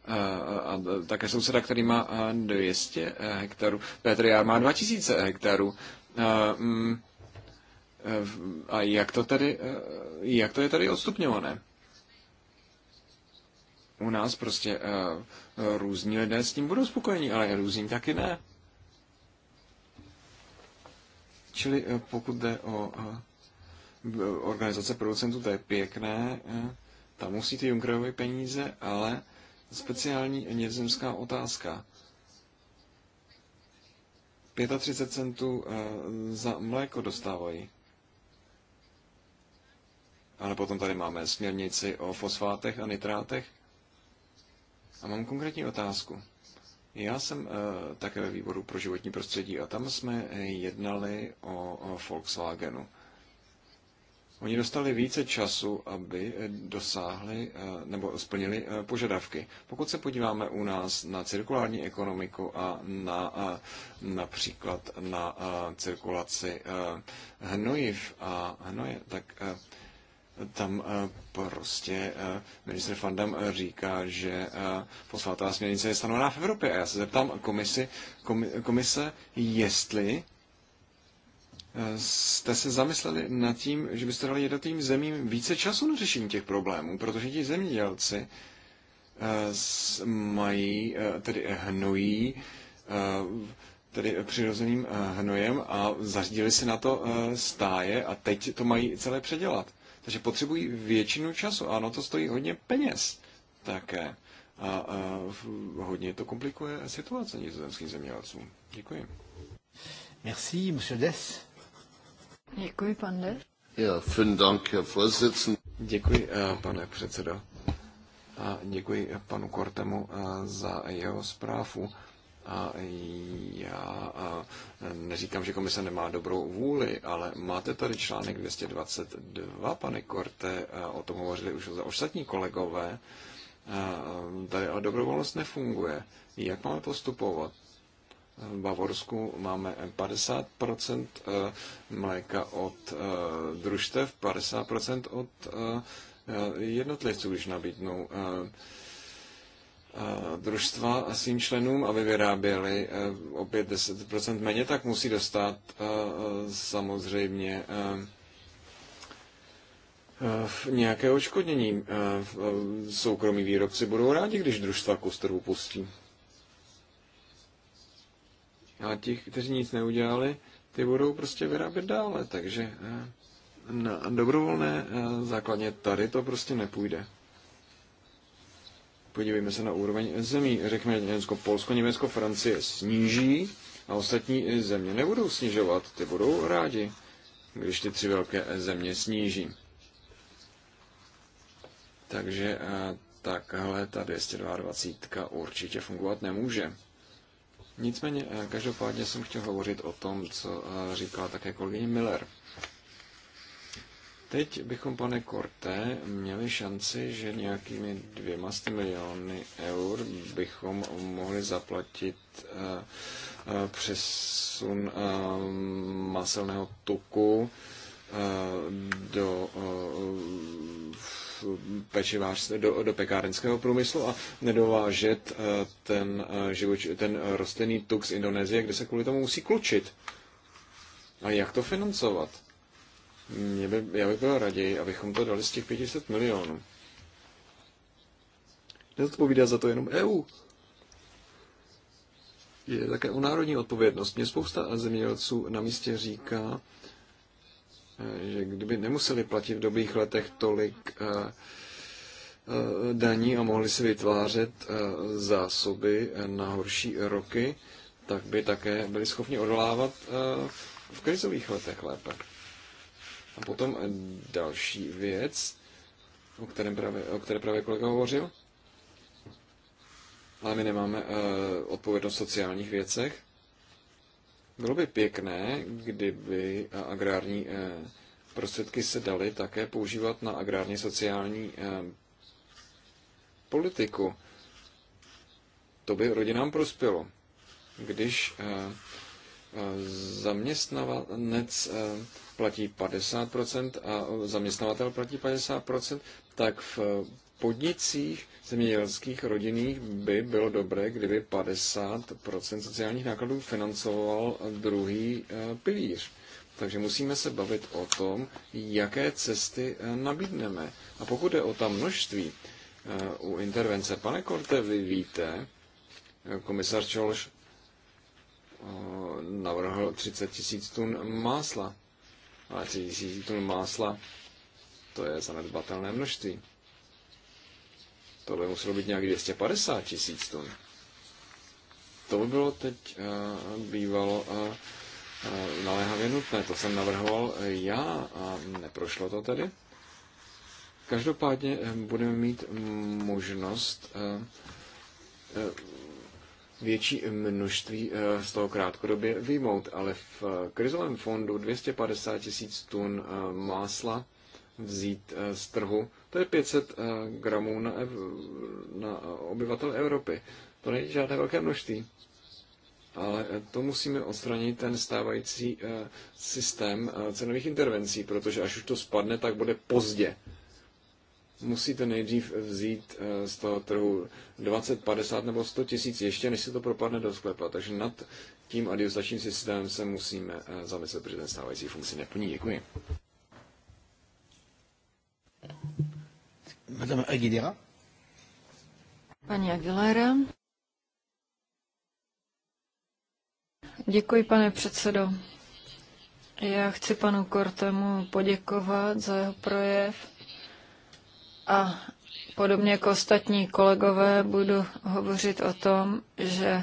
Speaker 1: a také souseda, který má 200 e, hektarů. Petr Jár má 2000 hektarů. Mm, a jak to tady, e, jak to je tady odstupňované? U nás prostě e, různí lidé s tím budou spokojení, ale různí taky ne. Čili pokud jde o organizace producentů, to je pěkné, tam musíte Junckerovi peníze, ale speciální nizozemská otázka. 35 centů eh, za mléko dostávají. Ale potom tady máme směrnici o fosfátech a nitrátech. A mám konkrétní otázku. Já jsem eh, také ve výboru pro životní prostředí a tam jsme jednali o Volkswagenu. Oni dostali více času, aby eh, dosáhli eh, nebo splnili eh, požadavky. Pokud se podíváme u nás na cirkulární ekonomiku a na například na cirkulaci hnojiv a hnoje, tak tam prostě minister Fandam říká, že posvátá směrnice je stanovená v Evropě. A já se zeptám komisi, komise, jestli jste se zamysleli nad tím, že byste dali jednotlivým zemím více času na řešení těch problémů, protože ti zemědělci eh, mají, eh, tedy hnojí, eh, tedy přirozeným hnojem a zařídili si na to stáje a teď to mají celé předělat. Takže potřebují většinu času. Ano, to stojí hodně peněz také. A, a hodně to komplikuje situace nizozemským zemědělcům. Děkuji. Merci, monsieur Des.
Speaker 3: Děkuji, pan Lev.
Speaker 1: Ja, vielen Dank, Herr Vorsitzender. Děkuji, eh, pane předsedo. A děkuji panu Kortemu eh, za jeho zprávu. A já eh, neříkám, že komise nemá dobrou vůli, ale máte tady článek 222, pane Korte, o tom hovořili už za ostatní kolegové. Tady ale dobrovolnost nefunguje. Jak máme postupovat? v Bavorsku máme 50% eh, mléka od eh, družstev, 50% od eh, jednotlivců, když nabídnou družstva a svým členům, aby vyráběli opět 10% méně, tak musí dostat samozřejmě nějaké očkodnění. Soukromí výrobci budou rádi, když družstva kus trhu pustí. A ti, kteří nic neudělali, ty budou prostě vyrábět dále. Takže eh, na dobrovolné eh, základně tady to prostě nepůjde. Podívejme se na úroveň zemí. Řekněme Německo, Polsko, Německo, Francie sníží a ostatní země nebudou snižovat. Ty budou rádi, když ty tři velké země sníží. Takže eh, takhle ta 222 určitě fungovat nemůže. Nicméně, eh, každopádně jsem chtěl hovořit o tom, co eh, říkala také kolegyně Miller. Teď bychom, pane Korte, měli šanci, že nějakými dvěma miliony eur bychom mohli zaplatit eh, přesun maselného tuku do eh, pečivářství, do, do pekárenského průmyslu a nedovážet eh, ten, eh, živoč, ten rostlinný tuk z Indonésie, kde se kvůli tomu musí klučit. A jak to financovat? Mě by, já bych byl raději, abychom to dali z těch 500 milionů. Nezodpovídá za to jenom EU. Je také o národní odpovědnost. Mě spousta zemědělců na místě říká, že kdyby nemuseli platit v dobrých letech tolik eh, eh, daní a mohli si vytvářet eh, zásoby na horší roky, tak by také byli schopni odolávat v krizových letech lépe. A potom další věc, o, kterém právě, o které právě kolega hovořil, ale my nemáme odpovědnost v sociálních věcech, bylo by pěkné, kdyby eh, agrární eh, prostředky se daly také používat na agrárně sociální eh, politiku. To by rodinám prospělo. Když zaměstnavanec platí 50% a zaměstnavatel platí 50%, tak v podnicích zemědělských rodinných by bylo dobré, kdyby 50% sociálních nákladů financoval druhý eh, pilíř. Takže musíme se bavit o tom, jaké cesty eh, nabídneme. A pokud je o ta množství eh, u intervence, pane Korte, vy víte, komisar Čolš navrhl 30 tisíc tun másla. Ale 30 tisíc tun másla, to je zanedbatelné množství. Tohle muselo být nějak 250 tisíc tun. To by bylo teď uh, bývalo uh, naléhavě nutné. To jsem navrhoval já a neprošlo to tedy. Každopádně budeme mít možnost větší množství z toho krátkodobě vyjmout, ale v krizovém fondu 250 tisíc tun másla vzít eh, z trhu, to je 500 eh, gramů na, ev, na obyvatel Evropy. To není žádné velké množství. Ale eh, to musíme odstranit ten stávající systém cenových intervencí, protože až už to spadne, tak bude pozdě. Musíte nejdřív vzít z toho trhu 20, 50 nebo 100 tisíc ještě, než se to propadne do sklepa. Takže nad tím adiustačním systémem se musíme zamyslet, protože ten stávající funkci neplní. Děkuji. Madame Aguilera.
Speaker 3: Paní Aguilera. Děkuji, pane předsedo. Já chci panu Kortemu poděkovat za jeho projev a podobně jako ostatní kolegové budu hovořit o tom, že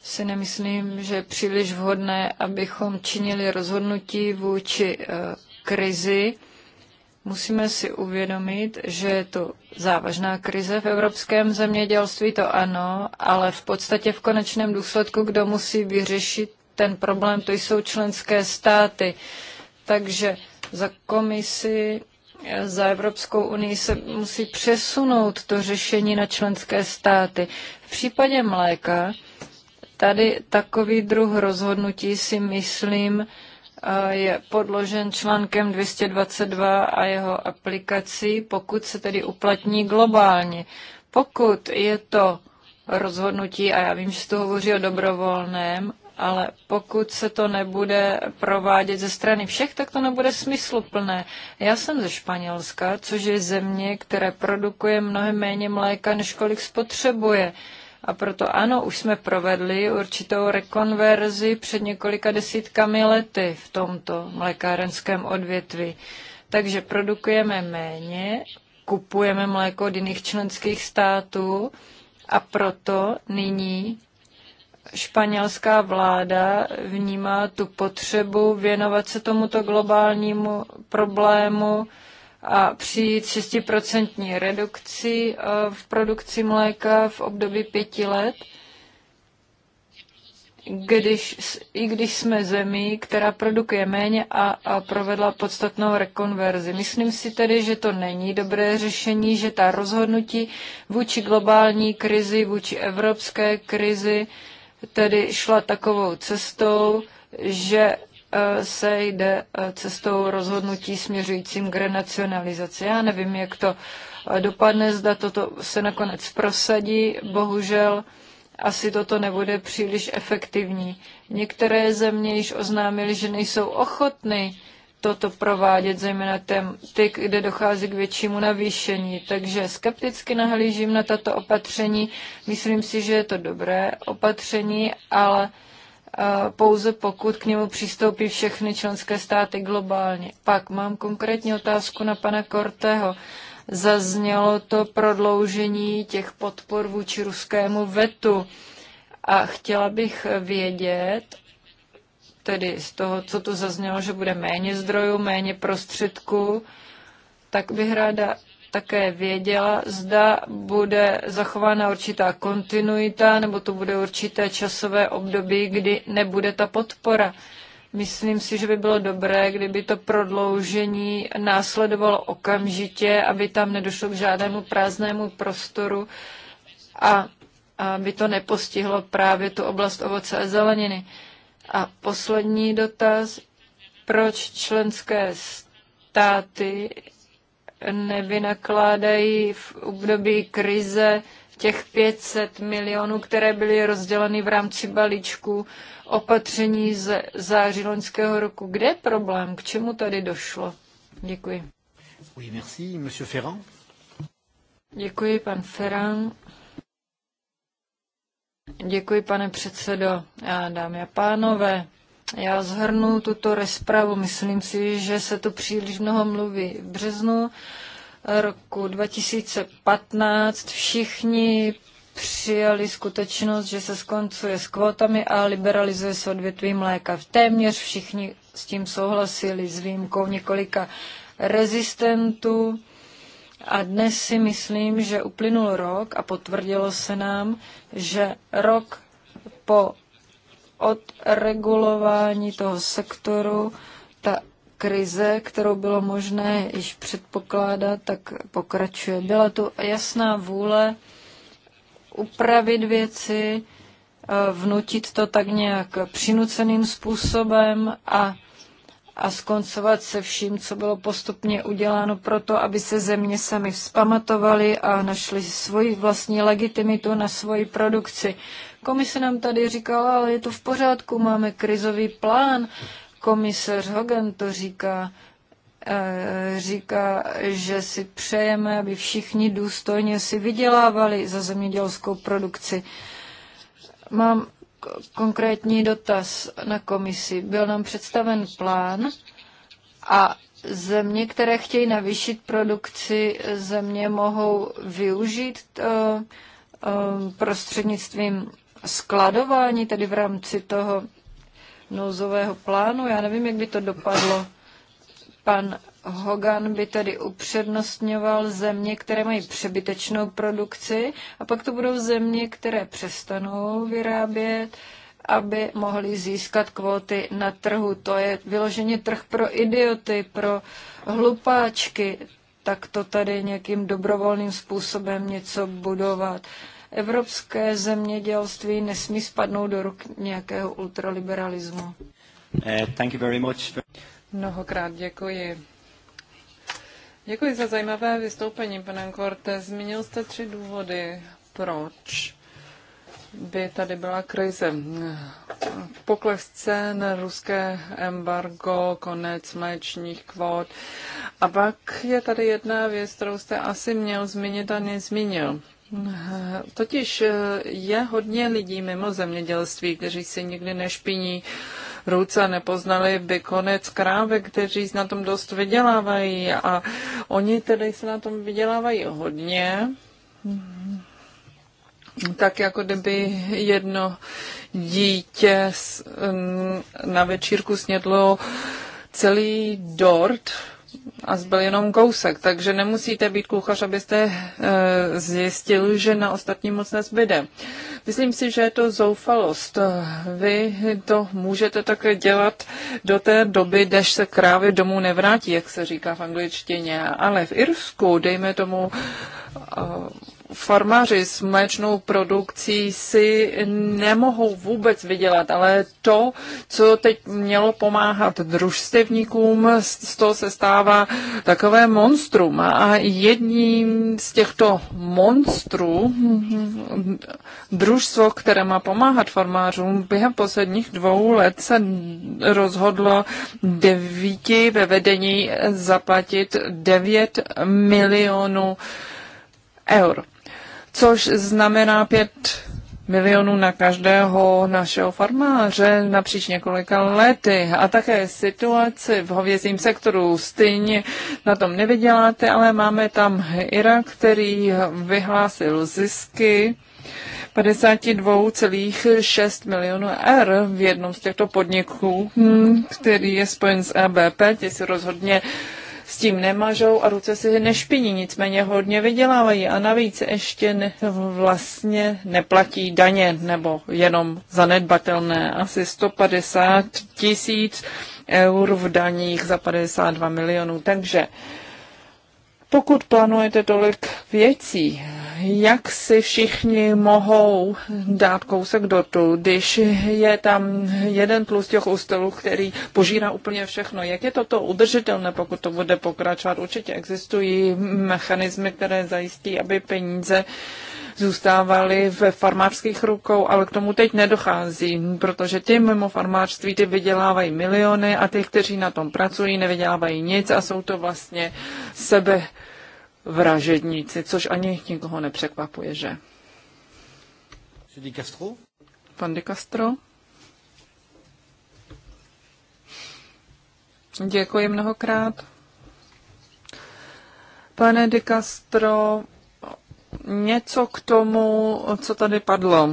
Speaker 3: si nemyslím, že je příliš vhodné, abychom činili rozhodnutí vůči eh, krizi, Musíme si uvědomit, že je to závažná krize v evropském zemědělství, to ano, ale v podstatě v konečném důsledku, kdo musí vyřešit ten problém, to jsou členské státy. Takže za komisi, za Evropskou unii se musí přesunout to řešení na členské státy. V případě mléka, tady takový druh rozhodnutí si myslím, je podložen článkem 222 a jeho aplikací, pokud se tedy uplatní globálně. Pokud je to rozhodnutí, a já vím, že se to hovoří o dobrovolném, ale pokud se to nebude provádět ze strany všech, tak to nebude smysluplné. Já jsem ze Španělska, což je země, které produkuje mnohem méně mléka, než kolik spotřebuje. Uh, a proto ano, už jsme provedli určitou rekonverzi před několika desítkami lety v tomto mlékárenském odvětví. Takže produkujeme méně, kupujeme mléko od jiných členských států a proto nyní španělská vláda vnímá tu potřebu věnovat se tomuto globálnímu problému, a při 6% redukci e, v produkci mléka v období pěti let, když, i když jsme zemí, která produkuje méně a, a provedla podstatnou rekonverzi. Myslím si tedy, že to není dobré řešení, že ta rozhodnutí vůči globální krizi, vůči evropské krizi, tedy šla takovou cestou, že Eh, se jde eh, cestou rozhodnutí směřujícím k renacionalizaci. Já nevím, jak to eh, dopadne, zda toto se nakonec prosadí. Bohužel asi toto nebude příliš efektivní. Některé země již oznámily, že nejsou ochotny toto provádět, zejména tém, ty, kde dochází k většímu navýšení. Takže skepticky nahlížím na tato opatření. Myslím si, že je to dobré opatření, ale pouze pokud k němu přistoupí všechny členské státy globálně. Pak mám konkrétní otázku na pana Korteho. Zaznělo to prodloužení těch podpor vůči ruskému vetu a chtěla bych vědět, tedy z toho, co tu zaznělo, že bude méně zdrojů, méně prostředků, tak bych ráda také věděla, zda bude zachována určitá kontinuita nebo to bude určité časové období, kdy nebude ta podpora. Myslím si, že by bylo dobré, kdyby to prodloužení následovalo okamžitě, aby tam nedošlo k žádnému prázdnému prostoru a aby to nepostihlo právě tu oblast ovoce a zeleniny. A poslední dotaz, proč členské státy nevynakládají v období krize těch 500 milionů, které byly rozděleny v rámci balíčku opatření z září loňského roku. Kde je problém? K čemu tady došlo? Děkuji. Oui, merci, monsieur Ferrand. Děkuji, pan Ferrand. Děkuji, pane předsedo. Já dámy a pánové, já zhrnu tuto rozpravu. Myslím si, že se tu příliš mnoho mluví. V březnu roku 2015 všichni přijali skutečnost, že se skoncuje s kvotami a liberalizuje se odvětví mléka. Téměř všichni s tím souhlasili, s výjimkou několika rezistentů. A dnes si myslím, že uplynul rok a potvrdilo se nám, že rok po od regulování toho sektoru, ta krize, kterou bylo možné již předpokládat, tak pokračuje. Byla tu jasná vůle upravit věci, eh, vnutit to tak nějak přinuceným způsobem a a skoncovat se vším, co bylo postupně uděláno proto, aby se země sami vzpamatovaly a našli svoji vlastní legitimitu na svoji produkci. Komise nám tady říkala, ale je to v pořádku, máme krizový plán. Komisař Hogan to říká, eh, říká, že si přejeme, aby všichni důstojně si vydělávali za zemědělskou produkci. Mám konkrétní dotaz na komisi. Byl nám představen plán a země, které chtějí navýšit produkci, země mohou využít eh, eh, prostřednictvím skladování, tedy v rámci toho nouzového plánu. Já nevím, jak by to dopadlo. Pan Hogan by tedy upřednostňoval země, které mají přebytečnou produkci a pak to budou země, které přestanou vyrábět, aby mohli získat kvóty na trhu. To je vyloženě trh pro idioty, pro hlupáčky, tak to tady nějakým dobrovolným způsobem něco budovat. Evropské zemědělství nesmí spadnout do ruk nějakého ultraliberalismu.
Speaker 2: Eh, thank you very much.
Speaker 3: Mnohokrát děkuji
Speaker 2: Děkuji za zajímavé vystoupení, pane Korte. Zmínil jste tři důvody, proč by tady byla krize. Pokles cen, ruské embargo, konec mléčních kvót. A pak je tady jedna věc, kterou jste asi měl zmínit a nezmínil. Totiž je hodně lidí mimo zemědělství, kteří si nikdy nešpiní ruce, nepoznali by konec krávy, kteří na tom dost vydělávají a oni tedy se na tom vydělávají hodně. Tak jako kdyby jedno dítě na večírku snědlo celý dort a zbyl jenom kousek, takže nemusíte být kuchař, abyste e, zjistil, že na ostatní moc nezbyde. Myslím si, že je to zoufalost. Vy to můžete také dělat do té doby, než se krávy domů nevrátí, jak se říká v angličtině, ale v Irsku, dejme tomu, eh, farmaři s mléčnou produkcí si nemohou vůbec vydělat, ale to, co teď mělo pomáhat družstevníkům, z toho se stává takové monstrum. A jedním z těchto monstrů družstvo, které má pomáhat farmářům, během posledních dvou let se rozhodlo devíti ve vedení zaplatit 9 milionů eur což znamená 5 milionů na každého našeho farmáře napříč několika lety. A také situaci v hovězím sektoru. Stejně na tom nevyděláte, ale máme tam Irak, který vyhlásil zisky 52,6 milionů R v jednom z těchto podniků, hm, který je spojen s EBP, ti si rozhodně uh, s tím nemažou a ruce si nešpiní, nicméně hodně vydělávají a navíc ještě ne, vlastně neplatí daně nebo jenom zanedbatelné asi 150 tisíc eur v daních za 52 milionů. Takže pokud plánujete tolik věcí, jak si všichni mohou dát kousek dortu, když je tam jeden plus těch ústelů, který požírá úplně všechno. Jak je toto udržitelné, pokud to bude pokračovat? Určitě existují mechanismy, které zajistí, aby peníze zůstávaly v farmářských rukou, ale k tomu teď nedochází, protože ty mimo farmářství ty vydělávají miliony a ty, kteří na tom pracují, nevydělávají nic a jsou to vlastně sebe vražedníci, což ani nikoho nepřekvapuje, že? Pan de Castro? Děkuji mnohokrát. Pane de Castro, něco k tomu, co tady padlo.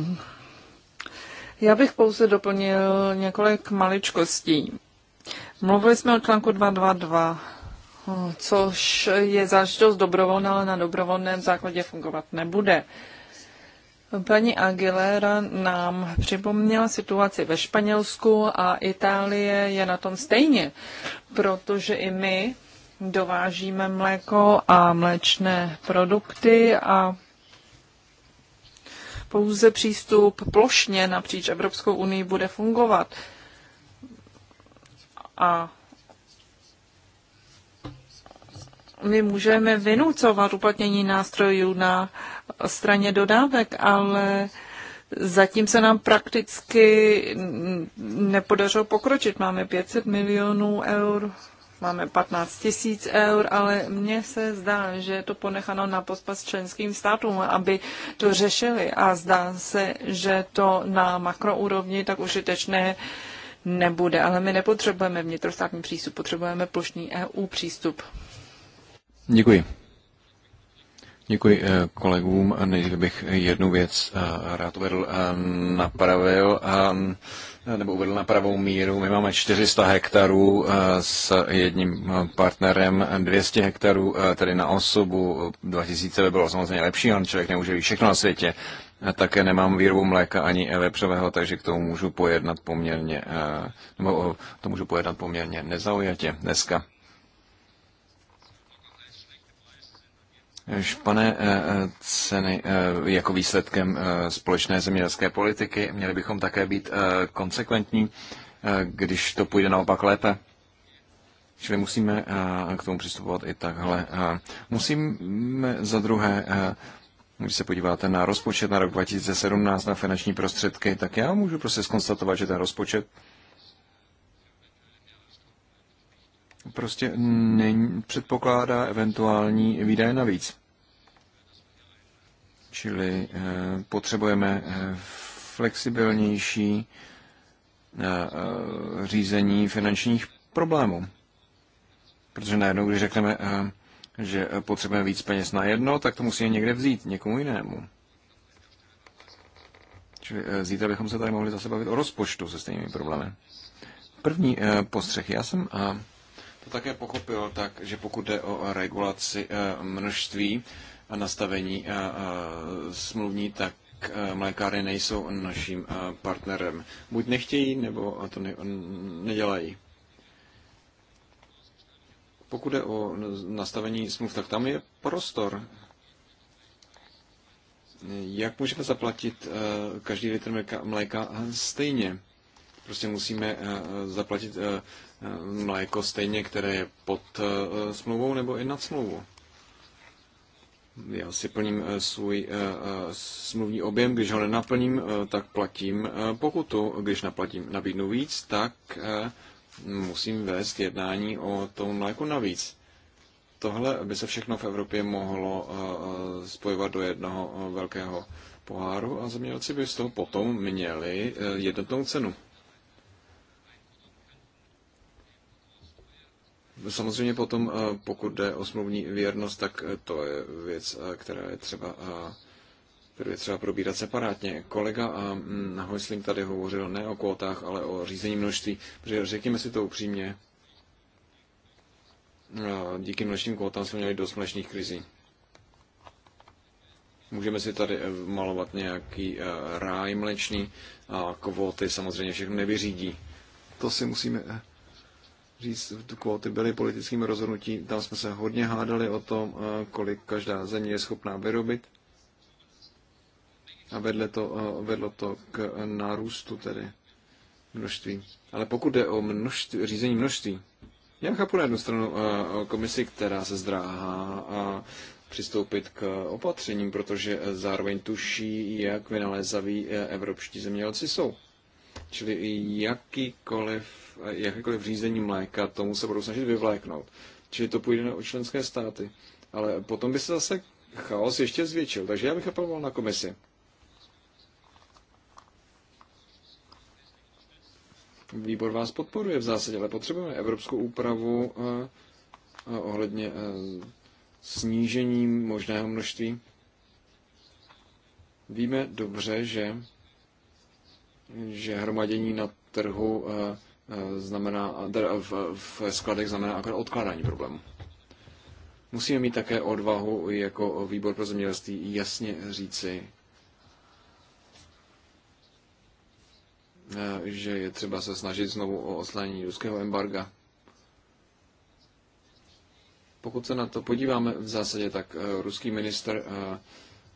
Speaker 2: Já bych pouze doplnil několik maličkostí. Mluvili jsme o článku 222 Hmm, což je záležitost dobrovolná, ale na dobrovolném základě fungovat nebude. Paní Aguilera nám připomněla situaci ve Španělsku a Itálie je na tom stejně, protože i my dovážíme mléko a mléčné produkty a pouze přístup plošně napříč Evropskou unii bude fungovat. A my můžeme vynucovat uplatnění nástrojů na straně dodávek, ale zatím se nám prakticky nepodařilo pokročit. Máme 500 milionů eur, máme 15 tisíc eur, ale mně se zdá, že je to ponechano na pospas členským státům, aby to řešili a zdá se, že to na makroúrovni tak užitečné nebude. Ale my nepotřebujeme vnitrostátní přístup, potřebujeme plošný EU přístup.
Speaker 1: Děkuji. Děkuji eh, kolegům. než bych jednu věc eh, rád uvedl, eh, napravil, ehm, nebo uvedl na pravou míru. My máme 400 hektarů s jedním partnerem, 200 hektarů tedy na osobu, 2000 by bylo samozřejmě lepší, on člověk nemůže být všechno na světě. také nemám výrobu mléka ani vepřového, takže k tomu můžu pojednat poměrně, nebo to můžu pojednat poměrně nezaujatě dneska. pane eh, eh, ceny eh, jako výsledkem společné zemědělské politiky. Měli bychom také být konsekventní, když to půjde naopak lépe. Čili musíme k tomu přistupovat i takhle. Musíme za druhé, když se podíváte na rozpočet na rok 2017 na finanční prostředky, tak já můžu prostě skonstatovat, že ten rozpočet prostě předpokládá eventuální výdaje navíc. Čili eh, potřebujeme eh, flexibilnější eh, řízení finančních problémů. Protože najednou, když řekneme, že potřebujeme víc peněz na jedno, tak to musíme někde vzít, někomu jinému. Čili zítra bychom se tady mohli zase bavit o rozpočtu se stejnými problémy. První postřeh. Já jsem to také pochopil tak, že pokud jde o regulaci množství, a nastavení smluvní, tak mlékárny nejsou naším partnerem. Buď nechtějí, nebo to ne, nedělají. Pokud je o nastavení smluv, tak tam je prostor. Jak můžeme zaplatit každý litr mléka stejně? Prostě musíme zaplatit mléko stejně, které je pod smlouvou nebo i nad smlouvou já si plním eh, svůj eh, eh, smluvní objem, když ho nenaplním, tak platím pokutu. Když naplatím, nabídnu víc, tak musím vést jednání o tom mléku navíc. Tohle by se všechno v Evropě mohlo spojovat do jednoho velkého poháru a zemědělci by z toho potom měli jednotnou cenu. Samozřejmě potom, eh, pokud jde o smluvní věrnost, tak eh, to je věc, eh, která je třeba kterou je třeba probírat separátně. Kolega a mm, Hojsling tady hovořil ne o kvótách, ale o řízení množství, protože řekněme si to upřímně, díky množstvím kvótám jsme měli dost mlečných krizí. Můžeme si tady malovat nějaký ráj mlečný a kvóty samozřejmě všechno nevyřídí. To si musíme říct, kvóty byly politickým rozhodnutím. Tam jsme se hodně hádali o tom, eh, kolik každá země je schopná vyrobit. A vedle to, eh, vedlo to k nárůstu tedy množství. Ale pokud jde o množství, řízení množství, já chápu na jednu stranu eh, komisi, která se zdráhá a přistoupit k opatřením, protože zároveň tuší, jak vynalézaví evropští zemědělci jsou. Čili jakýkoliv jakékoliv řízení mléka, tomu se budou snažit vyvléknout. Čili to půjde na členské státy. Ale potom by se zase chaos ještě zvětšil. Takže já bych apeloval na komisi. Výbor vás podporuje v zásadě, ale potřebujeme evropskou úpravu eh, eh, ohledně eh, snížení možného množství. Víme dobře, že, že hromadění na trhu Eh, znamená, v, v skladech znamená akorát odkládání problému. Musíme mít také odvahu jako výbor pro zemědělství jasně říci, eh, že je třeba se snažit znovu o oslání ruského embarga. Pokud se na to podíváme v zásadě, tak eh, ruský minister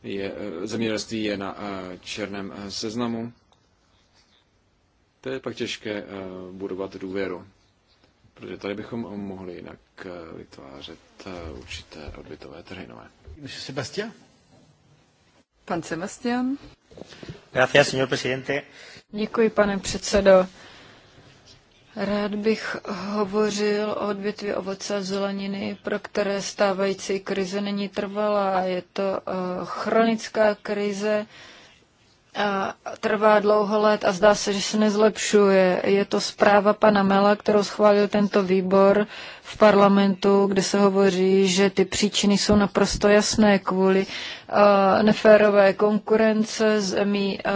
Speaker 1: je, zemědělství je na černém seznamu. To je pak těžké eh, budovat důvěru, protože tady bychom mohli jinak eh, vytvářet eh, určité odbytové trhy nové. Sebastian?
Speaker 3: Pan Sebastian?
Speaker 1: Gracias, señor presidente.
Speaker 3: Děkuji, pane předsedo. Rád bych hovořil o odvětví ovoce a zeleniny, pro které stávající krize není trvalá. Je to chronická krize, trvá dlouho let a zdá se, že se nezlepšuje. Je to zpráva pana Mela, kterou schválil tento výbor v parlamentu, kde se hovoří, že ty příčiny jsou naprosto jasné kvůli uh, neférové konkurence zemí, uh,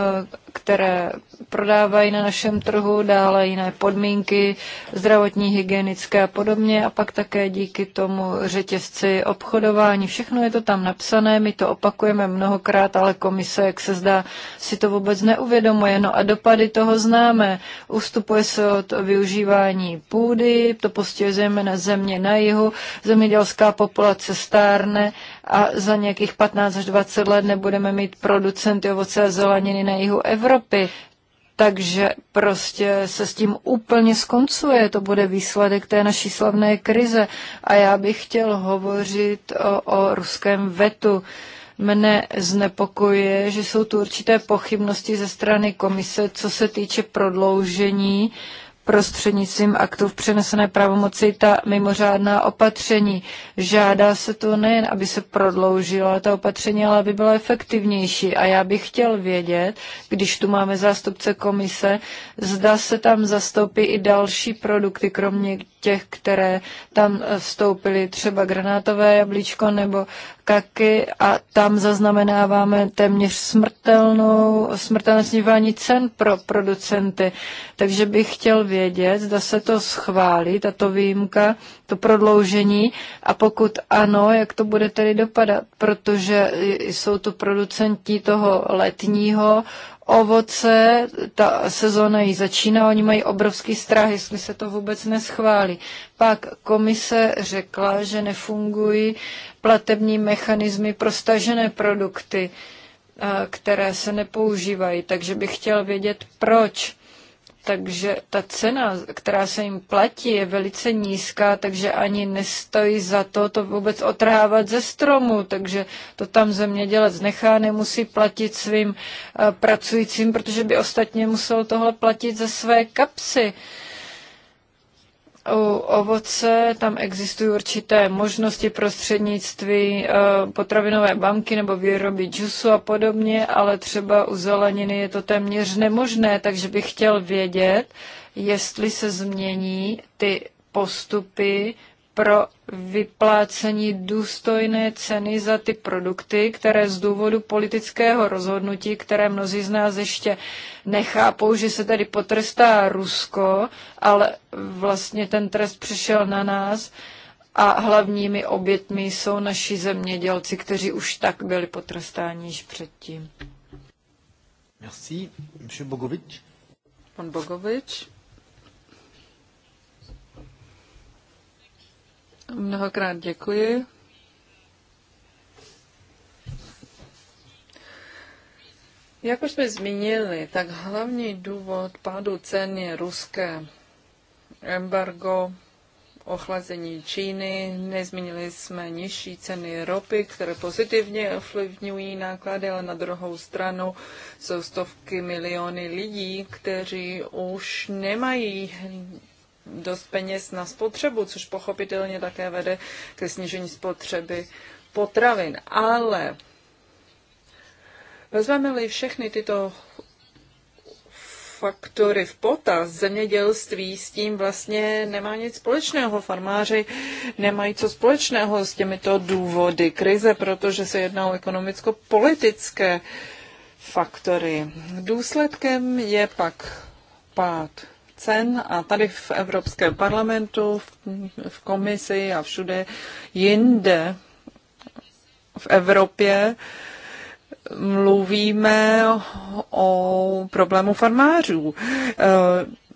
Speaker 3: které prodávají na našem trhu, dále jiné podmínky, zdravotní, hygienické a podobně. A pak také díky tomu řetězci obchodování. Všechno je to tam napsané, my to opakujeme mnohokrát, ale komise, jak se zdá, si to vůbec neuvědomuje. No a dopady toho známe. Ustupuje se od využívání půdy, to postihuje zejména země na jihu, zemědělská populace stárne a za nějakých 15 až 20 let nebudeme mít producenty ovoce a zeleniny na jihu Evropy. Takže prostě se s tím úplně skoncuje, to bude výsledek té naší slavné krize. A já bych chtěl hovořit o, o ruském vetu. Mne znepokuje, že jsou tu určité pochybnosti ze strany komise, co se týče prodloužení uh, prostřednictvím aktu v přenesené pravomoci ta mimořádná opatření. Žádá se to nejen, aby se prodloužila ta opatření, ale aby byla efektivnější. A já bych chtěl vědět, když tu máme zástupce komise, zda se tam zastoupí i další produkty, kromě těch, které tam vstoupily, třeba granátové jablíčko nebo kaky a tam zaznamenáváme téměř smrtelnou, smrtelné snižování cen pro producenty. Takže bych chtěl vědět, vědět, zda se to schválí, tato výjimka, to prodloužení a pokud ano, jak to bude tedy dopadat, protože jsou to producenti toho letního ovoce, ta sezóna ji začíná, oni mají obrovský strach, jestli se to vůbec neschválí. Pak komise řekla, že nefungují platební mechanismy pro stažené produkty, které se nepoužívají, takže bych chtěl vědět, proč takže ta cena, která se jim platí, je velice nízká, takže ani nestojí za to to vůbec otrhávat ze stromu, takže to tam zemědělec nechá, nemusí platit svým eh, pracujícím, protože by ostatně musel tohle platit ze své kapsy. Uh, u ovoce tam existují určité možnosti prostřednictví eh, potravinové banky nebo výroby džusu a podobně, ale třeba u zeleniny je to téměř nemožné, takže bych chtěl vědět, jestli se změní ty postupy pro vyplácení důstojné ceny za ty produkty, které z důvodu politického rozhodnutí, které mnozí z nás ještě nechápou, že se tady potrestá Rusko, ale vlastně ten trest přišel na nás a hlavními obětmi jsou naši zemědělci, kteří už tak byli potrestáni již předtím. Merci, monsieur Bogovič. Pan Bogovič.
Speaker 2: Mnohokrát děkuji. Jak už jsme zmínili, tak hlavní důvod pádu cen je ruské embargo, ochlazení Číny, nezmínili jsme nižší ceny ropy, které pozitivně ovlivňují náklady, ale na druhou stranu jsou stovky miliony lidí, kteří už nemají dost peněz na spotřebu, což pochopitelně také vede ke snížení spotřeby potravin. Ale vezmeme-li všechny tyto faktory v potaz, zemědělství s tím vlastně nemá nic společného. Farmáři nemají co společného s těmito důvody krize, protože se jedná o ekonomicko-politické faktory. Důsledkem je pak pád cen a tady v Evropském parlamentu, v komisi a všude jinde v Evropě mluvíme o problému farmářů. Eh,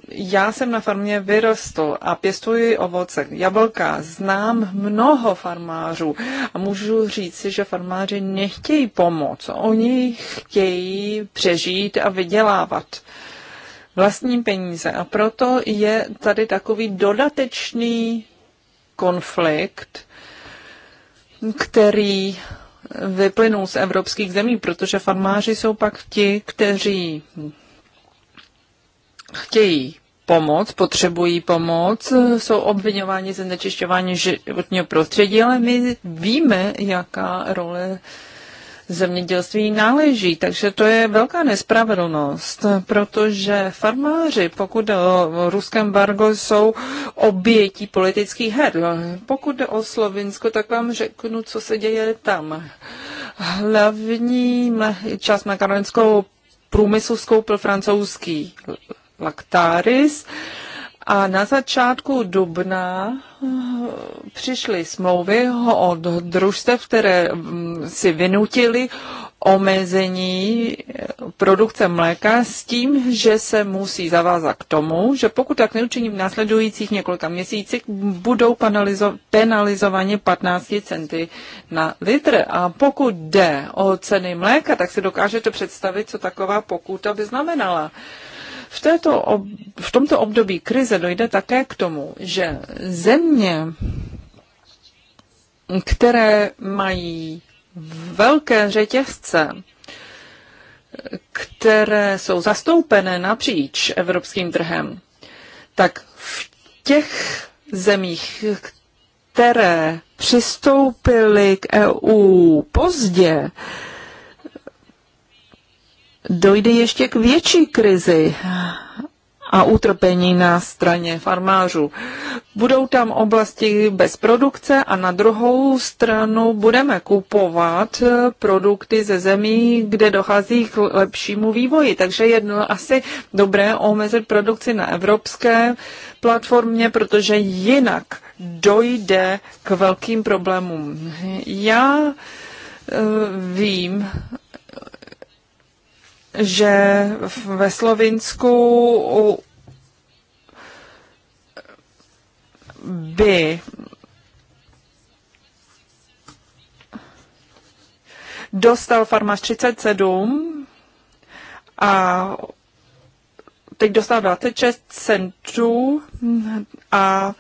Speaker 2: já jsem na farmě vyrostl a pěstuji ovoce, jablka. Znám mnoho farmářů a můžu říct, že farmáři nechtějí pomoc. Oni chtějí přežít a vydělávat vlastní peníze. A proto je tady takový dodatečný konflikt, který vyplynul z evropských zemí, protože farmáři jsou pak ti, kteří chtějí pomoc, potřebují pomoc, jsou obvinováni ze znečišťování životního prostředí, ale my víme, jaká role zemědělství náleží. Takže to je velká nespravedlnost, protože farmáři, pokud jde o ruské embargo, jsou obětí politických her. Pokud jde o Slovinsko, tak vám řeknu, co se děje tam. Hlavní část karolinskou průmyslu skoupil francouzský Lactaris. A na začátku dubna eh, přišly smlouvy od družstev, které mm, si vynutili omezení eh, produkce mléka s tím, že se musí zavázat k tomu, že pokud tak neučiní v následujících několika měsících, budou penalizovaně 15 centy na litr. A pokud jde o ceny mléka, tak si dokážete představit, co taková pokuta by znamenala. V, této, v tomto období krize dojde také k tomu, že země, které mají velké řetězce, které jsou zastoupené napříč evropským trhem, tak v těch zemích, které přistoupily k EU pozdě, dojde ještě k větší krizi a utrpení na straně farmářů. Budou tam oblasti bez produkce a na druhou stranu budeme kupovat eh, produkty ze zemí, kde dochází k lepšímu vývoji. Takže je asi dobré omezit produkci na evropské platformě, protože jinak dojde k velkým problémům. Já eh, vím, že ve Slovinsku by dostal farmář 37 a teď dostal 26 centů a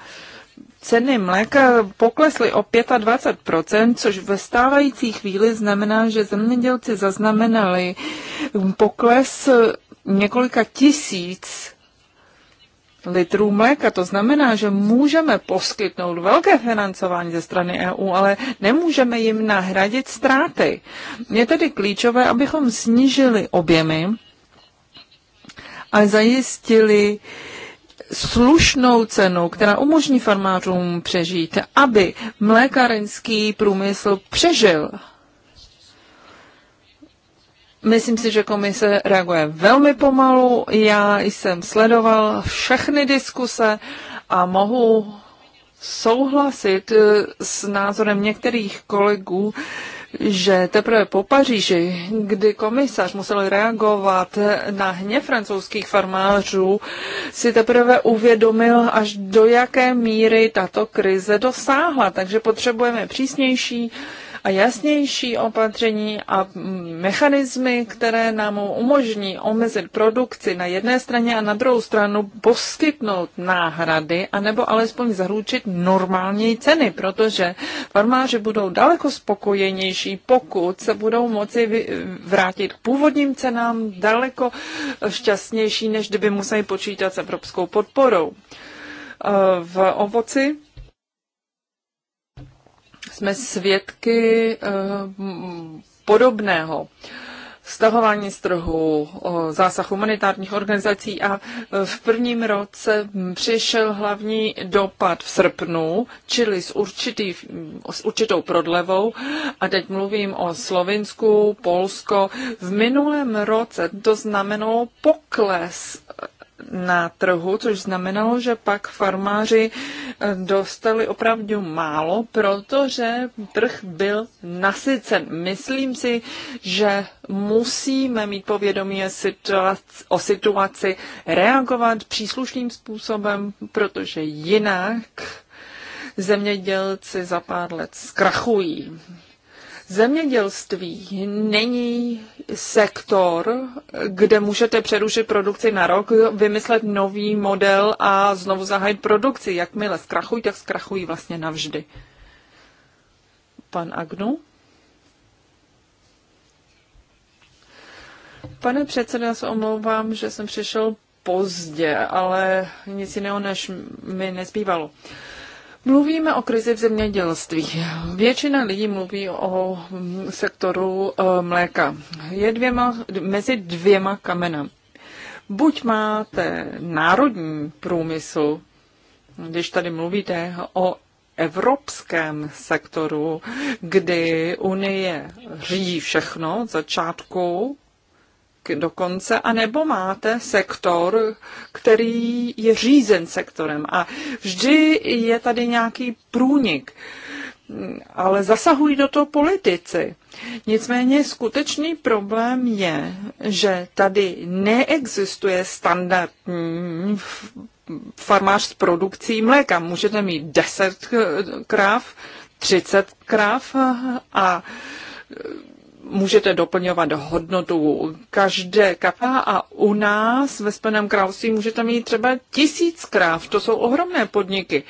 Speaker 2: ceny mléka poklesly o 25%, což ve stávající chvíli znamená, že zemědělci zaznamenali pokles několika tisíc litrů mléka. To znamená, že můžeme poskytnout velké financování ze strany EU, ale nemůžeme jim nahradit ztráty. Je tedy klíčové, abychom snížili objemy a zajistili uh, slušnou cenu, která umožní farmářům přežít, aby mlékárenský průmysl přežil. Myslím si, že komise reaguje velmi pomalu. Já jsem sledoval všechny diskuse a mohu souhlasit s názorem některých kolegů, že teprve po Paříži, kdy komisař musel reagovat na hně francouzských farmářů, si teprve uvědomil, až do jaké míry tato krize dosáhla. Takže potřebujeme přísnější uh, a jasnější opatření a mechanismy, které nám umožní omezit produkci na jedné straně a na druhou stranu poskytnout náhrady, anebo alespoň zaručit normální ceny, protože farmáři budou daleko spokojenější, pokud se budou moci vrátit k původním cenám daleko šťastnější, než kdyby museli počítat s evropskou podporou. Eh, v ovoci jsme svědky eh, podobného stahování z trhu, zásah humanitárních organizací a eh, v prvním roce přišel hlavní dopad v srpnu, čili s, určitý, s určitou prodlevou a teď mluvím o Slovinsku, Polsko. V minulém roce to znamenalo pokles na trhu, což znamenalo, že pak farmáři eh, dostali opravdu málo, protože trh byl nasycen. Myslím si, že musíme mít povědomí o situaci, reagovat příslušným způsobem, protože jinak zemědělci za pár let zkrachují. Zemědělství není sektor, kde můžete přerušit produkci na rok, vymyslet nový model a znovu zahájit produkci. Jakmile zkrachují, tak zkrachují vlastně navždy. Pan Agnu? Pane předsedo, já se omlouvám, že jsem přišel pozdě, ale nic jiného než mi nezbývalo. Uh, Mluvíme o krizi v zemědělství. Většina lidí mluví o sektoru eh, mléka. Je dvěma, mezi dvěma kamenem. Buď máte národní průmysl, když tady mluvíte o evropském sektoru, kdy Unie řídí všechno od začátku do konce, anebo máte sektor, který je řízen sektorem a vždy je tady nějaký průnik, ale zasahují do toho politici. Nicméně skutečný problém je, že tady neexistuje standardní farmář s produkcí mléka. Můžete mít 10 krav 30 krav a můžete doplňovat hodnotu každé kapá a u nás ve Spojeném království můžete mít třeba tisíc kráv. To jsou ohromné podniky.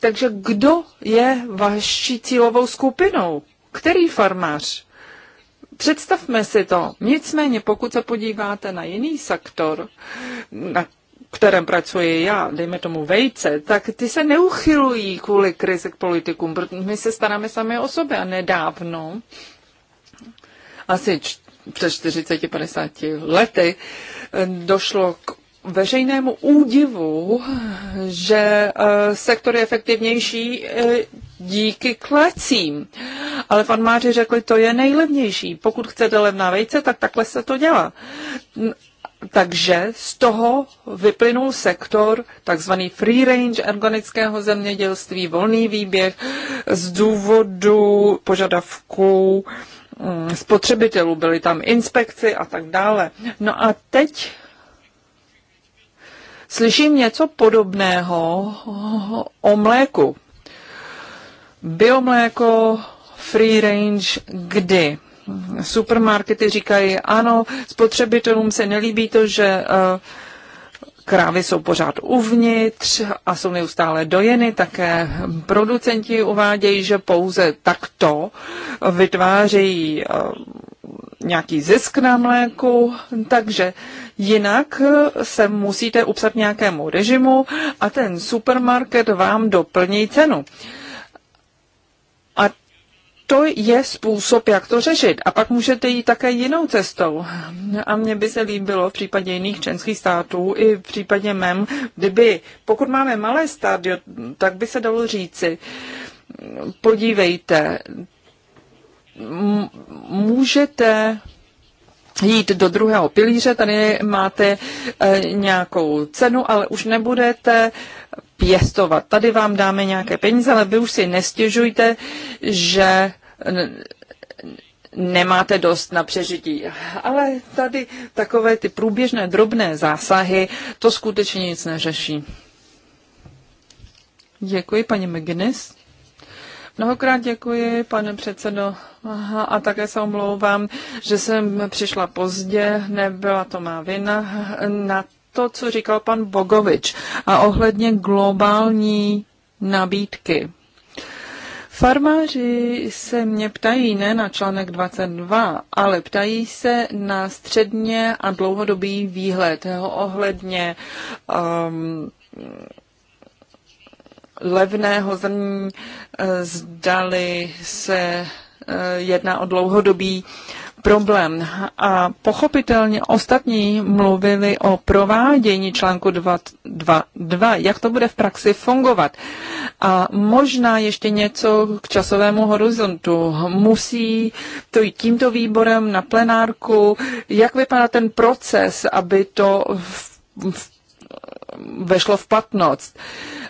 Speaker 2: Takže kdo je vaší cílovou skupinou? Který farmář? Představme si to. Nicméně, pokud se podíváte na jiný sektor, na kterém pracuji já, dejme tomu vejce, tak ty se neuchylují kvůli krizi k politikům, protože my se staráme sami o sobě a nedávno, asi před 40-50 lety, došlo k veřejnému údivu, že eh, sektor je efektivnější eh, díky klecím. Ale farmáři řekli, to je nejlevnější. Pokud chcete levná vejce, tak takhle se to dělá. Takže z toho vyplynul sektor tzv. free range organického zemědělství, volný výběh z důvodu požadavků mm, spotřebitelů, byly tam inspekci a tak dále. No a teď slyším něco podobného o mléku. Biomléko free range kdy? supermarkety říkají, ano, spotřebitelům se nelíbí to, že eh, krávy jsou pořád uvnitř a jsou neustále dojeny. Také producenti uvádějí, že pouze takto vytvářejí eh, nějaký zisk na mléku, takže jinak eh, se musíte upsat nějakému režimu a ten supermarket vám doplní cenu. Uh, to je způsob, jak to řešit. A pak můžete jít také jinou cestou. A mně by se líbilo v případě jiných členských států i v případě MEM, kdyby, pokud máme malé stádio, tak by se dalo říci, podívejte, můžete jít do druhého pilíře, tady máte e, nějakou cenu, ale už nebudete pěstovat. Tady vám dáme nějaké peníze, ale vy už si nestěžujte, že nemáte dost na přežití. Ale tady takové ty průběžné drobné zásahy, to skutečně nic neřeší. Děkuji, paní McGuinness. Mnohokrát děkuji, pane předsedo. Aha, a také se omlouvám, že jsem přišla pozdě, nebyla to má vina. Na to, co říkal pan Bogovič a ohledně globální nabídky. Farmáři se mě ptají ne na článek 22, ale ptají se na středně a dlouhodobý výhled ohledně um, levného zrní, eh, zdali se eh, jedná o dlouhodobý problém. A pochopitelně ostatní mluvili o provádění článku 2.2. Jak to bude v praxi fungovat? A možná ještě něco k časovému horizontu. Musí to jít tímto výborem na plenárku. Jak vypadá ten proces, aby to v, v, vešlo v platnost?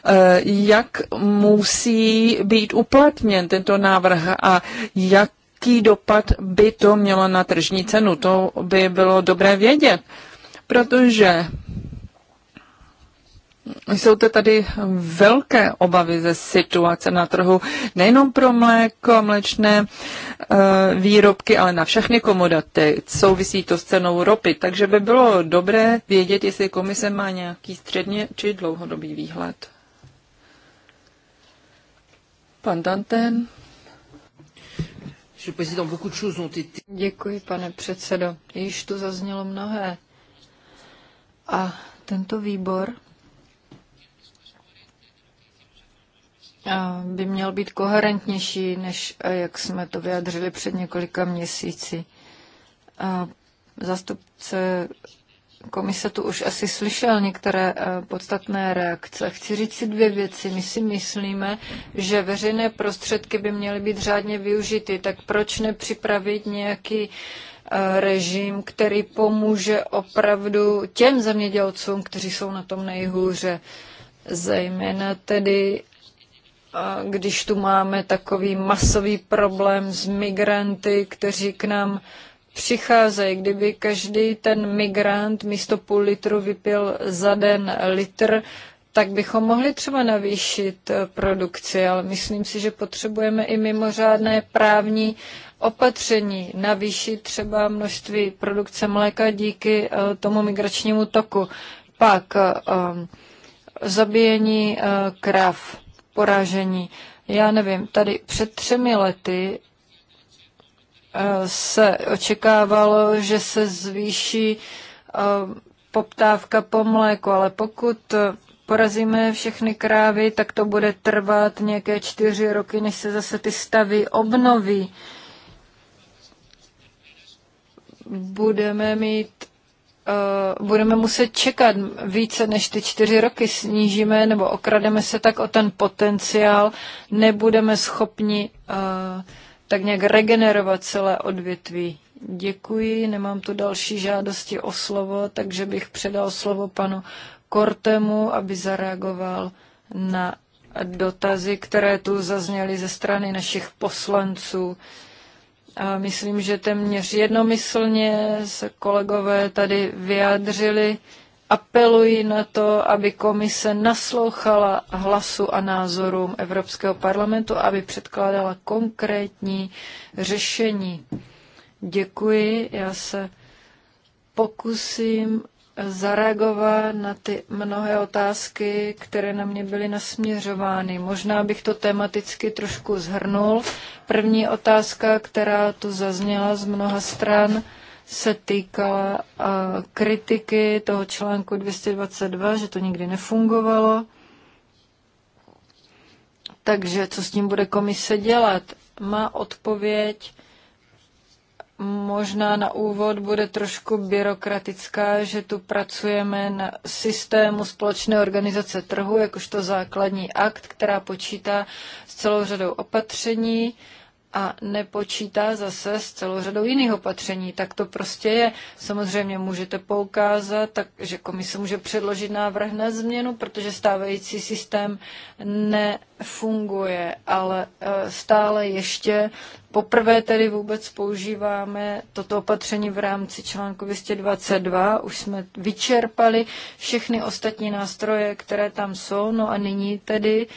Speaker 2: E, jak musí být uplatněn tento návrh a jak jaký dopad by to mělo na tržní cenu. To by bylo dobré vědět, protože jsou to tady velké obavy ze situace na trhu, nejenom pro mléko, mlečné eh, výrobky, ale na všechny komodaty. Souvisí to s cenou ropy, takže by bylo dobré vědět, jestli komise má nějaký středně či dlouhodobý výhled.
Speaker 3: Pan Danten. Děkuji, pane předsedo. Již tu zaznělo mnohé. A tento výbor by měl být koherentnější, než jak jsme to vyjadřili před několika měsíci. zastupce komise tu už asi slyšel některé eh, podstatné reakce. Chci říct si dvě věci. My si myslíme, že veřejné prostředky by měly být řádně využity, tak proč nepřipravit nějaký eh, režim, který pomůže opravdu těm zemědělcům, kteří jsou na tom nejhůře, zejména tedy eh, když tu máme takový masový problém s migranty, kteří k nám přicházejí. Kdyby každý ten migrant místo půl litru vypil za den litr, tak bychom mohli třeba navýšit eh, produkci, ale myslím si, že potřebujeme i mimořádné právní opatření, navýšit třeba množství produkce mléka díky eh, tomu migračnímu toku. Pak eh, zabíjení krav, porážení. Já nevím, tady před třemi lety Eh, se očekávalo, že se zvýší eh, poptávka po mléku, ale pokud eh, porazíme všechny krávy, tak to bude trvat nějaké čtyři roky, než se zase ty stavy obnoví. Budeme mít budeme muset čekat více než ty čtyři roky, snížíme nebo okrademe se tak o ten potenciál, nebudeme schopni uh, tak nějak regenerovat celé odvětví. Děkuji, nemám tu další žádosti o slovo, takže bych předal slovo panu Kortemu, aby zareagoval na dotazy, které tu zazněly ze strany našich poslanců. A myslím, že téměř jednomyslně se kolegové tady vyjádřili apeluji na to, aby komise naslouchala hlasu a názorům Evropského parlamentu, aby předkládala konkrétní řešení. Děkuji, já se pokusím zareagovat na ty mnohé otázky, které na mě byly nasměřovány. Možná bych to tematicky trošku zhrnul. První otázka, která tu zazněla z mnoha stran, se týkala eh, kritiky toho článku 222, že to nikdy nefungovalo. Takže co s tím bude komise dělat? Má odpověď možná na úvod bude trošku byrokratická, že tu pracujeme na systému společné organizace trhu, jakožto základní akt, která počítá s celou řadou opatření a nepočítá zase s celou řadou jiných opatření. Tak to prostě je. Samozřejmě můžete poukázat, tak, že komise může předložit návrh na změnu, protože stávající systém nefunguje, ale eh, stále ještě poprvé tedy vůbec používáme toto opatření v rámci článku 222. Už jsme vyčerpali všechny ostatní nástroje, které tam jsou, no a nyní tedy uh,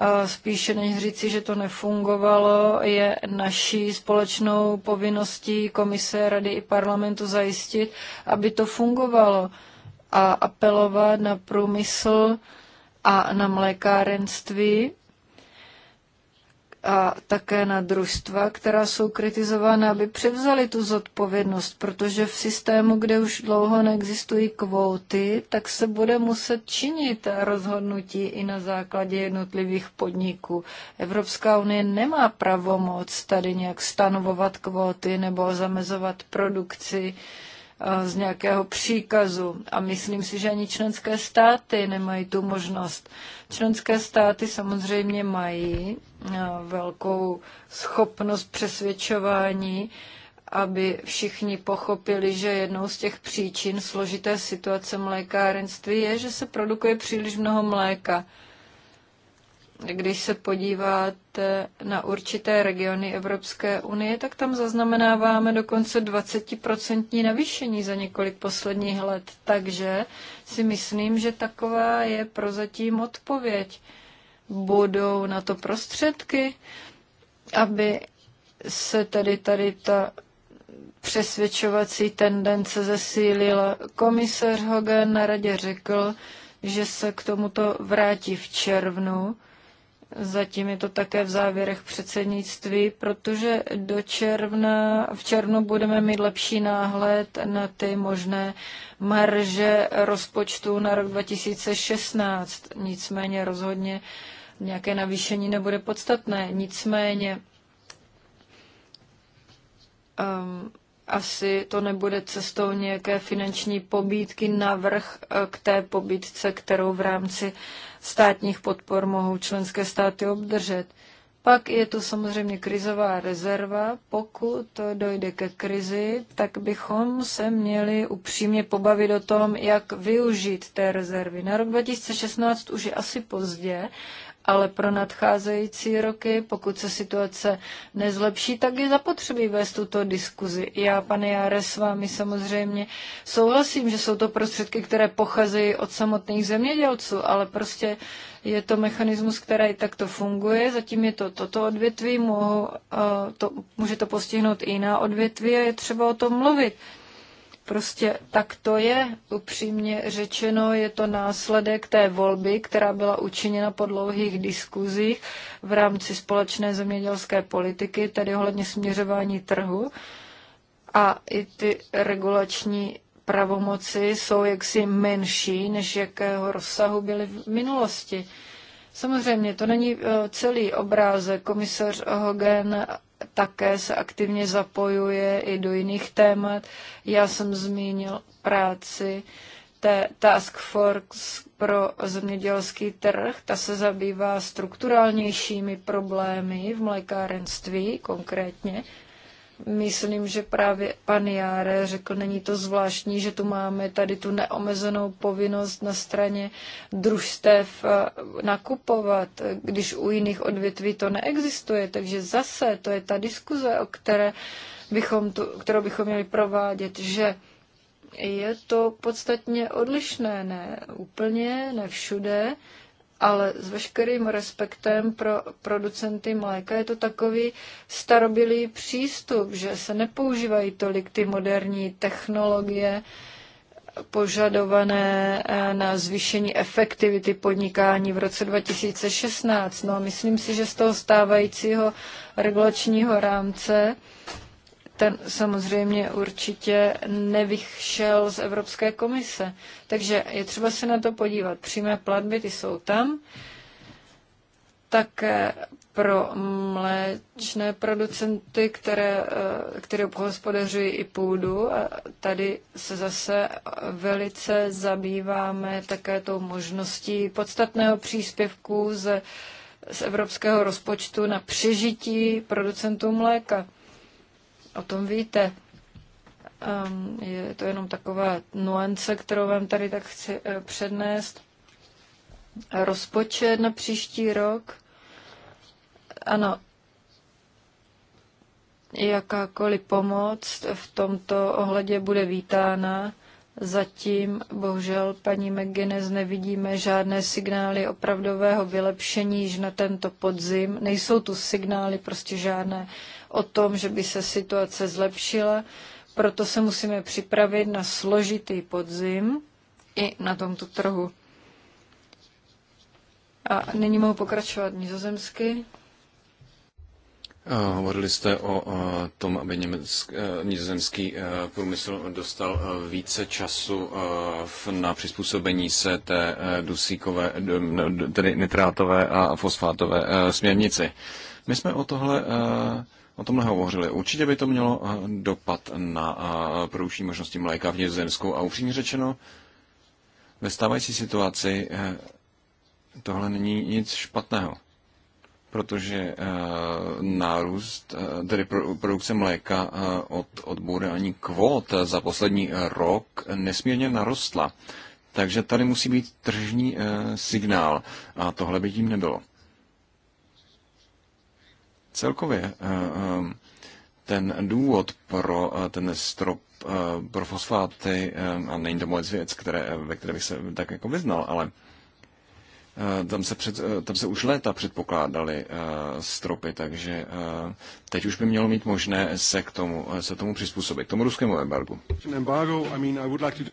Speaker 3: Eh, spíše než říci, že to nefungovalo, je naší společnou povinností komise, rady i parlamentu zajistit, aby to fungovalo a apelovat na průmysl a na mlékárenství, a také na družstva, která jsou kritizována, aby převzali tu zodpovědnost, protože v systému, kde už dlouho neexistují kvóty, tak se bude muset činit rozhodnutí i na základě jednotlivých podniků. Evropská unie nemá pravomoc tady nějak stanovovat kvóty nebo zamezovat produkci. Uh, z nějakého příkazu. A myslím si, že ani členské státy nemají tu možnost. Členské státy samozřejmě mají velkou schopnost přesvědčování, aby všichni pochopili, že jednou z těch příčin složité situace mlékárenství je, že se produkuje příliš mnoho mléka když se podíváte na určité regiony Evropské unie, tak tam zaznamenáváme dokonce 20% navýšení za několik posledních let. Takže si myslím, že taková je prozatím odpověď. Budou na to prostředky, aby se tedy tady ta přesvědčovací tendence zesílila. Komisař Hogan na radě řekl, že se k tomuto vrátí v červnu Zatím je to také v závěrech předsednictví, protože do června, v červnu budeme mít lepší náhled na ty možné marže rozpočtu na rok 2016. Nicméně rozhodně nějaké navýšení nebude podstatné. Nicméně um, asi to nebude cestou nějaké finanční pobídky navrh eh, k té pobídce, kterou v rámci státních podpor mohou členské státy obdržet. Pak je tu samozřejmě krizová rezerva. Pokud to dojde ke krizi, tak bychom se měli upřímně pobavit o tom, jak využít té rezervy. Na rok 2016 už je asi pozdě, ale pro nadcházející roky, pokud se situace nezlepší, tak je zapotřebí vést tuto diskuzi. Já, pane Jare, s vámi samozřejmě souhlasím, že jsou to prostředky, které pocházejí od samotných zemědělců, ale prostě je to mechanismus, který takto funguje. Zatím je to toto odvětví, mohu, eh, to, může to postihnout i jiná odvětví a je třeba o tom mluvit. Prostě tak to je. Upřímně řečeno, je to následek té volby, která byla učiněna po dlouhých diskuzích v rámci společné zemědělské politiky, tedy ohledně směřování trhu. A i ty regulační pravomoci jsou jaksi menší, než jakého rozsahu byly v minulosti. Samozřejmě, to není eh, celý obrázek. Komisař Hogan také se aktivně zapojuje i do jiných témat. Já jsem zmínil práci té Task Force pro zemědělský trh. Ta se zabývá strukturálnějšími problémy v mlékárenství konkrétně. Myslím, že právě pan Jare řekl, není to zvláštní, že tu máme tady tu neomezenou povinnost na straně družstev eh, nakupovat, když u jiných odvětví to neexistuje. Takže zase to je ta diskuze, o které bychom tu, kterou bychom měli provádět, že je to podstatně odlišné, ne úplně, ne všude, ale s veškerým respektem pro producenty mléka je to takový starobilý přístup, že se nepoužívají tolik ty moderní technologie požadované eh, na zvýšení efektivity podnikání v roce 2016. No a myslím si, že z toho stávajícího regulačního rámce ten samozřejmě určitě nevyšel z Evropské komise. Takže je třeba se na to podívat. Přímé platby, ty jsou tam. Také pro mléčné producenty, které, eh, které obhospodařují i půdu. A tady se zase velice zabýváme také tou možností podstatného příspěvku z, z evropského rozpočtu na přežití producentů mléka o tom víte. Um, je to jenom taková nuance, kterou vám tady tak chci uh, přednést. Rozpočet na příští rok. Ano, jakákoliv pomoc v tomto ohledě bude vítána. Zatím, bohužel, paní McGuinness, nevidíme žádné signály opravdového vylepšení již na tento podzim. Nejsou tu signály prostě žádné o tom, že by se situace zlepšila, proto se musíme připravit na složitý podzim i na tomto trhu. A nyní mohu pokračovat nizozemsky.
Speaker 1: Hovorili jste o tom, aby německ, e, nizozemský e, průmysl dostal e, více času na přizpůsobení se té dusíkové, tedy nitrátové a fosfátové směrnici. My jsme o tohle o tomhle hovořili. Určitě by to mělo eh, dopad na eh, průší možnosti mléka v Nizozemsku a upřímně řečeno, ve stávající situaci eh, tohle není nic špatného, protože nárůst, tedy produkce mléka od ani kvót za poslední rok nesmírně narostla. Takže tady musí být tržní signál a tohle by tím nebylo. Celkově eh, eh, ten důvod pro eh, ten strop pro fosfáty, a není to moje věc, které, ve které bych se tak jako vyznal, ale tam se, před, tam se už léta předpokládaly stropy, takže teď už by mělo mít možné se k tomu, se tomu přizpůsobit, k tomu ruskému embargu.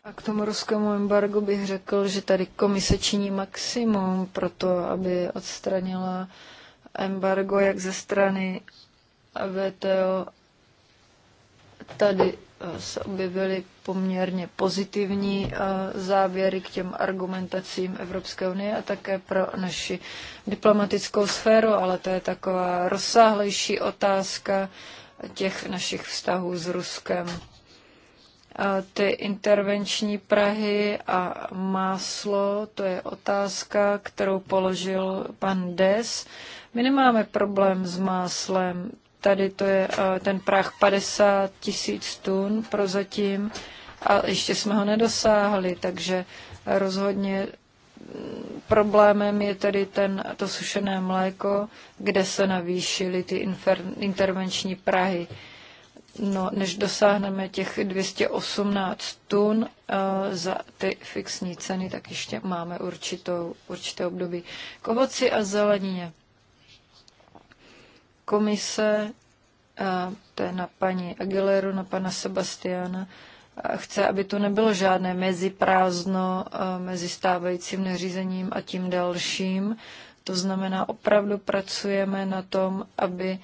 Speaker 3: A k tomu ruskému embargu bych řekl, že tady komise činí maximum pro to, aby odstranila uh, embargo jak ze strany VTO. Tady eh, se objevily poměrně pozitivní eh, závěry k těm argumentacím Evropské unie a také pro naši diplomatickou sféru, ale to je taková rozsáhlejší otázka těch našich vztahů s Ruskem. Eh, ty intervenční Prahy a máslo, to je otázka, kterou položil pan Des. My nemáme problém s máslem. Tady to je eh, ten práh 50 tisíc tun prozatím a ještě jsme ho nedosáhli, takže rozhodně mm, problémem je tedy ten, to sušené mléko, kde se navýšily ty infer, intervenční prahy. No, než dosáhneme těch 218 tun uh, za ty fixní ceny, tak ještě máme určitou, určité období. K ovoci a zelenině komise, a to je na paní Aguileru, na pana Sebastiana, chce, aby to nebylo žádné prázdno, mezi stávajícím neřízením a tím dalším. To znamená, opravdu pracujeme na tom, aby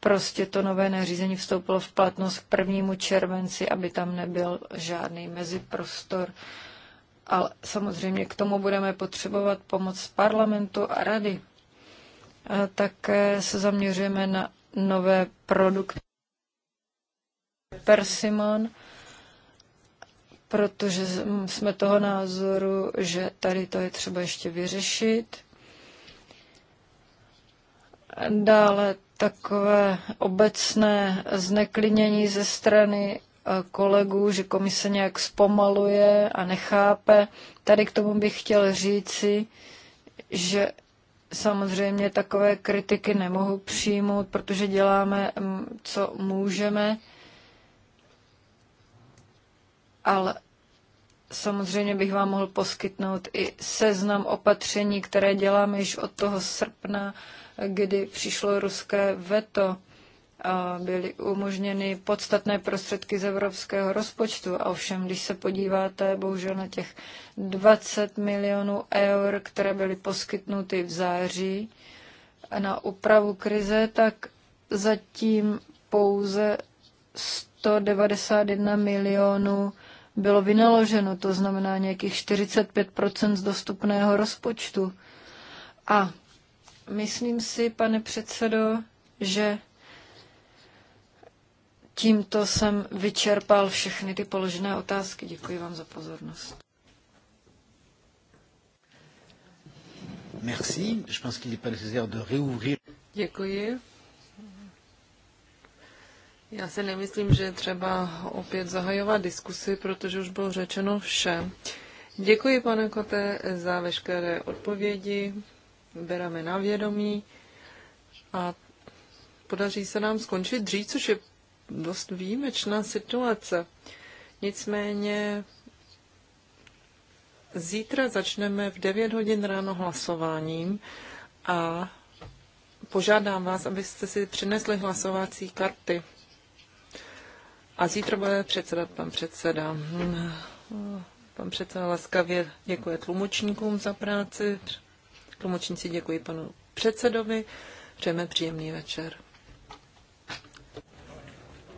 Speaker 3: prostě to nové nařízení vstoupilo v platnost k prvnímu červenci, aby tam nebyl žádný meziprostor. Ale samozřejmě k tomu budeme potřebovat pomoc parlamentu a rady. Také se zaměřujeme na nové produkty. Persimon, protože jsme toho názoru, že tady to je třeba ještě vyřešit. Dále takové obecné zneklinění ze strany e, kolegů, že komise nějak zpomaluje a nechápe. Tady k tomu bych chtěl říci, že Samozřejmě takové kritiky nemohu přijmout, protože děláme, mm, co můžeme, ale samozřejmě bych vám mohl poskytnout i seznam opatření, které děláme již od toho srpna, kdy přišlo ruské veto byly umožněny podstatné prostředky z evropského rozpočtu. A ovšem, když se podíváte bohužel na těch 20 milionů eur, které byly poskytnuty v září na úpravu krize, tak zatím pouze 191 milionů bylo vynaloženo, to znamená nějakých 45 z dostupného rozpočtu. A myslím si, pane předsedo, že Tímto jsem vyčerpal všechny ty položené otázky. Děkuji vám za pozornost. Merci. Je pense qu'il n'est pas nécessaire de réouvrir. Děkuji.
Speaker 2: Já se nemyslím, že je třeba opět zahajovat diskusy, protože už bylo řečeno vše. Děkuji, pane Kote, za veškeré odpovědi. Bereme na vědomí a podaří se nám skončit dřív, což je dost výjimečná situace. Nicméně zítra začneme v 9 hodin ráno hlasováním a požádám vás, abyste si přinesli hlasovací karty. A zítra bude předsedat pan předseda. Hmm. Pan předseda laskavě děkuje tlumočníkům za práci. Tlumočníci děkuji panu předsedovi. Přejeme příjemný večer.